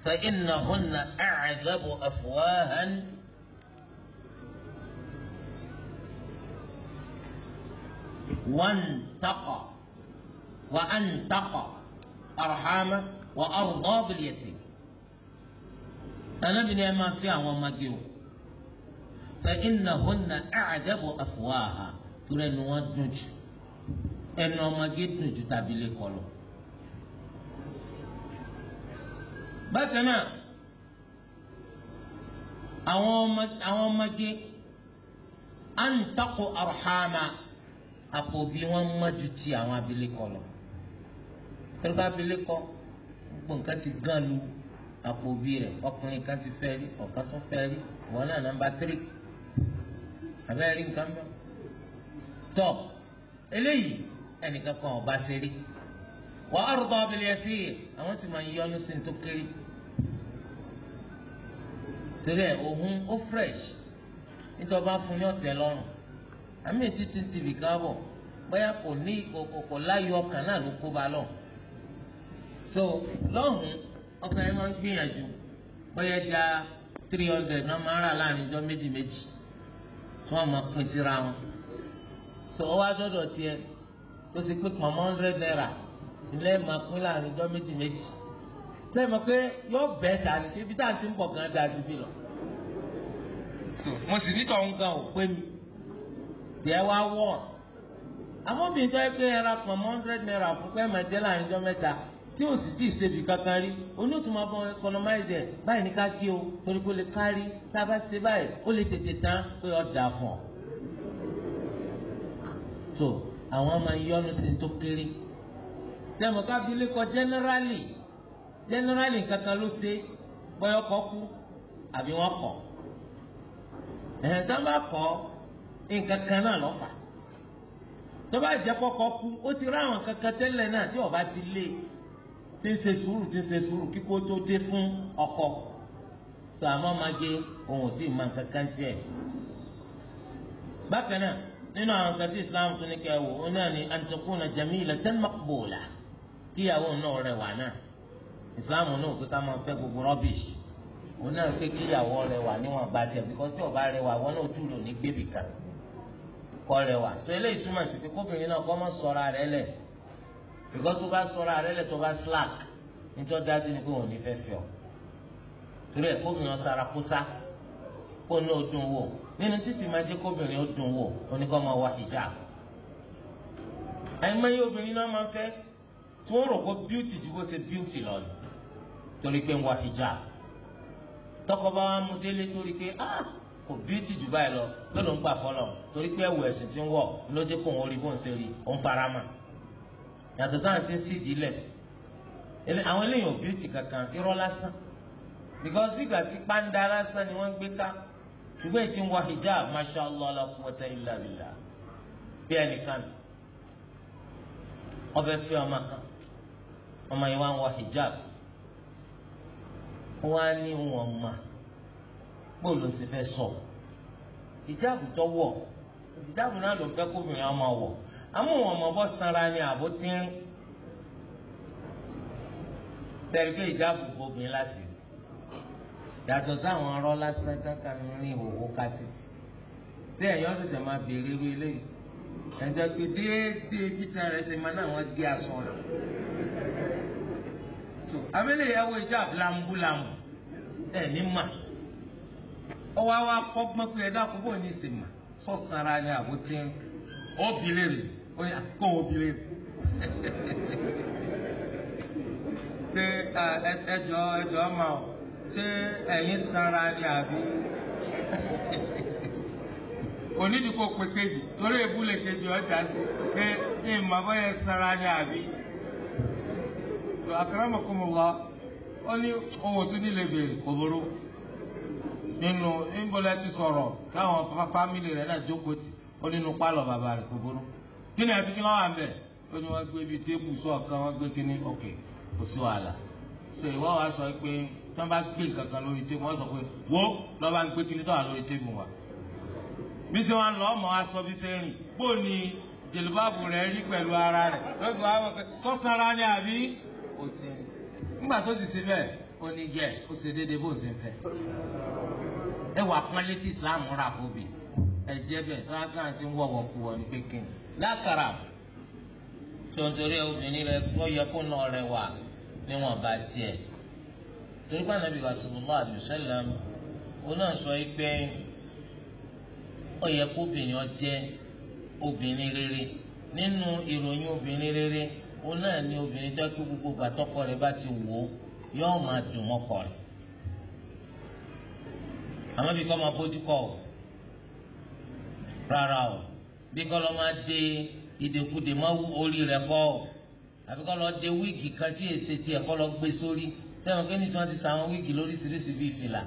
فإنهن أعذب أفواها وانتقى وانتقى ارحاما وأرضى باليتيم أنا بني أما فيها وما فإنهن أعذب أفواها torí ẹnu wọn dùn jù ẹnu ọmọge dùn jù tàbí lè kọlọ. bákan náà àwọn ọmọge à ń takò arhama àpòbí wọn mọ́jú ti àwọn abilékọ lọ torí bá abilékọ gbogbo nǹkan ti gán lu àpòbí rẹ̀ ọkùnrin kan ti fẹ́ rí ọ̀kan tó fẹ́ rí wọn náà nàmbà tírì abẹ́rẹ́ rí nǹkan mọ́ tọ́ eléyìí ẹnìkan kan ọba ṣeré wà á rúkọ ọbẹ̀lẹ̀ sí i àwọn sì máa ń yọnu sí i tó kéré torí ẹ òun ó fresh nítorí ọba fún yóò tẹ́ lọ́rùn àmì ètí ti ti bì kan bọ̀ kò ní kò láyọ̀ ọkàn náà ló kó ba lọ so lọ́hùn ọkàn yẹn máa ń gbìyànjú bóyá já three hundred náà máa ń rà láàrin ọjọ́ méjì méjì tí wọ́n máa pín síra wọn tó o wá sọ́dọ̀ tiẹ̀ tó sì pé pọ̀nmọ́ hundred naira ilé máa pín láàrin ọjọ́ méjì méjì sẹ́yìn mọ̀ pé yóò bẹ́ẹ̀ ta ni ibi tá à ń ti ń bọ̀ gan da ju bí lọ. mo sì nítorí òun gan ò pé mi tiẹ̀ wá wọ́ọ̀sì àmọ́ bí n tọ́ ẹ pé ẹra pọ̀n mọ́ hundred naira fún pé ẹ̀mọ̀ jẹ́ láàrin ọjọ́ mẹ́ta tí ò sì tíì ṣèbí kankan rí onítùmọ̀ bọ́ economize ẹ̀ báyìí ní ká gé o torí pé ó lè kárí tá a bá ṣe báyìí ó lè tètè tán pé ọ̀ fún ọ tó àwọn máa yọnu sí tó kéré sẹ́mu kábílẹ̀ kọ jẹ́nẹ́rálì jẹ́nẹ́rálì kankan ló ṣe bọ́yọ̀ kọ́ kú àbí wọ́n kọ́ ẹ̀hẹ́n tó bá kọ́ nǹkan kan náà lọ́fà tó bá jẹ́ kọ́kọ́ kú ó ti rá àwọn kankan tẹ́lẹ̀ náà tí ọba ti lé tí ń ṣe sùúrù tí ń ṣe sùúrù kíkó tó dé fún ọkọ sọ àmọ́ máa gé ohun tí ì máa kankan tiẹ̀ bákan náà nínú àwọn kan tí islam tún ní kẹwò ó náà ní antakuna jamilatan maqbula kíyàwó náà rẹwà náà islam náà pé ká máa fẹ́ gbogbo rubbish òun náà pé kíyàwó rẹwà níwọ̀n bá tiẹ̀ because tí ó bá rẹwà wọn náà tún lò ní gbébì kan kọ́ rẹwà tó eléyìí túmọ̀ sí pé kóbìnrin náà kọ́ mọ́ sọ́ra rẹ lẹ̀ because tó bá sọ́ra rẹ lẹ̀ tó bá slack nítorí dájú ni pé òun ní fẹ́ fi ọ́ torí ẹ̀ kóbìnrin ọ̀sára kó sá kó náà dùn wò nínú tí sì máa jẹ́ kóbìnrin ó dùn wò oníkọ́ máa wá hijab àìmọye obìnrin náà máa ń fẹ́ tí wọ́n rò pé bíútì ju bó ṣe bíútì lọ ni torí pé ń wá hijab tọkọ bá mú délé torí pé ah kò bíútì jù báyìí lọ lọ́dọ̀ ń gbà fọlọ́ torí pé ẹ̀wù ẹ̀sìn ti ń wọ̀ lóde kò ń rí bó ń ṣe rí ó ń fara mọ́ yàtọ̀ táwọn ti ń sí ìdílẹ̀ àwọn eléyìí ò bíútì kankan irọ́ lásán because nígbà tí pàǹdà lásán ni wọ́n gbé ká ṣùgbọ́n ètí ń hijab masha allah la quwwata illa billah bí ẹnìkan ọbẹ fi ọmọ kan ọmọ yìí wá ń hijab wọn á ní wọn mà bóòlù sì fẹ́ sọ hijab tó wọ hijab náà ló fẹ́ kóbìnrin ọmọ wọ àmọ́ wọn mọ bọ sanra ni àbótín sẹríkì hijab gbogbo obìnrin láti yàtọ̀ sáwọn ọ̀rọ̀ lásán kankan ní ìhòòhò kátìtì tí ẹ̀yọ́ tètè máa béèrè irú eléyìí ẹ̀jẹ̀ pé déédéé peter rẹ̀ ṣe máa náà wọ́n gé aṣọ rẹ̀ so abẹ́lẹ̀ ìyàwó ìjà làǹbùlàǹbù ẹ̀ ní mà ọwọ́ àwa kọ́gbọ́n pé ẹ̀dá àkókò ní ìsìn mà sọ̀sara ni àbótí obìnrin rẹ̀ ó yà kó obìnrin rẹ̀ pé ẹjọ́ ẹjọ́ máa. ṣé ẹ̀yin sanra ni àbí onídìí kò kejì torí èbú lè kejì ọjà sí pé ní ìmọ̀ bóyá sanra ni àbí tó akramakumullah ó ní ohun tó nílé béèrè kò nínú ìbọlẹ̀ ti sọ̀rọ̀ táwọn fámìlì rẹ̀ náà jókòó tì ó nínú pálọ̀ bàbá rẹ̀ kò kí ni àti kí wà gbé tébù gbé kínní kò sí wàhálà so ìwọ́ wa sọ tí wọ́n bá gbé nǹkan kan lórí tébù wọ́n sọ pé wo lọ́ọ́ bá ń gbé kíní tó wà lórí tébù wa. bí ṣe wọn lọ ọmọ aṣọ bí ṣe rìn bó ni jèlúbàbù rẹ rí pẹ̀lú ara rẹ̀ lọ́sùn wa wọ́n pẹ́ sọ́sara ni àbí ó ti rìn. nígbà tó ti ṣe bẹ́ẹ̀ ó ní yes ó ṣe déédéé bó ṣe fẹ́. ẹ wà pọ́nlé tí Islam rà fóbi ẹ jẹ́ bẹ́ẹ̀ tó wá kàn sí wọ̀wọ̀ kú wọ ní obìnrin rẹ kọ́ yẹ kó nà rẹ wà níwọ̀n bá tiẹ̀ torí pé anabi wa sallallahu alayhi wa sallam onáà sọ yìí pé ó yẹ kó obìnrin ọjẹ obìnrin rere nínú ìròyìn obìnrin rere onáà ni obìnrin tó kí gbogbo gbàtọ́kọ rẹ̀ bá ti wò ó yóò máa dùn mọ́kọ rẹ̀ àmọ́ bí kò máa bójú kọ o rárá o bí kò lọ́ máa dé ìdèkudè mọ́ orí rẹ̀ kọ́ o àbí kò lọ́ dé wíìgì kan tí èsì kọ́ lọ́ gbé sórí sẹ́wọ̀n kí ni sọ́n ti sàwọn wíìgì lóríṣiríṣi bíi fìlà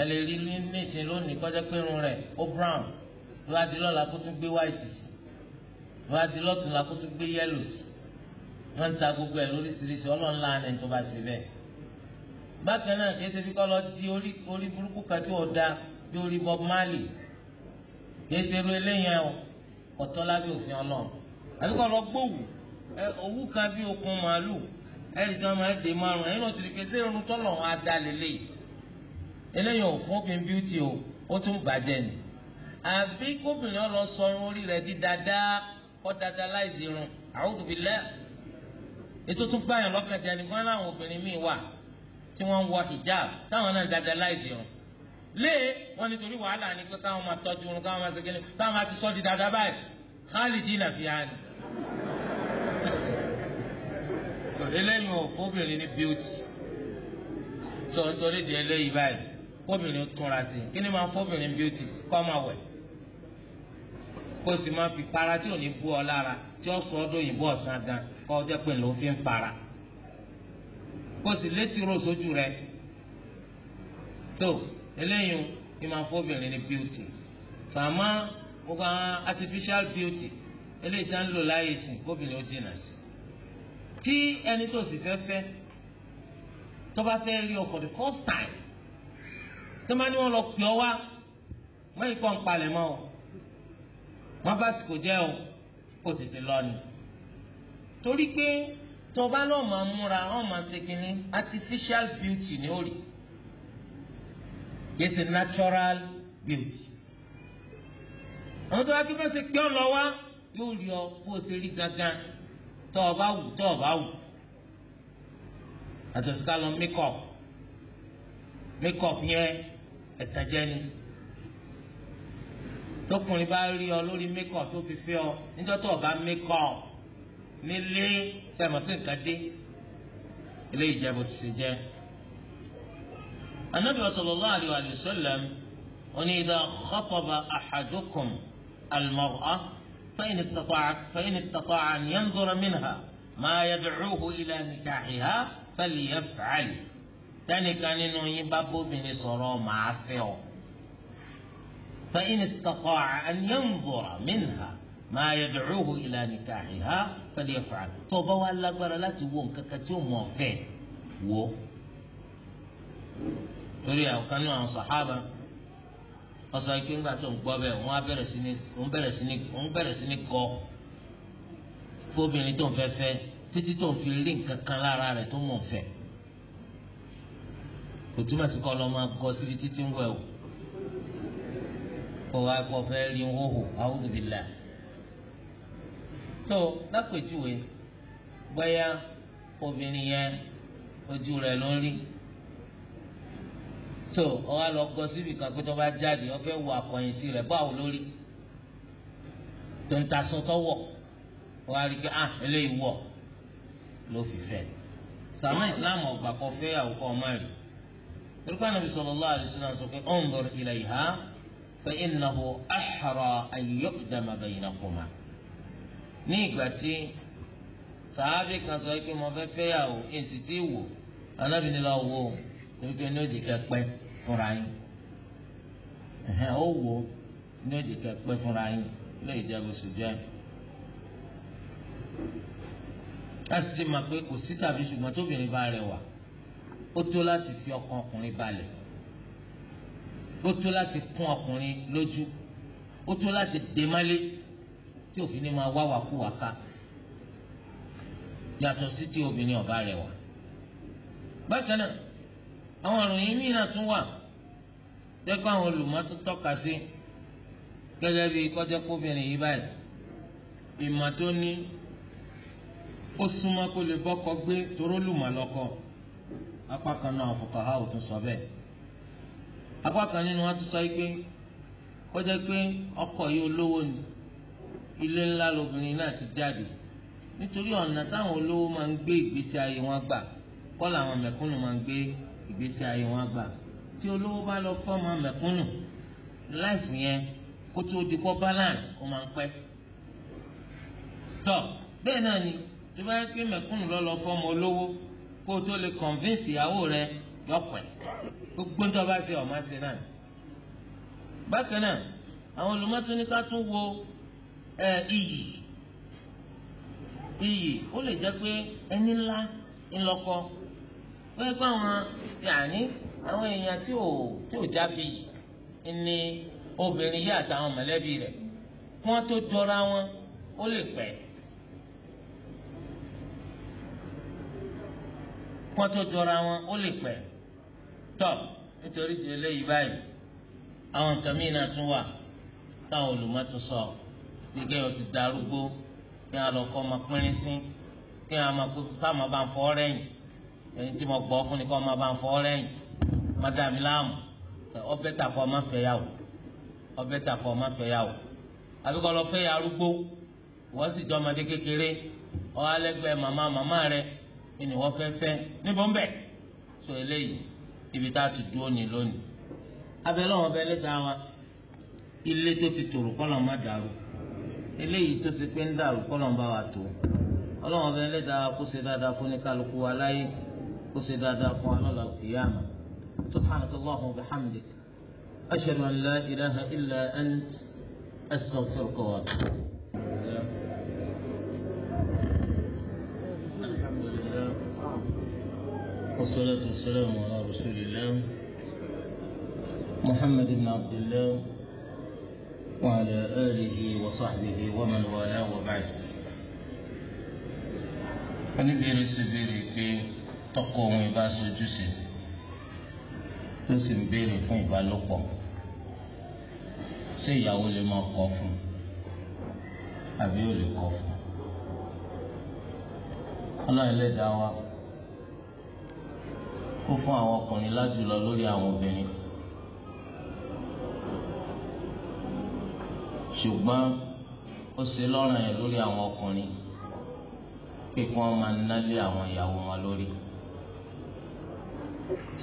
ẹ lè rí níṣìí lónìí kọjá pé rẹ̀ ó brown ló wá di lọ́la kó tún gbé white sí ló wá di la kó tún gbé yellow sí wọ́n ń ta gbogbo ẹ̀ lóríṣiríṣi ọlọ́ọ̀la ni tó bá ṣe bẹ́ẹ̀. bákan náà kìí ṣe bí kọ́ di orí burúkú kan tí ò da bí orí Bob Marley kìí ṣe irú eléyìí ẹ̀ ọ̀tọ́ lábẹ́ òfin ọlọ́run àbíkọ́ lọ gbówù ẹ̀ òwú kan bí okun màálù ẹ̀rí tí wọ́n máa dé márùn ẹ̀yin náà ti rí pé ṣé irun tọ́lọ̀ wọn á dá lélẹ̀ eléyìí ò fún obìnrin bíútì o ó tún bàjẹ́ ni àbí kóbìnrin ọ sọ irun orí rẹ̀ di dáadáa kọ́ dáadáa láì sí irun a'udhu billah ètò tún báyọ̀ lọ́kàn jẹ́ nígbà láwọn obìnrin míì wà tí wọ́n ń wọ hijab táwọn náà dáadáa láì irun lé wọn nítorí wàhálà ni pé káwọn máa tọ́jú irun káwọn máa ṣe kíni máa ti sọ́ di dáadáa báyìí eléyìí ò fóbìnrin ní beauty sọ nítorí di eléyìí báyìí fóbìnrin túnra sí kí ni máa fóbìnrin beauty kọ́ máa wẹ̀ kó sì máa fi para tí ò ní bú ọ lára tí ó sọ ọdún òyìnbó ọ̀sán gan kọ́ ọ jẹ́ pé ló fi ń para kó sì létí rò sójú rẹ tó eléyìí ni máa fóbìnrin ní beauty sàmá gbogbo àwọn artificial beauty eléyìí tá ń lò láyè sìn kóbìnrin ó jìnnà sí tí ẹni tó sì fẹ́ fẹ́ tó bá fẹ́ rí ọ for the first time tó máa ní wọn lọ pè ọ wá wọn yìí kọ́ ń palẹ̀ mọ́ ọ wọn bá sì kò jẹ́ o kò tètè lọ ni torí pé tó bá lọ́ọ́ máa múra ọ́n máa ṣe kínní artificial beauty ni ó rí kìí ṣe natural beauty àwọn tó bá kí wọ́n ṣe pé ọ lọ wá yóò rí ọ kó o ṣe rí gangan tọ́ ọ bá wù tọ́ ọ bá wù àtọ̀sí ká lọ makeup makeup yẹn ẹ̀tàjẹ́ ni tókùnrin bá rí ọ lórí makeup tó fi fẹ́ ọ níjọ́ tó o bá nílé sẹ́mọ̀tì dé ilé ìjẹ́bù ti ṣe jẹ́ anabi sallallahu alayhi wa sallam oní idha khataba ahadukum فإن استطاع فإن استطاع أن ينظر منها ما يدعوه إلى نكاحها فليفعل تاني كان إنه يبابو من مع فإن استطاع أن ينظر منها ما يدعوه إلى نكاحها فليفعل فبوا الله لا تقول ككتوم موفين و تريا وكانوا عن ọsọ ike ńgbà tó ń gbọ́ bẹ́ẹ̀ wọ́n á bẹ̀rẹ̀ sí ní wọ́n bẹ̀rẹ̀ sí ní wọ́n bẹ̀rẹ̀ sí ní kọ́ fóbìnrin tó ń fẹ́ fẹ́ títí tó ń fi rí nǹkan kan lára rẹ̀ tó mọ̀ ń fẹ́ kò túmọ̀ sí kọ́ lọ máa gọ síbi títí ń wẹ̀ o kò wá kọ́ fẹ́ rí ń hóhò àwùjọbìlà tó lápèjúwe bóyá obìnrin yẹn ojú rẹ̀ ló ń rí. tó ọwọ́ lọ gọ síbi kan pé tó bá jáde wọ́n fẹ́ wọ àkọyìn sí rẹ̀ báwo lórí tó ń ta wọ rí i pé ah eléyìí ló fi fẹ́ sàmú ìsìláàmù ọgbà kan fẹ́ àwòkọ́ ọmọ rẹ̀ torí pé Ànábì sallallahu alaihi wasallam sọ pé unzur ilayha fa innahu ahra an yuqdama baynakuma ní ìgbà tí sàábì kan sọ pé mo fẹ́ fẹ́ wò wò di fúnra yín ẹ̀hẹ́n ó wo ní èdè kẹpẹ́ fúnra yín lè jẹ́ bó ṣe jẹ́ láti ṣe máa pé kò sí tàbí ṣùgbọ́n tóbìnrin bá rẹwà ó tó láti fi ọkàn ọkùnrin balẹ̀ ó tó láti kún ọkùnrin lójú ó tó láti dè mọ́lé tí òfin ni máa wá wàkúwà ká yàtọ̀ sí ti obìnrin ọ̀bá rẹwà bákan náà àwọn ìròyìn míì tún wà tẹ́kọ̀ àwọn olùmọ́tò tọ́ka sí gẹ́gẹ́ bí kọ́jọ́ kóbìnrin yìí báyìí ìmọ̀ tó ní ó súnmọ́ kó lè bọ́kọ gbé toró lùmọ̀ lọ́kọ apá kan náà fuqaha ò tún sọ bẹ́ẹ̀ apá kan nínú wọn tún sọ pé kọ́jọ́ pé ọkọ yìí olówó ni ilé ńlá lobìnrin náà ti jáde nítorí ọ̀nà táwọn olówó máa ń gbé ìgbésí ayé wọn gbà kọ́ làwọn mẹ̀kúnnù máa ń gbé ìgbésí ayé wọn gbà tí olówó bá lọ fọ́ ọmọ mẹ̀kúnnù láìsí yẹn kó tó di kọ́ balance ó máa ń pẹ́. tọ́ bẹ́ẹ̀ náà ni tó bá yẹ pé mẹ̀kúnnù lọ lọ fọ́ ọmọ olówó kó tó lè convince ìyàwó rẹ yọpẹ̀ gbogbo tó bá ṣe ọ̀ma ṣe náà. bákan náà àwọn olùmọ́tò ní ká tún wo iyì iyì ó lè jẹ́ pé ẹni ńlá ńlọkọ ó yẹ pé àwọn àwọn èèyàn tí ò tí ò jábì ni obìnrin yìí àtàwọn mọ̀lẹ́bí rẹ̀ wọ́n tó jọra wọn ó lè pẹ́ wọ́n tó jọra wọn ó lè pẹ́ tọ́ nítorí ti eléyìí báyìí àwọn nǹkan míì náà tún wà táwọn olùmọ̀ tún sọ gbígbé yóò ti darúgbó kí wọn lọ kọ́ ọmọ pínrín sí kí wọn sáà máa bá ń fọ́ rẹ́yìn èyí tí mo gbọ́ fún ni kí wọn máa bá ń fọ́ rẹ́yìn má dá mi láàmú ọbẹ̀ tà kọ́ ọmọ fẹ́ yà wò ọbẹ̀ tà kọ́ ọmọ fẹ́ yà wò àbíkọ́ lọ fẹ́ yà arúgbó wọ́n sì jọ ọmọdé kékeré ọ̀hún alẹ́gbẹ́ màmá màmá rẹ ni wọ́n fẹ́ fẹ́ níbo ń bẹ̀ so eléyìí ibi tá a ti dúró ní lónìí abẹ́lẹ́ wọn bẹ́ẹ̀ lẹ́sà wa ilé tó ti tòrò kọ́ lọ́n má dàrú eléyìí tó ti pé ń dàrú kọ́ wa tó ọlọ́wọ́n bẹ́ẹ̀ lẹ́sà wa kó ṣe dáadáa fún ní kálukú wa láyé kó ṣe dáadáa سبحانك اللهم وبحمدك أشهد أن لا إله إلا أنت أستغفرك وأتوب الحمد لله والصلاة والسلام على رسول الله محمد بن عبد الله وعلى آله وصحبه ومن والاه وبعد oníbèrè ṣe béèrè تقوم باس الجسد tó sì ń béèrè fún ìbálòpọ̀ ṣé ìyàwó lè máa kọ̀ fún àbí ò lè kọ̀ fún ọlọ́run ẹlẹ́dàá wa kó fún àwọn ọkùnrin lájùlọ lórí àwọn obìnrin ṣùgbọ́n ó ṣe lọ́ràn yẹn lórí àwọn ọkùnrin pé kí wọ́n máa nálé àwọn ìyàwó wọn lórí.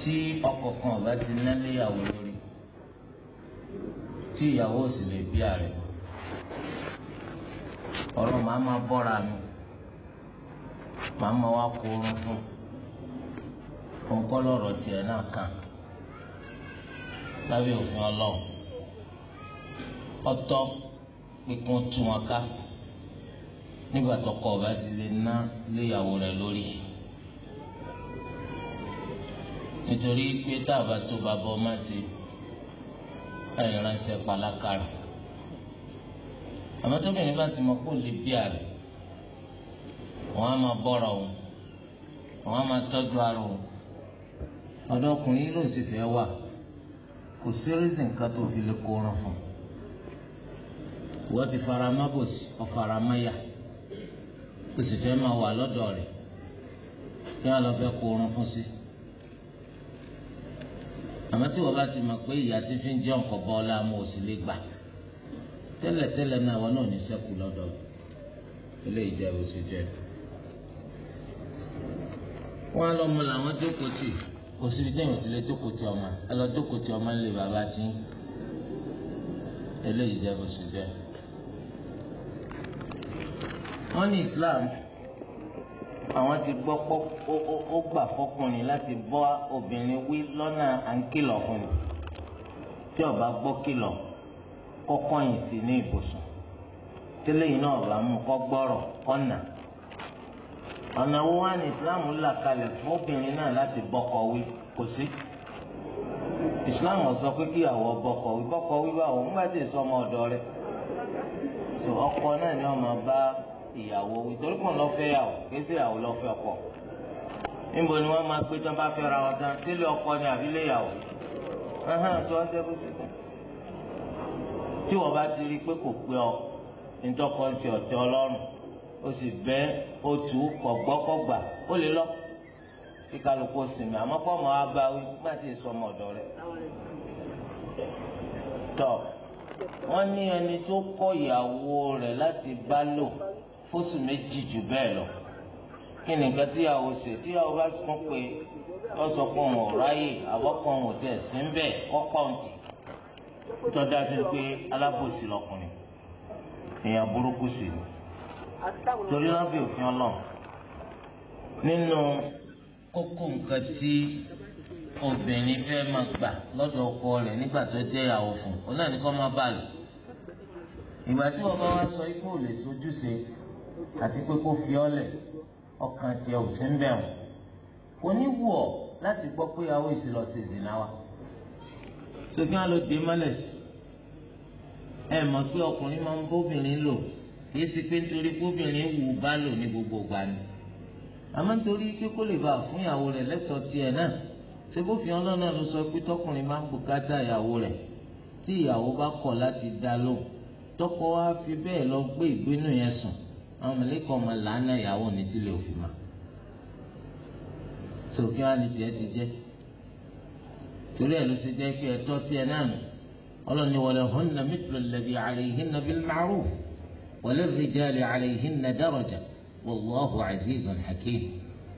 tí ọkọ kan ọba ti ná léyàwó lórí tí ìyàwó sì lè bí ààrẹ ọ̀rọ̀ màá máa bọ́ra mi màá máa wá kó oorun fún òun kọ́ lọ́rọ̀ tiẹ̀ náà kàn lábẹ́ òfin ọlọ́run ọtọ́ pípọ́n tú wọn ká nígbà tó kọ ọba ti lè ná léyàwó rẹ lórí nítorí pé tá a bá tó bàbá ọmọ sí àìránṣẹ́ pàlákàrà àmọ́ tóbìnrin bá ti mọ kó lè bí àrẹ wọn á máa bọ́ra òun wọn á máa tọ́jú ara òun ọ̀dọ̀ ọkùnrin ló sì fẹ́ wà kò sí rízì nǹkan tó fi lè kóran fún un ti fara má bòsí ọ̀fara má yà kò sì fẹ́ máa wà lọ́dọ̀ rẹ̀ kí wọ́n lọ fẹ́ kóran fún sí i àmọ́ tí wọ́n bá ti mọ̀ pé ìyá tí fi ń jẹ́ ọ̀kọ̀ bọ́ ọ́lá mo sì lè gbà tẹ́lẹ̀tẹ́lẹ̀ náà wọn náà ní sẹ́kù lọ́dọ̀ ilé ìjẹ́ oṣù jẹ́ wọn lọ mọ làwọn jókòó tì kò síbi tí èèyàn ti lè jókòó tì ọmọ ẹ lọ jókòó tì ọmọ nílé bàbá tí eléyìí jẹ́ oṣù jẹ́ wọn ní Islam àwọn ti gbọ́ pọ́ ó gbà fọkùnrin láti bọ́ obìnrin wí lọ́nà à ń kìlọ̀ fún mi tí ọba gbọ́ kìlọ̀ kọ́kọ́ yìí sí ní ibùsùn tẹ́lẹ̀ yìí náà bá mú kọ́ gbọ́rọ̀ kọ́nà ọ̀nà wo wá ní ìsìláàmù là kalẹ̀ fún obìnrin náà láti bọ́kọ wí kò sí ìsìláàmù sọ pé kí àwọ̀ bọ́kọ wí bọ́kọ wí báwo ń gbàdé sọmọ ọ̀dọ́ rẹ̀ ọkọ náà ni wọ́n máa bá ìyàwó wí torí pọ̀ lọ́fẹ́ yàwó kí sí ìyàwó lọ́fẹ́ ọkọ níbo ni wọ́n máa gbé tán bá fẹ́ ra ọ̀dán sílé ọkọ ni àbílẹ̀ yàwó sọ ọ́n tẹ́ bó ṣe tán tí wọ́n bá ti rí i pé kò pé ọ ntọ́kọ sí ọ̀tẹ́ ọlọ́run ó sì bẹ́ ó tù ú ó lè lọ kí kálukú sinmi àmọ́ kọ́ ọmọ abawí má ti sọ ọmọ ọ̀dọ́ rẹ̀ wọ́n ní ẹni tó kọ̀ ìyàwó rẹ̀ láti bá lò fóṣù méjì jù bẹ́ẹ̀ lọ kí ni nǹkan tíyàwó ṣe tíyàwó bá sún pé wọ́n sọ pé òun ò ráyè àbọ̀kọ̀ òun ò tẹ̀ sí ń bẹ̀ kọ́kọ́ òǹtì tó dájú pé alábòsí lọkùnrin èèyàn burúkú sí ni torí wọn fi òfin Ọlọ́run nínú kókó nǹkan tí obìnrin fẹ́ máa gbà lọ́dọ̀ ọkọ rẹ̀ nígbà tó jẹ́ ìyàwó fún un òun náà ní kó máa bá lò ìgbà tí wọn bá wá sọ ikú ò lè sojúṣe àti pé kó fi ọ́lẹ̀ ọkàn tiẹ̀ ò sí ń bẹ̀ wọ́n kò ní wù ọ́ láti gbọ́ pé àwọn èsì lọ sí ìzìnà wa sókè wọn lọ dé mọ́lẹ̀ sí ẹ mọ̀ pé ọkùnrin máa ń bóbìnrin lò kì í sì pé nítorí bóbìnrin wù ú bá lò ní gbogbo ìgbà ni àmọ́ nítorí pé kó lè bá a fún ìyàwó rẹ̀ lẹ́tọ̀ọ́ tiẹ̀ náà ṣé bófin ọlọ́nà ló sọ pé tọkùnrin máa ń bùkátà ìyàwó rẹ̀ tí ìyàwó bá kọ̀ láti dá lóhùn tọkọ wa fi bẹ́ẹ̀ lọ gbé ìgbénu yẹn sùn àwọn mẹlẹ́kọ̀ ọmọ làánà ìyàwó ní tílé òfin mà sókè wọn ni tiẹ̀ ti jẹ́ torí ẹ̀ ló ṣe jẹ́ kí ẹ̀tọ́ tiẹ̀ náà nù ọlọ́ni wọlé hunna mithlu alladhi alayhinna bil ma'ruf wọlé rijali alayhinna daraja wallahu azizun hakim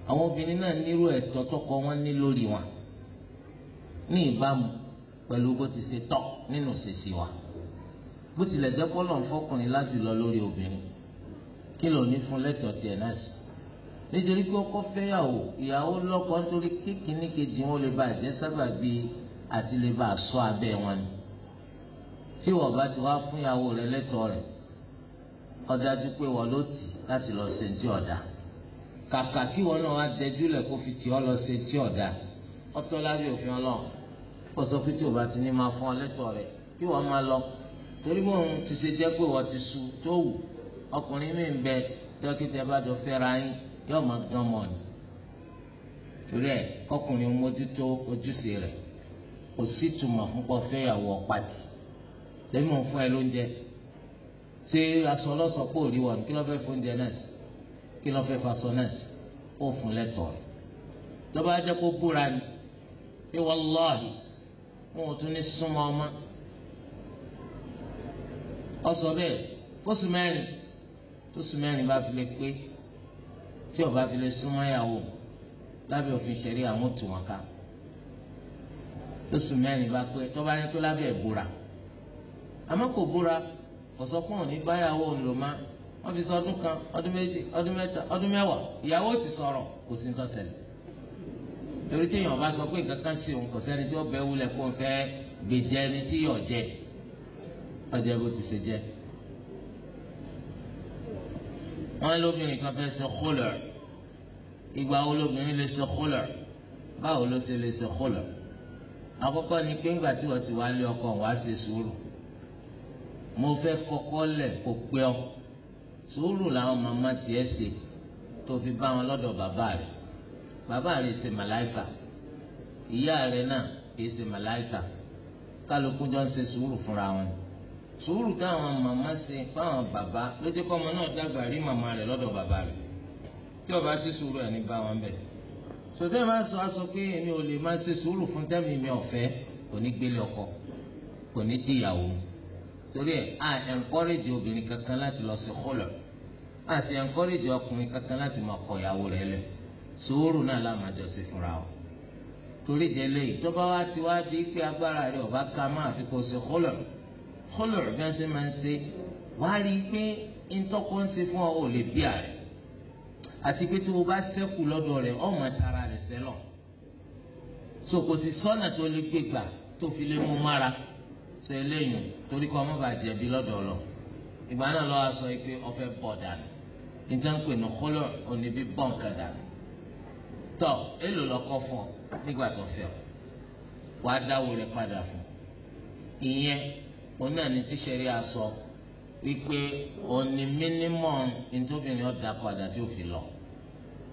àwọn obìnrin náà nírú ẹ̀tọ́ tọkọ wọn ní lórí wọn ní ìbámu pẹ̀lú bó ti ṣe tọ́ nínú ṣèṣì wa bó tilẹ̀ jẹ́ kọ́ lọ́n fọkùnrin láti lọ lórí obìnrin kí ló ní fún lẹ́tọ̀ọ́ tiẹ̀ náà sí nítorí pé ọkọ fẹ́yàwó ìyàwó lọ́kọ nítorí kékeré kejì wọn lè ba àjẹ́ sábà bíi àti lè ba àsọ abẹ́ wọn ni tí wọ́n bá ti wá fún ìyàwó rẹ lẹ́tọ̀ọ́ rẹ̀ ọ̀dájú pé wọ́n ló tì láti lọ ṣe ti ọ̀dà kàkà kí wọn náà wá dẹjú lẹ̀ kó fi tì ọ́ lọ ṣe ti ọ̀dà ọtọ́ lábẹ́ òfin ọlọ́run kó sọ pé tí o bá ti ní máa fún ọ lẹ́tọ̀ọ́ rẹ̀ kí wọ́n máa lọ torí bóun ti ṣe jẹ́ pé wọ́n ti su tó wù ọkùnrin mi ń bẹ dókítà bá jọ fẹ́ra yín yóò máa gán mọ́ ni torí ẹ kọkùnrin mójútó ojúṣe rẹ̀ kò sí tùmọ̀ púpọ̀ fẹ́yàwó ọ̀pàtì tẹ́lẹ̀ mọ̀ fún ẹ lóúnjẹ ṣé aṣọ ọlọ́sọ kí ló fẹ́ náà sí kí ló fẹ́ faṣọ náà sí ó tó sùn mẹ́rin bá fi lè pé tí ó bá fi lè súnmọ́ ìyàwó lábẹ́ òfin ṣẹ̀rí àwọn tù wọn ká tó sùn mẹ́rin bá pé tó bá yẹ tó lábẹ́ ìbúra àmọ́ kò búra kò sọ pé òní báyàwó ńlò má wọ́n fi sọ ọdún kan ọdún méjì ọdún mẹ́ta ọdún mẹ́wàá ìyàwó sì sọ̀rọ̀ kò sí nǹkan ṣẹlẹ̀ torí tí èèyàn bá sọ pé nǹkan kan sí òun kò sẹ́ni tí ó bẹ́ wúlẹ̀ kó ń fẹ́ gbèjẹ́ ni tí yọ̀ jẹ́ ọjẹ́ bó ti ṣe jẹ́ wọn lóbìnrin kan fẹ́ ṣe kólà ìgbà wo lóbìnrin lè ṣe kólà báwo ló ṣe lè ṣe kólà àkọ́kọ́ ni pé ńgbà tí wọ́n ti wá lé ọkọ wá ṣe sùúrù mo fẹ́ fọkọ́ lẹ̀ kó pé ọ sùúrù làwọn màmá tiẹ̀ ṣe tó fi bá wọn lọ́dọ̀ bàbá rẹ̀ bàbá rẹ̀ ṣe màláìkà ìyá rẹ̀ náà kì í ṣe màláìkà kálukú jọ ń ṣe sùúrù fúnra wọn sùúrù táwọn màmá ṣe fáwọn bàbá ló jẹ́ kọ́ ọmọ náà dàgbà rí màmá rẹ̀ lọ́dọ̀ bàbá rẹ̀ tí ọba ṣe sùúrù ẹ̀ ní bá wọn bẹ̀. sọtẹ́ máa sọ aṣọ pé èmi ò lè máa ṣe sùúrù fún tẹ́mi mi ọ̀fẹ́ kò ní gbélé ọkọ kò ní dìyàwó torí ẹ̀ à ẹ̀ńkọ́rẹ́jì obìnrin kankan láti lọ sí kọ́lọ̀ à sì ẹ̀ńkọ́rẹ́jì ọkùnrin kankan láti máa kọ ìyàwó rẹ̀ lẹ̀ sùúrù náà lámàjọ sí fúnra o torí ìdẹ́lẹ́yìn tó bá ti wá di pé agbára rẹ̀ ọba ká máa fi kó sí kọ́lọ̀ kọ́lọ̀ bí wọ́n ṣe máa ń ṣe wàá rí i pé ntọ́kọ́ ń ṣe fún ọ ò lè bí ààrẹ àti pé tí o bá ṣẹ́kù lọ́dọ̀ rẹ̀ ọmọ tara rẹ̀ sẹ́lọ̀ so kò sí sọ́nà tó lè gbé gbà tó fi lè mú mára sọ eléyìí torí kọ́ ọmọ bá jẹ̀bi lọ́dọ̀ lọ ìgbà náà lọ́wọ́ sọ pé ọfẹ́ bọ̀ dànù níta ń pè ní kọ́lọ̀ òní bí bọ́ǹkà dànù tọ́ èlò lọ́kọ́ fún ọ nígbà tó fẹ́ ọ wàá dáwọ́ rẹ̀ padà fún ìyẹn òun náà ní tíṣẹ̀rí aṣọ wípé òun ni minimum ntóbìnrin ọ̀dà padà tí ò fi lọ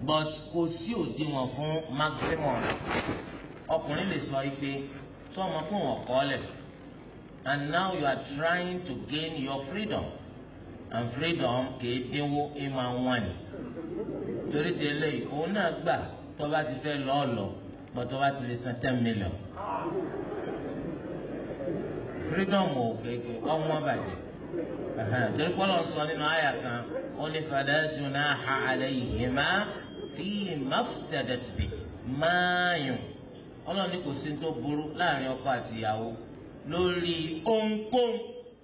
but kò sí òdiwọ̀n fún maximum ọkùnrin lè sọ wípé tí ọmọ fún wọn kọ́ lẹ̀ and now you are trying to gain your freedom and freedom kìí dínwó ẹ máa wọ́n ni torí ti eléyìí òun náà gbà tó bá ti fẹ́ lọ́ọ̀lọ́ bọ́ tó bá ti lè san ten million. freedom ò pé bàjẹ́ torí sọ nínú àyà kan ó ní fala junaha alayhima fi maftadat máàyùn ọlọ́ni kò sí tó burú láàrin ọkọ àti ìyàwó lórí ohunkóhun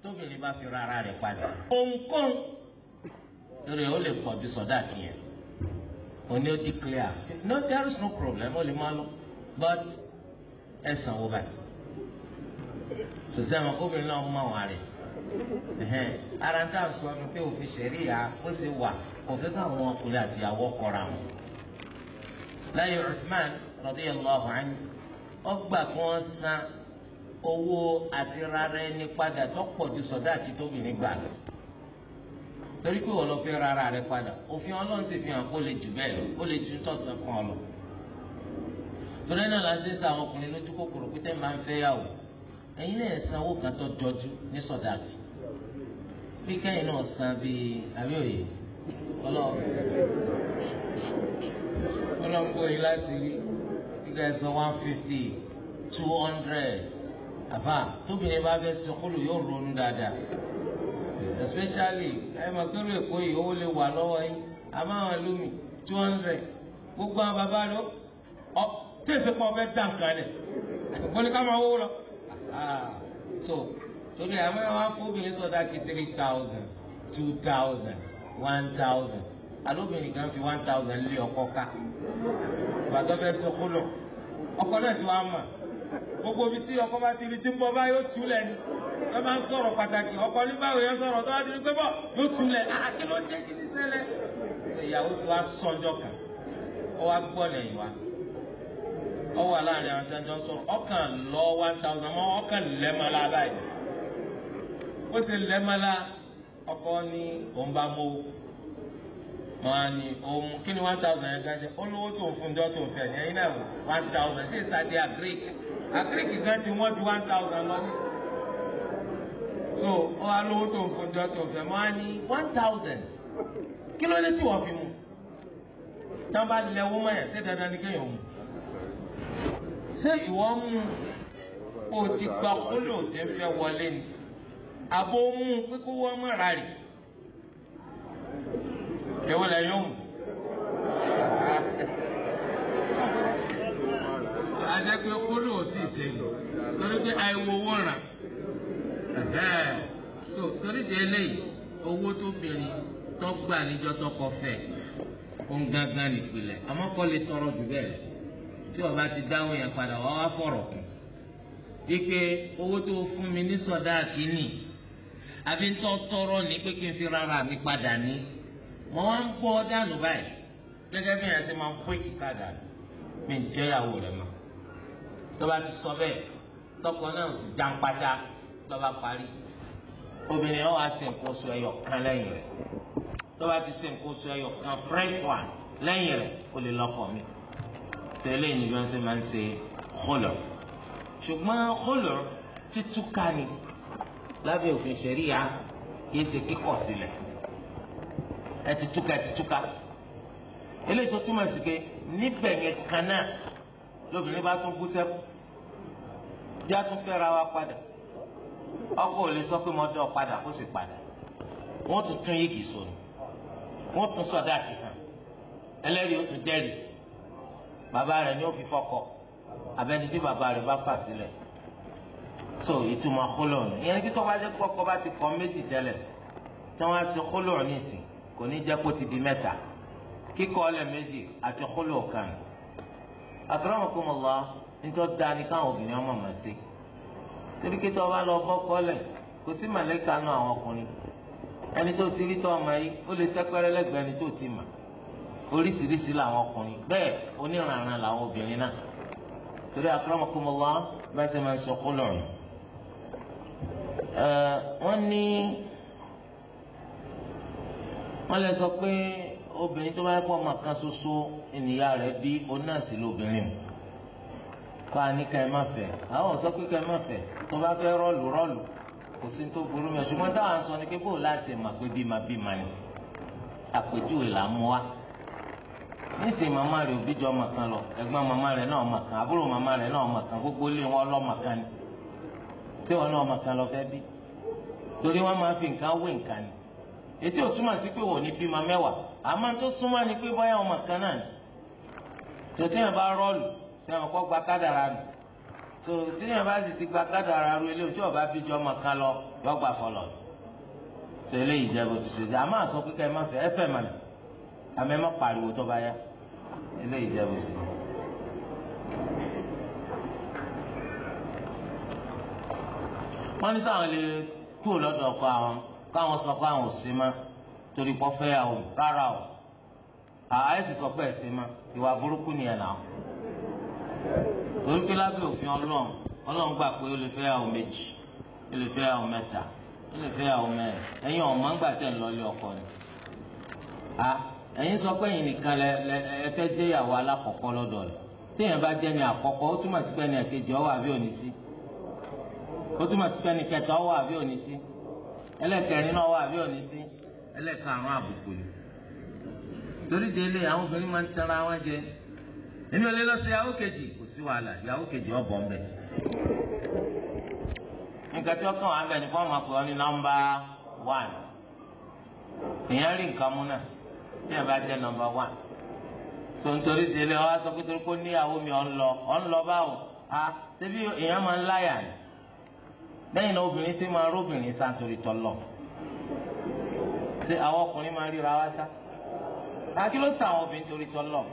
tóbìnrin bá fi rárá rẹ̀ padà ohunkóhun ó lè pọ̀ sọ̀dá kìíyàn òní ó di clear no there is no problem ó lè má but báyìí. sòtẹ́ àwọn obìnrin náà mọ̀ wá rẹ̀ ara ń tà sọ ọdún pé òfin ṣẹ̀ríyà ó sì wà kò fẹ́ káwọn ọkùnrin àti ìyàwó kọra wọn. láyé Uthman radiyallahu anhu ọgbà kí wọ́n san owó àti rárá ẹni padà tó pọ̀ ju sọ̀dá àti tóbi nígbà lọ. torí pé wọ́n lọ fẹ́ rárá rẹ padà òfin ọlọ́run sì fi hàn kó lè jù bẹ́ẹ̀ lọ ó lè ju tọ̀sán kan lọ. torí náà la ṣe ọkùnrin lójú kòkòrò pé tẹ́ máa ń fẹ́ yàwó ẹ̀yin náà san owó kan tó jọjú ní sọ̀dáàkì bí kẹ́yìn náà san bíi àbíòye ọlọ́pọ̀ yìí láti rí gíga ẹ̀sán one fifty two hundred àbá tóbìnrin bá fẹ́ sọkúlù yóò ronú dáadáa especially ẹ mọ̀ pé lóò èkó yìí owó lè wà lọ́wọ́ yín àmọ́ àwọn lómi two hundred gbogbo àwọn bàbá rẹ ọ tí èsì pọ̀ fẹ́ dà nǹkan rẹ̀ wọ́n ní ká máa wó lọ. Ah, so torí àwọn àwọn afọbìnrin sọdá kí three thousand two thousand one thousand alóbìnrin kan fi one thousand lé ọkọ ká ìbàdàn fẹẹ lọ ọkọ náà ti gbogbo ibi tí ọkọ bá ti rí tí ń bọ̀ bá yóò tú lẹ ni ẹ máa ń pàtàkì ọkọ oníbàwò yẹn sọrọ tó bá ti pé bọ yóò tú ah, lẹ ìyàwó ti wá sọjọ kan ọ wà láàrin àwọn tẹ́jọ́ sọ ọkàn lọ one thousand mọ́ ọkàn lẹ́mọ́lá báyìí ó ti lẹ́mọ́lá ọkọ ní òun bá mówó màá ní òun kí ni one thousand yẹn gan jẹ olówó tó ń fúnjọ tó ń fẹ ẹ̀yìn náà one thousand ṣé ìsàdé agric agric gan ti wọ́n ju one thousand lọ ní. so ọ wá lówó tó ń fúnjọ tó ń fẹ màá ní one thousand kí ló dé tí wọ́n fi mú tí wọ́n bá lẹ́wọ́ mọ́ yẹn ṣé dandan ni kéèyàn mú ṣé ìwọ mú o ti gba kólò tí ń fẹ́ wọlé ni àbò mú pé kó wọ́n mọ̀ra rè èwo lẹ yóò mú. ajẹ́ pé kólò ò tí ì ṣe lò torí pé àìwò owó ràn so torí di eléyìí owó tó bèrè tó gbà níjọ́ tó kọ fẹ́ òun gángan nìpìlẹ̀ àmọ́ kọ́ lè tọrọ jù bẹ́ẹ̀ lọ tí o bá ti dáhùn yẹn padà wá wá fọ̀rọ̀ kù wípé owó tó fún mi ní sọ̀dá kìíní àbí ń tọ́ tọrọ ní pé kí n fi rárá mi padà ní mo wá ń gbọ́ dànù báyìí gẹ́gẹ́ bí ẹ̀sìn máa ń pè kíkà dànù mi ń jẹ́yàwó rẹ̀ mọ́ tó bá ti sọ bẹ́ẹ̀ tọkọ náà sì jàǹpátá tó bá parí obìnrin ọ̀ wá sí nǹkan oṣù ẹyọ kan lẹ́yìn rẹ̀ tó bá ti sí nǹkan oṣù ẹyọ kan fresh one lẹ́yìn rẹ̀ ó lè lọ́kọ mi tẹ́lẹ̀ ní bí wọ́n ṣe máa ń ṣe kọlọ̀ ṣùgbọ́n kọlọ̀ títúkà ni lábẹ́ òfin ṣẹ̀ríya yìí ṣe kíkọ̀ sílẹ̀ ẹ ti túkà ẹ ti túkà eléyìí tó túmọ̀ sí pé níbẹ̀ yẹn kan náà lóbìnrin bá tún kú sẹ́kù bí a tún fẹ́ra wa padà ọkọ ò lè sọ pé mo dán padà kó sì padà wọ́n tún tún yégi sọ̀rọ̀ wọ́n tún sọ̀dá àti sàn ẹlẹ́rìí ó tún jẹ́rìí sí. Baba rẹ̀ ni ó fi fọkọ abẹ́ni tí bàbá rẹ̀ bá fà sílẹ̀ so ìtumọ̀ kólọ̀ ni ìyẹn kí tó bá jẹ́ kọ́kọ́ bá ti kọ́ méjì tẹ́lẹ̀ tí wọ́n á ti kólọ̀ ní ìsìn kò ní jẹ́ kó ti di mẹ́ta kíkọ́ ọlẹ̀ méjì àti kólọ̀ kan akramakumullah nítorí dání káwọn obìnrin ọmọ mọ̀ sí torí kí tó bá lọ bọ́ kọ́lẹ̀ kò sí màlẹ́kà àwọn ọkùnrin ẹni tó ti rí tó ọmọ yìí ó lè sẹ́pẹ́rẹ́ lẹ́gbẹ̀ẹ́ ẹni tó ti mọ̀ oríṣiríṣi làwọn ọkùnrin bẹ́ẹ̀ oníranran làwọn obìnrin náà torí akramakumullah bá ṣe máa ń sọ kúlọ̀ rìn. wọ́n ní wọ́n lè sọ pé obìnrin tó bá yẹ kó ọmọ kan ṣoṣo ìníyà rẹ̀ bí onáàsì lóbìnrin kó a ní ká ẹ má fẹ́ àwọn sọ pé ká ẹ má fẹ́ tó bá fẹ́ rọ́ọ̀lù rọ́ọ̀lù kò sí tó burú mi ṣùgbọ́n táwọn sọ ni pé bó o láṣẹ mà pé bímà bímà àpèjúwe là ń mú wa níṣẹ́ màmá rẹ̀ òbí jọ ọmọ kan lọ ẹ̀gbọ́n màmá rẹ̀ náà ọmọ kan àbúrò màmá rẹ̀ náà ọmọ kan gbogbo ilé wọn lọ́mọ kan ni tí wọn náà ọmọ kan lọ fẹ́ bí torí wọn máa fi nǹkan wé nǹkan ni ètò òtúmọ̀ sí pé wò ní bímọ mẹ́wàá àmọ́ tó súnmọ́ ni pé bọ́yá ọmọ kan náà ni tòtíyàn bá rọ́ọ̀lù sẹ́wọ̀n kọ́ gba kádàrà nù tòtíyàn bá sì ti gba kádàrà ru eléyìí tí ọba bí jọ ọmọ kan lọ yọgbà fọlọ tẹ́lẹ̀ ìjẹbù tuntun àmọ́ àsọkúkẹ́ amẹ́mọ́ pariwo tó bá yá eléyìí jẹ́ bó ṣe. wọ́n ní sáwọn lè kúrò lọ́dọ̀ ọkọ àwọn káwọn sọ pé àwọn ò sí mọ́ torí pọ́ fẹ́ àwọn rárá o àìsí sọ pé ẹ̀sìn mọ́ ìwà burúkú nìyẹn náà torí pé lábẹ́ òfin ọlọ́run ọlọ́run gbà pé ó lè fẹ́ àwọn méjì ó lè fẹ́ àwọn mẹ́ta ó lè fẹ́ àwọn mẹ́rin ẹ̀yin ọ̀mọ́ ń gbà tẹ̀ ń lọ ilé ọkọ ni. ẹ̀yin sọ pé ẹ̀yin nìkan lẹ lẹ ẹ fẹ́ jẹ́ ìyàwó alákọ̀ọ́kọ́ lọ́dọ̀ rẹ̀ téèyàn bá jẹ́ ní àkọ́kọ́ ó túmọ̀ sí pé ẹni ẹ̀kejì ọwọ́ àbí òní sí ó túmọ̀ sí pé ẹni kẹta ọwọ́ àbí òní sí ẹlẹ́kẹrin náà ọwọ́ àbí òní sí ẹlẹ́karùn-ún àbùkù ni. torí délé àwọn obìnrin máa ń tẹ́ra wọn jẹ èmi ò lè lọ sí ìyàwó kejì kò sí wàhálà ìyàwó kejì ọ̀bọ̀ ń bẹ̀. nǹkan tí ọkàn wà ń bẹ̀ ni fọ́ọ̀mù àpò tí yẹn bá jẹ́ nọ́mbà wán tontori délé ọ sọ pé torí kó níyàwó mi ọ̀n lọ ọ̀n lọ báwo a ṣebí èèyàn máa ń láyà ni lẹ́yìn náà obìnrin sì máa róbìnrin sá torí tọ́lọ̀ ṣé àwọn ọkùnrin máa ríra wá sá àti ló sọ àwọn obìnrin torí tọ́lọ̀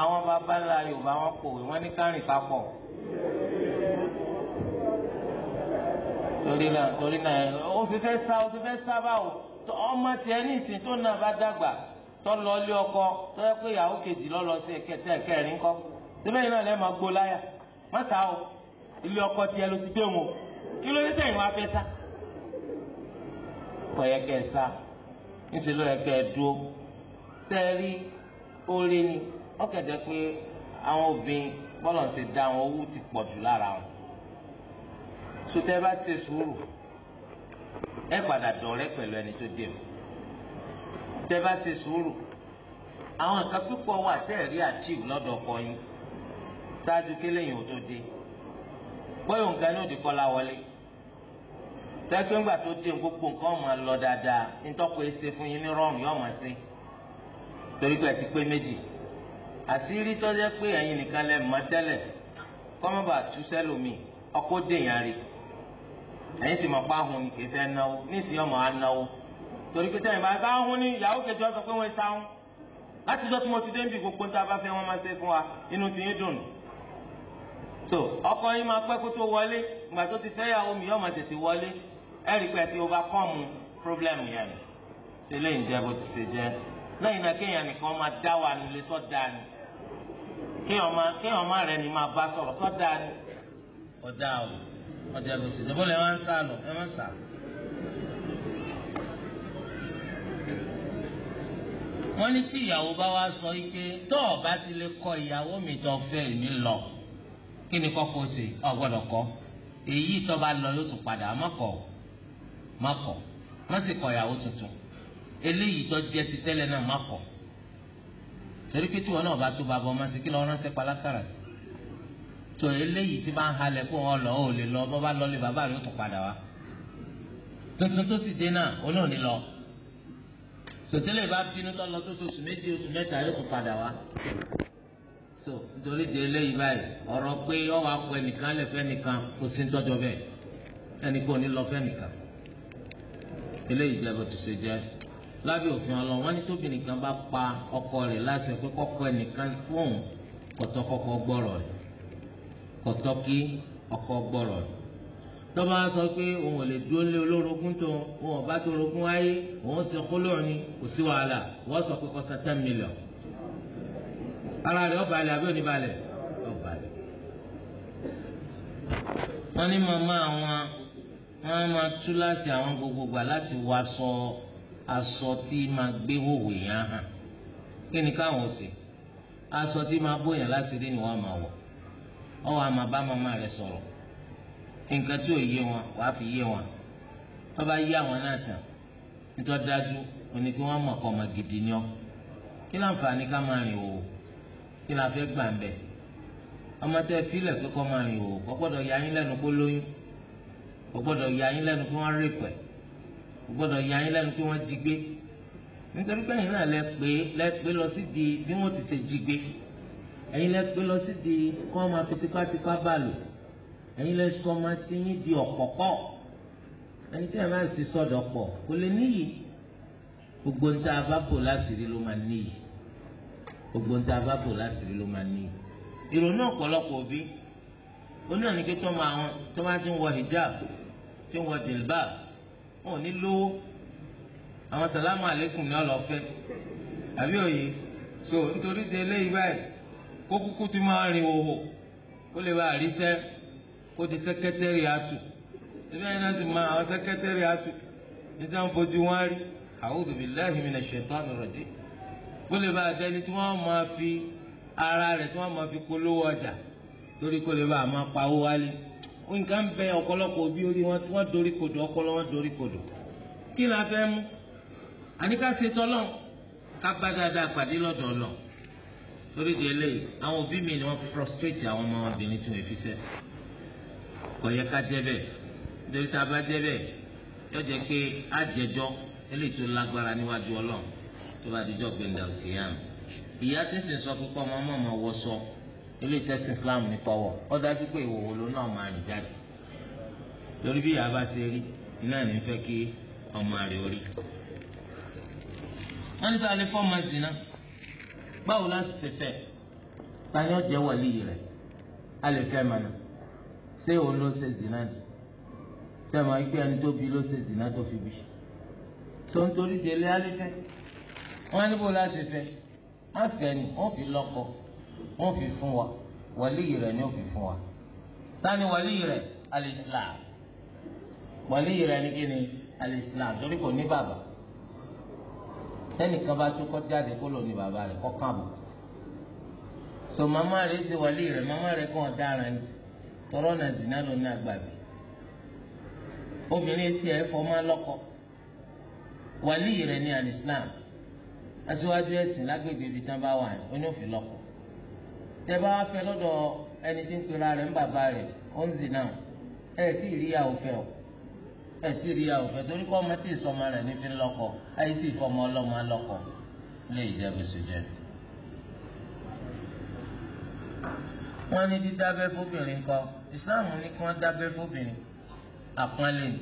àwọn bàbá ńlá Yorùbá wọn pòwe wọn ní kárìn papọ̀ torí náà torí náà ó ti fẹ́ sá ó ti fẹ́ sá báwo ọmọ tiẹ̀ ní ìsìn tó náà bá dàgbà tó lọ ilé ọkọ tó yẹ pé ìyàwó kejì lọ lọ sí ẹ̀kẹtẹ ẹ̀kẹrin kọ́ síbẹ̀ yìí náà lẹ́ẹ̀ máa gbó láyà má sá o ilé ọkọ tiẹ̀ ló ti dé wọn kí ló dé sẹ́yìn wá fẹ́ sá kọ̀yẹ kẹ́ ẹ sá ńṣe ló yẹ kẹ́ ẹ dúró sẹ́ẹ̀rí oore ni ọ̀kẹ́dẹ́ pé àwọn obìnrin bọ́lọ̀ ṣe dá àwọn owó ti pọ̀ jù lára wọn sotẹ́ bá ṣe sùúrù ẹ padà dọ̀rẹ́ pẹ̀lú ẹni tó dé o tẹ́ bá ṣe sùúrù àwọn nǹkan púpọ̀ wà tẹ́ ẹ̀ rí achieve lọ́dọ̀ ọkọ yín ṣáájú kéléyìn ò tó dé bọ́yọ̀ nǹkan ní òdì kọ́lá wọlé tẹ́gbẹ́ ńgbà tó dé gbogbo nǹkan ọ̀mọ̀ lọ dáadáa nítọ́kọ̀ ẹsẹ̀ fún yín ní rọrùn yóò mọ̀ sí torí pé ẹ ti pé méjì àṣírí tọ́jẹ́ pé ẹ̀yin nìkan lẹ́ mọ̀ tẹ́lẹ̀ kọ́mọ́bà tú sẹ́lòmíì ọkọ̀ dèèyàn rí i ẹ̀yin sì mọ̀ pé ahun ni kìí fẹ́ náwó nísìnyí ọmọ á náwó torí pé tẹ́lẹ̀ máa bá ahun ní ìyàwó kejì ọ sọ pé wọ́n ń sáhun láti sọ tí mo ti dé níbi gbogbo tá a bá fẹ́ wọ́n máa ṣe fún wa inú ti yín dùn. tó ọkọ yín máa pẹ́ kó tó wọlé ìgbà tó ti fẹ́yàwó mi yọ̀ máa tètè wọlé ẹ̀rí pé ti overcome problem yẹn ni ṣe lè ń jẹ́ bó ti ṣe jẹ́ lẹ́yìn náà kéèyàn nìkan máa dá wà nílé sọ́dà ni kéèyàn máa rẹ̀ ni máa bá sọ̀rọ̀ sọ́dà ni ọ̀dà ọ̀hún ọjà ló sì níbo lè máa ń sànù ẹ máa ń sà. wọ́n ní tí ìyàwó bá wá sọ pé tó o bá ti lè kọ ìyàwó mi tó fẹ́ mi lọ kí ni kọ́kọ́ sí ọ gbọ́dọ̀ kọ́ èyí tó bá lọ yóò tún padà mọ́kọ̀ mọ́kọ̀ wọ́n sì kọ ìyàwó tuntun eléyìí tó jẹ́ ti tẹ́lẹ̀ náà mọ́kọ̀ torí pé tí wọn náà bá tó bá bọ́ ọmọ sí kí lọ́ọ́ ránṣẹ́ palákàrà sí so eléyìí tí bá ń halẹ̀ pé wọ́n lọ ò lè lọ bọ́ bá lọ lé bàbá rẹ̀ ó tún padà wá tuntun tó sì dé náà ó náà ní lọ sòtẹ́lẹ̀ bá bínú tó lọ tó sọ̀sù méjì oṣù mẹ́ta yóò tún padà wá so nítorí di eléyìí báyìí ọ̀rọ̀ pé ọwọ́ akọ ẹnìkan lè fẹ́ nìkan kò sí tọ́jọ́ bẹ́ẹ̀ ẹnì kò ní lọ fẹ́ nìkan eléyìí jẹ́ bó ti ṣe jẹ́ lábẹ́ òfin ọlọ́run wọ́n ní tóbi nìkan bá pa ọkọ rẹ̀ láṣẹ pé kọ́kọ́ ẹnìkan fóun kọ̀tọ́kọ́kọ́ gbọ́rọ̀ rẹ̀ kọtọ kí ọkọ gbọrọ tọba sọ pé òun ò lè dúró lé olórogún tó òun ọba tó rogún wáyé òun sì kóló ni kò sí wàhálà wọ́n sọ pé kọsán ten million ara rẹ̀ ọba alẹ́ àbí oníbalẹ̀ ọba alẹ́ wọ́n ní màmá àwọn wọ́n máa tú láti àwọn gbogbogbà láti wọ aṣọ aṣọ tí máa gbé wòwò yẹn hàn kí ni káwọn ò aṣọ tí máa bóyá láti rí ni wọ́n máa wọ̀ wọn wà máa bá màmá rẹ sọ̀rọ̀ nǹkan tí ò yé wọn wàá fi yé wọn tó bá yé àwọn náà tán nítorí dájú òní pé wọn mọ ọkọ ọmọ gidi ni ọ kí láǹfààní ká máa rìn òwò kí la fẹ́ gbà ń bẹ̀ ọmọ tẹ filẹ̀ pé kọ́ máa rìn òwò kò gbọ́dọ̀ ya yín lẹ́nu kó lóyún kò gbọ́dọ̀ ya yín lẹ́nu kó wọ́n rè pẹ̀ kò gbọ́dọ̀ ya yín lẹ́nu kó wọ́n jí gbé nítorí pé ẹ̀yin náà lẹ pé lọ sí di bí wọ́n ti ṣe jí gbé ẹ̀yin lẹ pé lọ sídìí kọ́ máa fi tipátipá bá lò ẹ̀yin lẹ sọ ọmọ tí yín di ọ̀pọ̀pọ̀ ẹni tí ẹ̀ máa ti sọ̀dọ̀ pọ̀ kò lè níyì gbogbo ń tá a bá bò láṣìírí ló máa níyì gbogbo ń tá a bá bò ló máa níyì ìrònú ọ̀pọ̀lọpọ̀ òbí oní ọ̀nà kí tọ́mọ àwọn tó máa ti ń wọ hijab ti ń wọ jilbab wọn ò ní lówó àwọn sàlámù àlékún ni ọlọ́fẹ́ àbí òye so nítorí ti eléyìí báyìí kó kúkú ti máa rìn òwò kó lè bá àríṣẹ́ kó di sẹ́kẹ́tẹ́rì àtù ẹgbẹ́ yẹn náà sì máa àwọn sẹ́kẹ́tẹ́rì àtù níta ń fojú wọn rí a'udhu billahi minash shaitani rajim kó lè bá àjẹni tí wọ́n máa fi ara rẹ̀ tí wọ́n máa fi polówó ọjà lórí kó lè bá àmọ́ pawó wálé nǹkan bẹ ọ̀pọ̀lọpọ̀ òbí orí wọn tí wọ́n dorí kodò ọpọlọ wọn dorí kodò kí la fẹ́ mú àníkàṣetọ́lọ́ ká gbá dáadáa pàdé lọ́dọ̀ ọlọ́ọ̀ lórí ìdí eléyìí àwọn òbí mi ni wọ́n frustrate àwọn ọmọ wọn obìnrin tí wọ́n fi sẹ́sì kò yẹ ká jẹ́ bẹ́ẹ̀ nítorí tá a bá jẹ́ bẹ́ẹ̀ yóò jẹ́ pé á jẹjọ́ eléyìí tó lágbára níwájú ọlọ́run tó bá dijọ́ gbẹ̀ndà òkèèyàn ìyá tí ń sìn sọ pípọ́ ọmọ ọmọ ọmọ wọ sọ eléyìí tẹ́sí Islam nípa wọ̀ ọ́ dájú pé ìwòwò ló náà máa rìn jáde lórí bí ìyá bá ṣe rí iná ní fẹ́ kí ọmọ rẹ̀ orí wọ́n ní sọ alẹ́ fọ́ ọmọ náà báwo la ṣe fẹ́ tani ó jẹ́ wàlí rẹ̀ a lè fẹ́ mọ̀nà ṣé òun ló ṣe zina ni ṣé àwọn ẹgbẹ́ ẹni tó bí ló ṣe zina tó fi bí tó ń torí délé a lè fẹ́ wọ́n á níbo la ṣe fẹ́ má fẹ́ ni wọ́n fi lọ́kọ wọ́n fi fún wa wàlí rẹ̀ ni ó fi fún wa tani wàlí rẹ̀ alẹ́ islam wàlí rẹ̀ ni kí ni alẹ́ islam torí kò ní bàbá tẹnìkan bá tún kọ́ jáde kó lò ní bàbá rẹ̀ kọ́ kàn so mama rẹ̀ ti wàlí rẹ̀ màmá rẹ̀ kàn dára ni tọrọ náà zina ló ní agbàbí obìnrin tí ẹ fọmọ lọ́kọ wàlí rẹ̀ ní alislam aṣíwájú ẹ̀sìn lágbègbè ibi tán bá wà ní oníòfin lọ́kọ tẹ bá wá fẹ́ lọ́dọ̀ ẹni tí ń pera rẹ̀ ń bàbá rẹ̀ ó ń zina ẹ tí ì rí ìyàwó fẹ́ o ẹtì rí àwòfẹ torí kọ́ ọmọ tí ìsọmọ rẹ̀ ní fi lọ́kọ ayé sì fọmọ ọlọ́mọ lọ́kọ lè jẹ́ bẹ́sẹ̀ jẹ́. wọ́n ní dídábẹ́ fóbìnrin kọ́ ìsìláàmù ní kí wọ́n dábẹ́ fóbìnrin àpọ́nlé ni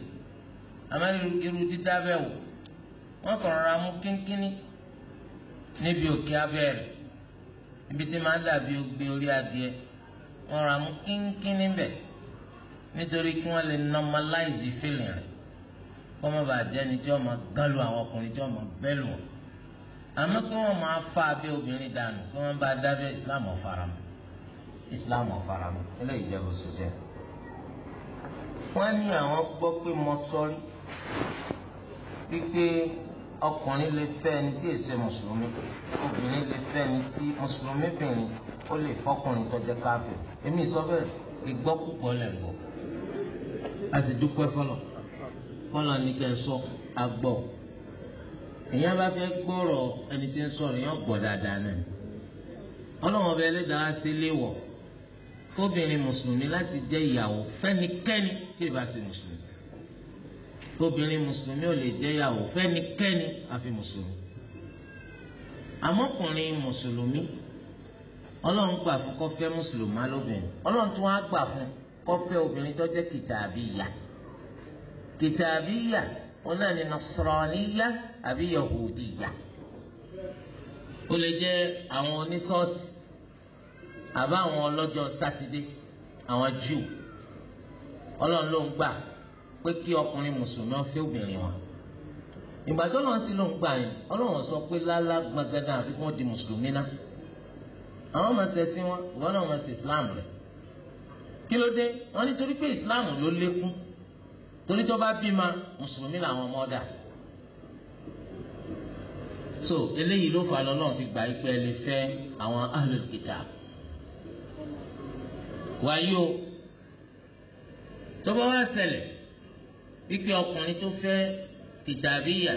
àmọ́ irú dídábẹ́ wò wọ́n kàn rọra mú kínkínní níbi òkè abẹ́ ibi tí máa dàbí ogbe orí adìẹ wọ́n rà mú kínkínní bẹ́ẹ̀ nítorí kí wọ́n lè normalize feeling rẹ̀ kọ́ mọ́ bàa jẹ́ ẹni tí wọ́n máa gánlu àwọn ọkùnrin tí wọ́n máa bẹ́lù wọn. àmọ́ kí wọ́n máa fa abẹ́ obìnrin dànù kí wọ́n bá dábẹ́ Islam ọ̀faramu Islam ọ̀faramu eléyìí jẹ́ oṣù jẹ́. wọ́n ní àwọn gbọ́ pé mo sọ́rí wípé ọkùnrin lè fẹ́ ẹni tí èsè mùsùlùmí obìnrin lè fẹ́ ẹni tí mùsùlùmí bìnrin ó lè fọkùnrin tó jẹ́ káfíìn èmi ìsọ bẹ́ẹ̀ ìgbọ́kùgbọ́ lẹ̀ a sì dúpẹ́ fọlọ́ fọlọ́ ní kẹ́ ẹ sọ agbọ́ èyàn bá fẹ́ gbọ́rọ̀ ẹni tí ń sọ̀rọ̀ yẹn gbọ́ dáadáa náà ọlọ́run ọba ẹlẹ́dàá ṣe léwọ̀ fóbìnrin mùsùlùmí láti jẹ́ ìyàwó fẹ́nikẹ́ni tí ì bá ṣe mùsùlùmí fóbìnrin mùsùlùmí ò lè jẹ́ ìyàwó fẹ́nikẹ́ni àfi mùsùlùmí àmọ́kùnrin mùsùlùmí ọlọ́run gbà fún kọ́fẹ́ mùsùlùmá lóbìnrin ọlọ́run tún á gbà fún un kọfẹ obìnrin tó jẹ́ kìtàbíyà kìtàbíyà wọn náà ní nasraniya àbí yahudiya ó lè jẹ́ àwọn oníṣọ́ọ̀sì àbá àwọn ọlọ́jọ́ sátidé àwọn jù ọlọ́run ló ń gbà pé kí ọkùnrin mùsùlùmí ọfẹ́ obìnrin wọn ìgbà tó lọ́n sí ló ń gbà yín ọlọ́run sọ pé lálá gbọ̀ngàn àfi di mùsùlùmí náà àwọn ọmọ ṣẹ̀sìn wọn ìwọ́n náà ọmọ ṣe islam rẹ̀ kí ló dé wọn nítorí pé islam ló lékún torí tó bá bímọ mùsùlùmí làwọn ọmọ dà so eléyìí ló fà lọ́nà fi gbà pé ẹ lè fẹ́ àwọn ahlul kitab wáyé o tó bá wá ṣẹlẹ̀ wípé ọkùnrin tó fẹ́ kìtàbíyà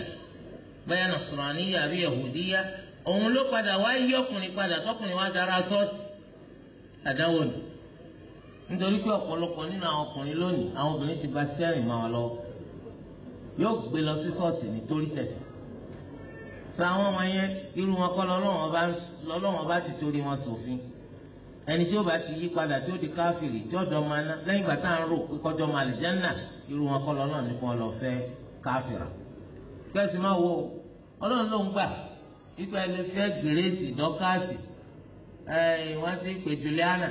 bẹ́ẹ̀ nasraniya àbí yahudiya òun ló padà wá yí ọkùnrin padà tọkùnrin wá dára sọ́ọ̀tì àdáwọ̀ nù nítorí pé ọ̀pọ̀lọpọ̀ nínú àwọn ọkùnrin lónìí àwọn obìnrin ti ba sẹ́rìn mọ́ ọ lọ yóò gbé lọ sí ṣọ́ọ̀ṣì nítorí tẹ̀sán sọ àwọn ọmọ yẹn irú wọn kọ́ lọ́lọ́wọ́n bá ti torí wọn sòfin ẹni tí ó bá ti yí padà tí ó di káfìrì tí ọ̀dọ́ máa ná lẹ́yìn ìgbà tá à ń rò pé kọjọ́ máa lè jẹ́ nà irú wọn kọ́ lọ́lọ́wọ́n ní kọ́ lọ fẹ́ káfìrà kẹ́sì máa wo ọlọ́run ló ń gbà ipa ẹ lè fẹ́ gírèsì dọ́kàsì ẹ̀ wọ́n ti pè Juliana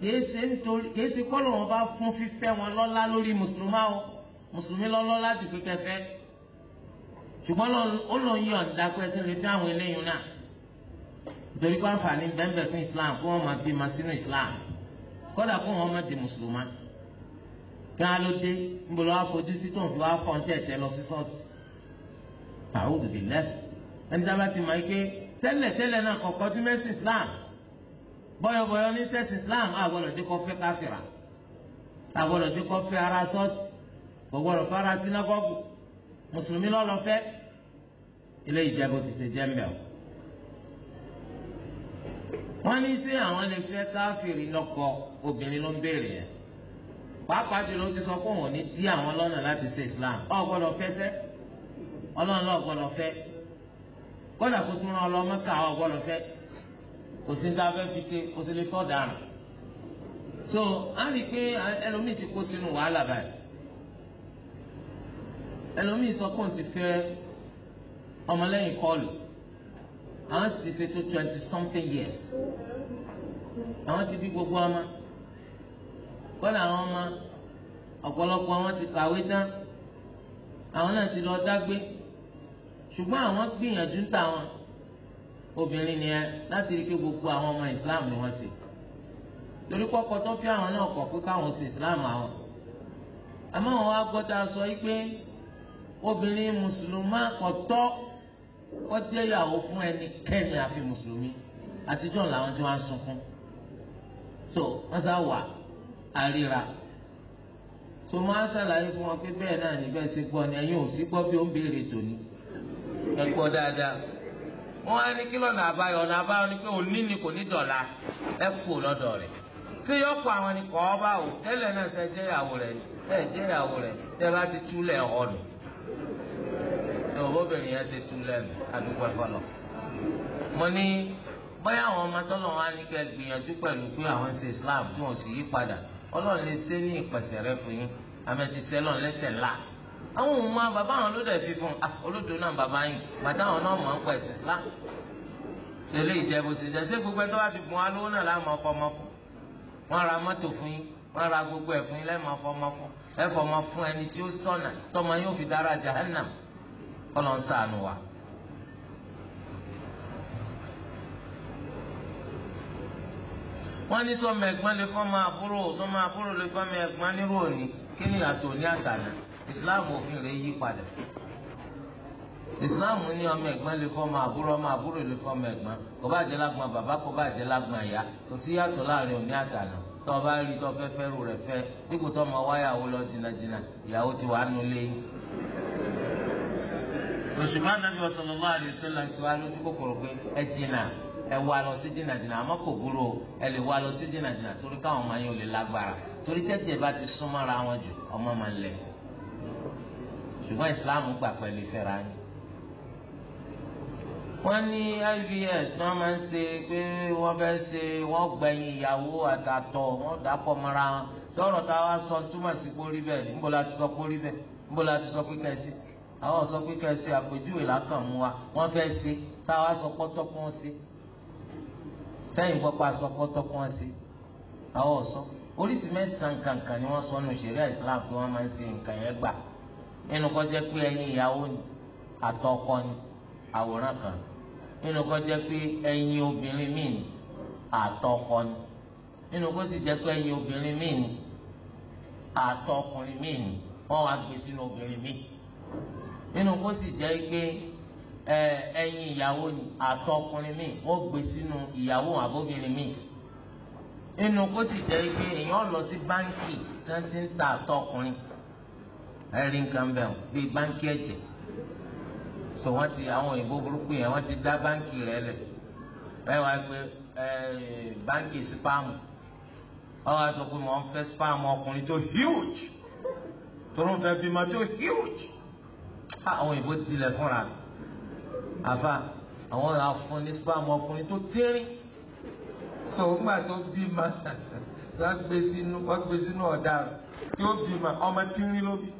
kìí ṣe nítorí kìí ṣe kọ́ lọ́wọ́ bá fún fífẹ́ wọn lọ́lá lórí mùsùlùmá o mùsùlùmí lọ́lọ́ láti pé kẹfẹ́ ṣùgbọ́n ó lọ yí ọ̀dà pé ẹtí lè dá àwọn eléyìí náà nítorí pé àǹfààní bẹ́ẹ̀ fún Islam kó wọn máa bí ma sínú Islam kódà kó wọn máa di mùsùlùmá kí wọn ló dé níbo lọ́wọ́ afojú sí tóun fi wá fọ́n tẹ̀tẹ̀ lọ sí sọ́ọ̀sì àwọn òdòdó lẹ́sìn ẹni tí a bá ti mọ̀ ike tẹ́lẹ̀ tẹ́lẹ̀ Islam bọ́yọ̀bọ́yọ̀ ní sẹ́sì islam àgbọ̀dọ̀ tí kò fẹ́ káfíra àgbọ̀dọ̀ tí kò fẹ́ ara sọ́ọ̀tì kò gbọ́dọ̀ fara sinagogu mùsùlùmí lọ́lọ́fẹ́ ilé ìjẹ́bù ti ṣe jẹ́ mẹ́ọ̀. wọ́n ní sí àwọn lè fẹ́ káfíìrì lọ́kọ obìnrin ló ń béèrè yẹn pàápàá jùlọ ó ti sọ pé òun ní dí àwọn lọ́nà láti ṣe islam ọ̀ gbọ́dọ̀ fẹ́ sẹ́ ọlọ́run lọ́ọ̀ gbọ́dọ̀ fẹ́ kódà kó tún rán ọlọ́mọ ká ọ̀ gbọ́dọ̀ fẹ́ kò sí tá a fẹ́ fi ṣe kò sí lè tọ́ dànù so á rí i pé ẹlòmíì ti kó sínú wàhálà báyìí ẹlòmíì sọ pé òun ti fẹ́ ọmọlẹ́yìn kọlù àwọn sì ti ṣe tó twenty something years àwọn ti bí gbogbo ọmọ kọ́lá àwọn ọmọ ọ̀pọ̀lọpọ̀ àwọn ti kàwé tán àwọn náà ti lọ dágbé ṣùgbọ́n àwọn gbìyànjú ń tà wọn obìnrin ni ẹ láti rí pé gbogbo àwọn ọmọ islam ni wọ́n ṣe torí kọ́kọ́ tó fi àwọn náà kọ̀ pé káwọn ṣe islam àwọn àmọ́ àwọn agbọ́dá sọ yìí pé obìnrin mùsùlùmá kò tọ́ kó jẹ́ ìyàwó fún ẹnikẹ́ni àfi mùsùlùmí àtijọ́ làwọn tí wọ́n á sunkún so wọ́n sá wà àríra tó máa ń ṣàlàyé fún wọn pé bẹ́ẹ̀ náà ní ṣe gbọ́ ni ẹ̀yin ò sí gbọ́ bí ó ń béèrè tòní ẹ dáadáa. wọn á ní kí na àbáyọ ọ̀nà àbáyọ ni pé òní ni kò ní dọ̀la ẹ kú lọ́dọ̀ rẹ̀ tí yọ kọ àwọn nìkan ọba o tẹ́lẹ̀ náà tẹ́ jẹ́ ìyàwó rẹ̀ tẹ́ jẹ́ ìyàwó rẹ̀ tẹ́ bá ti túlẹ̀ ọ̀nù ní òbóbìnrin yẹn ti túlẹ̀ nù àdúgbò ẹ̀fọ́lọ̀ mo ní bóyá àwọn ọmọ tọ́lọ̀ wọn á ní kẹ́ gbìyànjú pẹ̀lú pé àwọn ṣe Islam tí wọ́n sì yí padà Ọlọ́run lè ṣe ní ìpẹ̀sẹ̀ rẹ fún yín àmẹ́tíṣẹ́ lẹ́sẹ̀ àwọn òun máa bàbá àwọn olódò ẹ̀fí fún un ah, olódò náà bàbá yìí bàtà àwọn náà mọ̀ ń pẹ̀ sí islam tẹ̀lé ìjẹ́bù sí ìjẹ́ sí gbogbo ẹ̀ tó bá fi bùn alówó náà láàmú ọkọ̀ ọmọ fún wọn ra mọ́tò wọn ra gbogbo ẹ̀ fún yín ọkọ̀ ọmọ fún fi dára ń sànù wa. wọ́n ní sọ́mọ ẹ̀gbọ́n lè fọ́mọ àbúrò sọ́mọ àbúrò lè fọ́mọ ẹ̀gbọ́n nírò òní kí ni àtò ní islam òfin rẹ̀ yí padà islam ní ọmọ ẹ̀gbọ́n lè fọmọ àbúrò ọmọ àbúrò lè fọmọ ẹ̀gbọ́n kò bá jẹ́ lágbọ́n bàbá kò bá jẹ́ lágbọ́n ìyá kò sí yàtọ̀ láàrin òní àtàná tó o bá rí tó fẹ́ fẹ́rù rẹ̀ fẹ́ dípò tó ọmọ wáyàwó lọ jìnnàjìnnà ìyàwó ti wà nù lé. òṣùpá nàbí sallallahu alaihi wasallam sí wa lójú kòkòrò pé ẹ jìnnà ẹ wà lọ sí jìnnàjìnnà àmọ́ kò burú o ẹ lè wà lọ sí jìnnàjìnnà torí káwọn máa yín ò lè lágbára torí tẹ́tì ẹ bá ti súnmọ́ra wọn jù ọmọ máa ń lẹ̀ ṣùgbọ́n islam gbà pẹ̀lú ìfẹ́ra yín. wọ́n ní IVF ni wọ́n máa ń ṣe pé wọ́n fẹ́ ṣe wọ́n gbẹ̀yìn ìyàwó àtàtọ̀ wọ́n dàpọ̀ mọ́ra wọn sọ̀rọ̀ tá a wá sọ túmọ̀ sí pórí bẹ́ẹ̀ níbo la ti sọ pórí bẹ́ẹ̀ níbo la ti sọ pé kẹ́sì àwọn sọ pé kẹ́sì àpèjúwe lákàn mú wa wọ́n fẹ́ ṣe tá a wá sọ pọ́tọ́ kún sí sẹ́yìn pọ́pá sọ pọ́tọ́ kún sí àwọn sọ oríṣi mẹ́sàn-án kankan ni wọ́n sọ Islam pé wọ́n nínú kọjá pé ẹyin ìyàwó ni àtọkọ ni àwòrán kan nínú kọjá pé ẹyin obìnrin míì ni àtọkọ ni nínú kó sì jẹ pé ẹyin obìnrin míì ni àtọkùnrin míì ni wọn wá gbé sínú obìnrin míì nínú kó sì jẹ pé ẹyin ìyàwó ni àtọkùnrin míì wọn gbé sínú ìyàwó àbóbìnrin míì nínú kó sì jẹ pé èèyàn lọ sí báńkì tí wọn ti ń ta àtọkùnrin ẹ̀rí nǹkan bẹ́ẹ̀ o bíi báńkì ẹ̀jẹ̀ so wọ́n ti àwọn òyìnbó burúkú yẹn wọ́n ti dá báńkì rẹ̀ lẹ̀ bẹ́ẹ̀ wá gbé báńkì spam wọ́n wá sọ pé mo ń fẹ́ spam ọkùnrin tó huge tó ń fẹ́ bímọ tó huge àwọn òyìnbó tilẹ̀ fúnra mi àfa àwọn ọ̀rọ̀ afún ní spam ọkùnrin tó tẹ́rìn so nígbà tó bímọ wọ́n gbé sínú ọ̀daràn tí ó bímọ ọmọ tínrín ló bí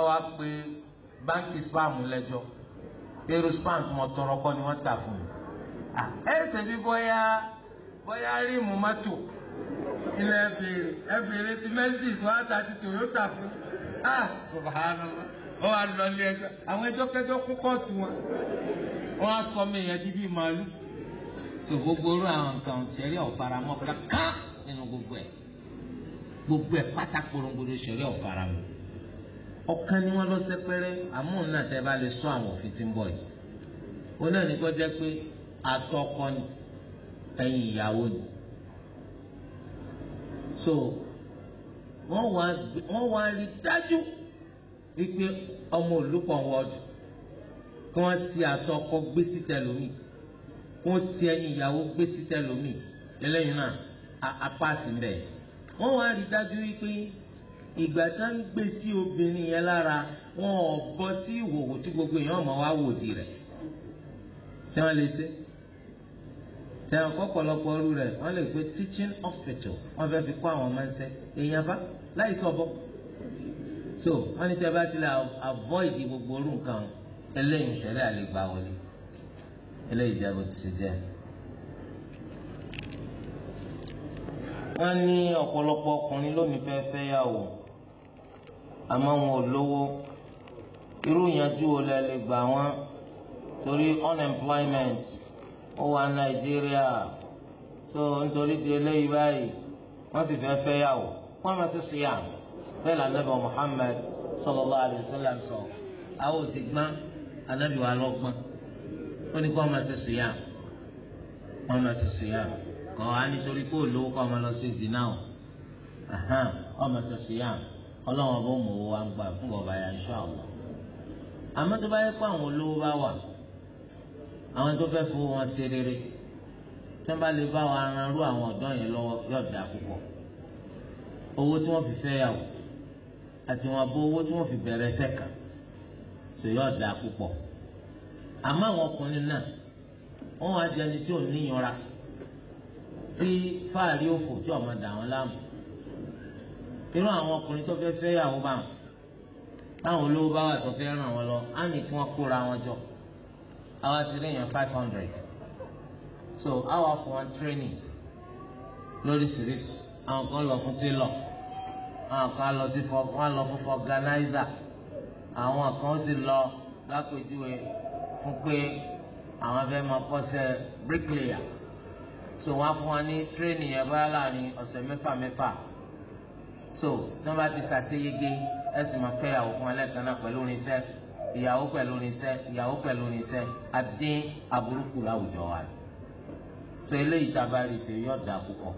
ọwọ́ pé báńkì spam lẹ́jọ́ irú spam tí mo tọrọ kọ́ ni wọ́n tà fún mi. ẹ ṣe bí bóyá bóyá ríìmù mọ́tò ilẹ̀ ẹ̀bìrì ẹ̀bìrì ti Mercedes wọ́n á ta ti Toyota fún ah subhanallah ó wà lọ ilé ẹjọ́ àwọn ẹjọ́ kẹjọ́ kún kóòtù wọn wọ́n á sọ mi ìyẹn ti bí màálù so gbogbo orú àwọn nǹkan ṣẹlẹ̀ ọ̀faramọ́ kankan nínú gbogbo ẹ̀ gbogbo ẹ̀ pátákó rongodo ṣẹlẹ̀ ọ̀faramọ́ ọ̀kan ni wọ́n lọ sẹ́pẹ́rẹ́ àmúhùn náà tẹ́ bá lè sọ àwọn òfin tí ń bọ̀ yìí ó náà ní kó jẹ́ pé àtọkọ ni ẹ̀yìn ìyàwó ni so wọ́n wá rí dájú wípé ọmọ òlùpọ̀ wọ́ọ̀dù kí wọ́n si àtọkọ gbé síta lómi kí wọ́n si ẹ̀yìn ìyàwó gbé síta lómi lẹ́lẹ́yìn náà apá sí ń bẹ̀ wá rí dájú wípé ìgbà tá ń gbé sí obìnrin yẹn lára wọn ò bọ́ sí ìwòwò tí gbogbo èèyàn mọ̀ wá wò di rẹ̀ tí wọ́n lè ṣe tí wọ́n kọ́ pọ̀lọpọ̀ ọrú rẹ̀ wọ́n lè gbé teaching hospital wọ́n fẹ́ fi kọ́ àwọn ọmọ ẹsẹ̀ èèyàn bá láì sọ̀bọ̀ so wọ́n ní tẹ́ bá ti avoid gbogbo orú nǹkan eléyìí ìṣẹ̀lẹ̀ àlè gbà wọlé eléyìí jẹ́ bó ti ṣe jẹ́ wọ́n ní ọ̀pọ̀lọpọ̀ ọkùnrin lónìí fẹ́ fẹ́ yà wò àmọ́ wọn ò lówó irú ìyànjú wo lẹ lè gbà wọ́n torí unemployment ó wà nàìjíríà tó nítorí di eléyìí báyìí wọ́n sì fẹ́ fẹ́ yàwó wọ́n máa ṣe siyam bẹ́ẹ̀ lànà bá Muhammad sallallahu alaihi wasallam sọ àwọn ò sì gbọ́n anábì wa lọ gbọ́n ó ní kó wọ́n máa ṣe siyam wọ́n máa ṣe siyam kọ́ á nítorí kó lówó kó wọ́n máa lọ sí zina o wọ́n máa ṣe siyam ọlọ́run ọba òmò wa ń gbà fún bàbá yà ṣọ́ àwọn. àmọ́ tó bá yẹ pé àwọn olówó bá wà àwọn tó fẹ́ fowó wọn ṣe rere tí wọ́n bá lè bá wa ran rú àwọn ọ̀dọ́ yẹn lọ́wọ́ yóò dà púpọ̀. owó tí wọ́n fi fẹ́ yàwó àti wọn bó owó tí wọ́n fi bẹ̀rẹ̀ sẹ́kà tó yóò dà púpọ̀. àmọ́ àwọn ọkùnrin náà wọ́n wá jẹni tí ò níyanra tí fáàrí òfò tí ọmọ dà wọn láàmú irú àwọn ọkùnrin tó fẹ́ fẹ́ yàwó bá wọn táwọn olówó bá wà tó fẹ́ ràn wọn lọ á ní kí wọ́n kóra wọn jọ àwa ti rí èèyàn five hundred so àwa fún wọn training lóríṣiríṣi àwọn kan lọ fún tailor àwọn kan lọ sí fọ wọn lọ fún organizer àwọn kan sì lọ lápèjúwe fún pé àwọn fẹ́ máa kọ́ṣẹ́ bricklayer so wọ́n á fún wọn ní training yẹn báyà láàrin ọ̀sẹ̀ mẹ́fà mẹ́fà so tí wọ́n bá ti ṣàṣeyege ẹ sì máa fẹ́ ìyàwó fún ẹlẹ́kan náà pẹ̀lú irinṣẹ́ ìyàwó pẹ̀lú irinṣẹ́ ìyàwó pẹ̀lú irinṣẹ́ adín aburúkú láwùjọ wa rẹ̀ so eléyìí tabari ṣe yóò dà púpọ̀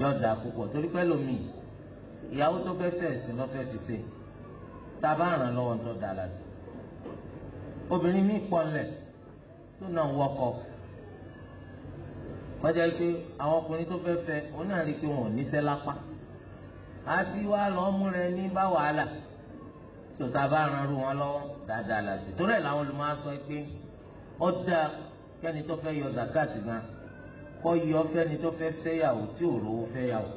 yóò dà púpọ̀ torí pẹ́ lómi ìyàwó tó fẹ́ fẹ́ sí lọ́fẹ́ fi ṣe tàbá ràn lọ́wọ́ ń tọ́ da lásì obìnrin mi pọ̀nlẹ̀ tó náà wọkọ̀ kọjá pé àwọn ọkùnrin tó fẹ́ fẹ́ òun náà rí pé wọn ò níṣẹ́ lápá. àti wá lọ́ọ́ mú rẹ ní bá wàhálà tòtá bá ran ru wọn lọ́wọ́ dáadáa làsì torí ẹ̀ làwọn olùmọ̀ sọ pé ó kẹ́ni tó fẹ́ yọ zakat gan kọ́ yọ fẹ́ni tó fẹ́ fẹ́yàwó tí ò fẹ́yàwó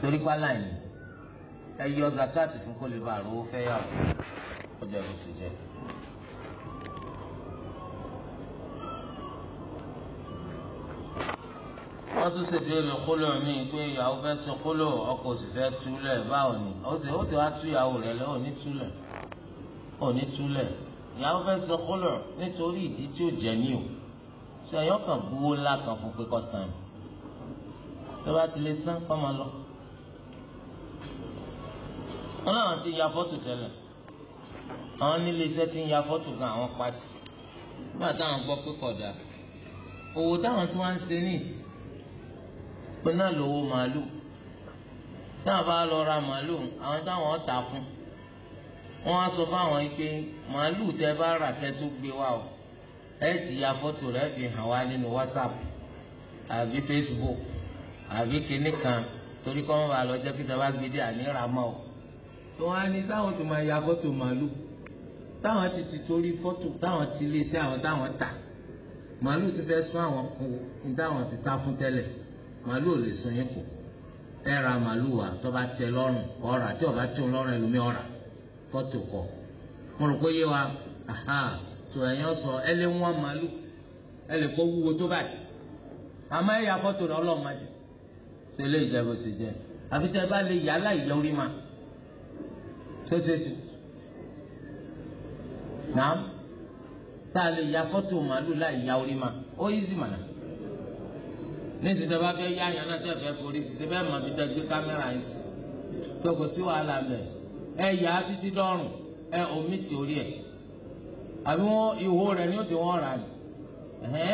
torí ẹ yọ zakat fún kó lè bá rówó fẹ́yàwó ó jẹ́ bó ṣe jẹ́. wọ́n tún ṣèbéèrè kóló mi pé ìyàwó fẹ́ ṣe kóló ọkọ sì fẹ́ túlẹ̀ báwo ni ó sì ó sì wá tú ìyàwó rẹ̀ lẹ́ òní túlẹ̀ òní túlẹ̀ ìyàwó fẹ́ ṣe kóló nítorí ìdí tí ó jẹ ní o ṣe ẹ̀yọ́ kan gbowó ńlá kan fún pé kọ́ san tó bá ti lè san kọ́ máa lọ. wọn náà ti ya fọ́tò tẹ́lẹ̀ àwọn nílé iṣẹ́ ti ń ya fọ́tò gan àwọn pati nígbà táwọn gbọ́ pé kódà òwò táwọn tí wọ́n ń ṣe níìsì pé náà lówó màálù náà bá lọ ra màálù àwọn táwọn ta fún wọn á sọ fáwọn pé màálù tẹ bá rà kẹ́ tó gbé wá o ẹ ti ya fọ́tò rẹ fi hàn wá nínú WhatsApp àbí Facebook àbí kinní kan torí kọ́ ń bá lọ jẹ́ kíta bá gbé dé àníra mọ́ o. tó wá ní sáwọn tó máa ya fọ́tò màálù táwọn ti ti torí fọ́tò táwọn ti lé sí àwọn táwọn tà màálù ti fẹ́ sún àwọn kù ní táwọn ti sá fún tẹ́lẹ̀ màálù ò lè sun yín kù ẹ ra màálù wa tó bá tẹ lọ́rùn ọ̀rà tí ọba tún lọ́rùn ẹlòmí ọ̀rà fọ́tò kọ̀ mo rò pé yé wa tó ẹ̀yàn sọ ẹ lé wọn màálù ẹ lè kó wúwo tó báyìí àmọ́ ẹ̀yà fọ́tò rẹ ọlọ́run má jẹ ṣe lè jẹ bó ṣe jẹ àfi tẹ bá lè yà láìyẹ orí ma tó ṣe tù nàá sáà lè yà fọ́tò màálù láìyà orí ma ó yí sí màná níṣẹ́ tẹ́ bá fẹ́ yá àyàn náà tẹ́ fẹ́ forí ṣiṣẹ́ bẹ́ẹ̀ mọ̀ bí tẹ́ gbé kámẹ́rà yìí sí tó kò sí wàhálà mẹ́ ẹ yà á títí dọ́rùn ẹ omi tì orí ẹ àbí wọn ìhó rẹ ni ó ti wọn rà ní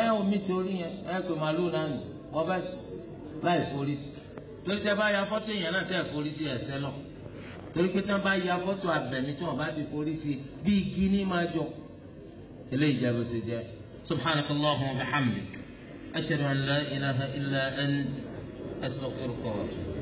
ẹ omi tì orí yẹn ẹ pè màálù náà nì wọ́n bá sì láì forí sí torí tẹ́ bá ya fọ́tò yẹn náà tẹ́ forí sí ẹ̀sẹ̀ náà torí pé tán bá ya fọ́tò abẹ̀mí tí wọ́n bá ti forí sí bí igi máa jọ eléyìí jẹ́ bó ṣe jẹ́ subhanahu wa ta'ala wa bihamdi. أشهد أن لا إله إلا أنت أستغفرك وأتوب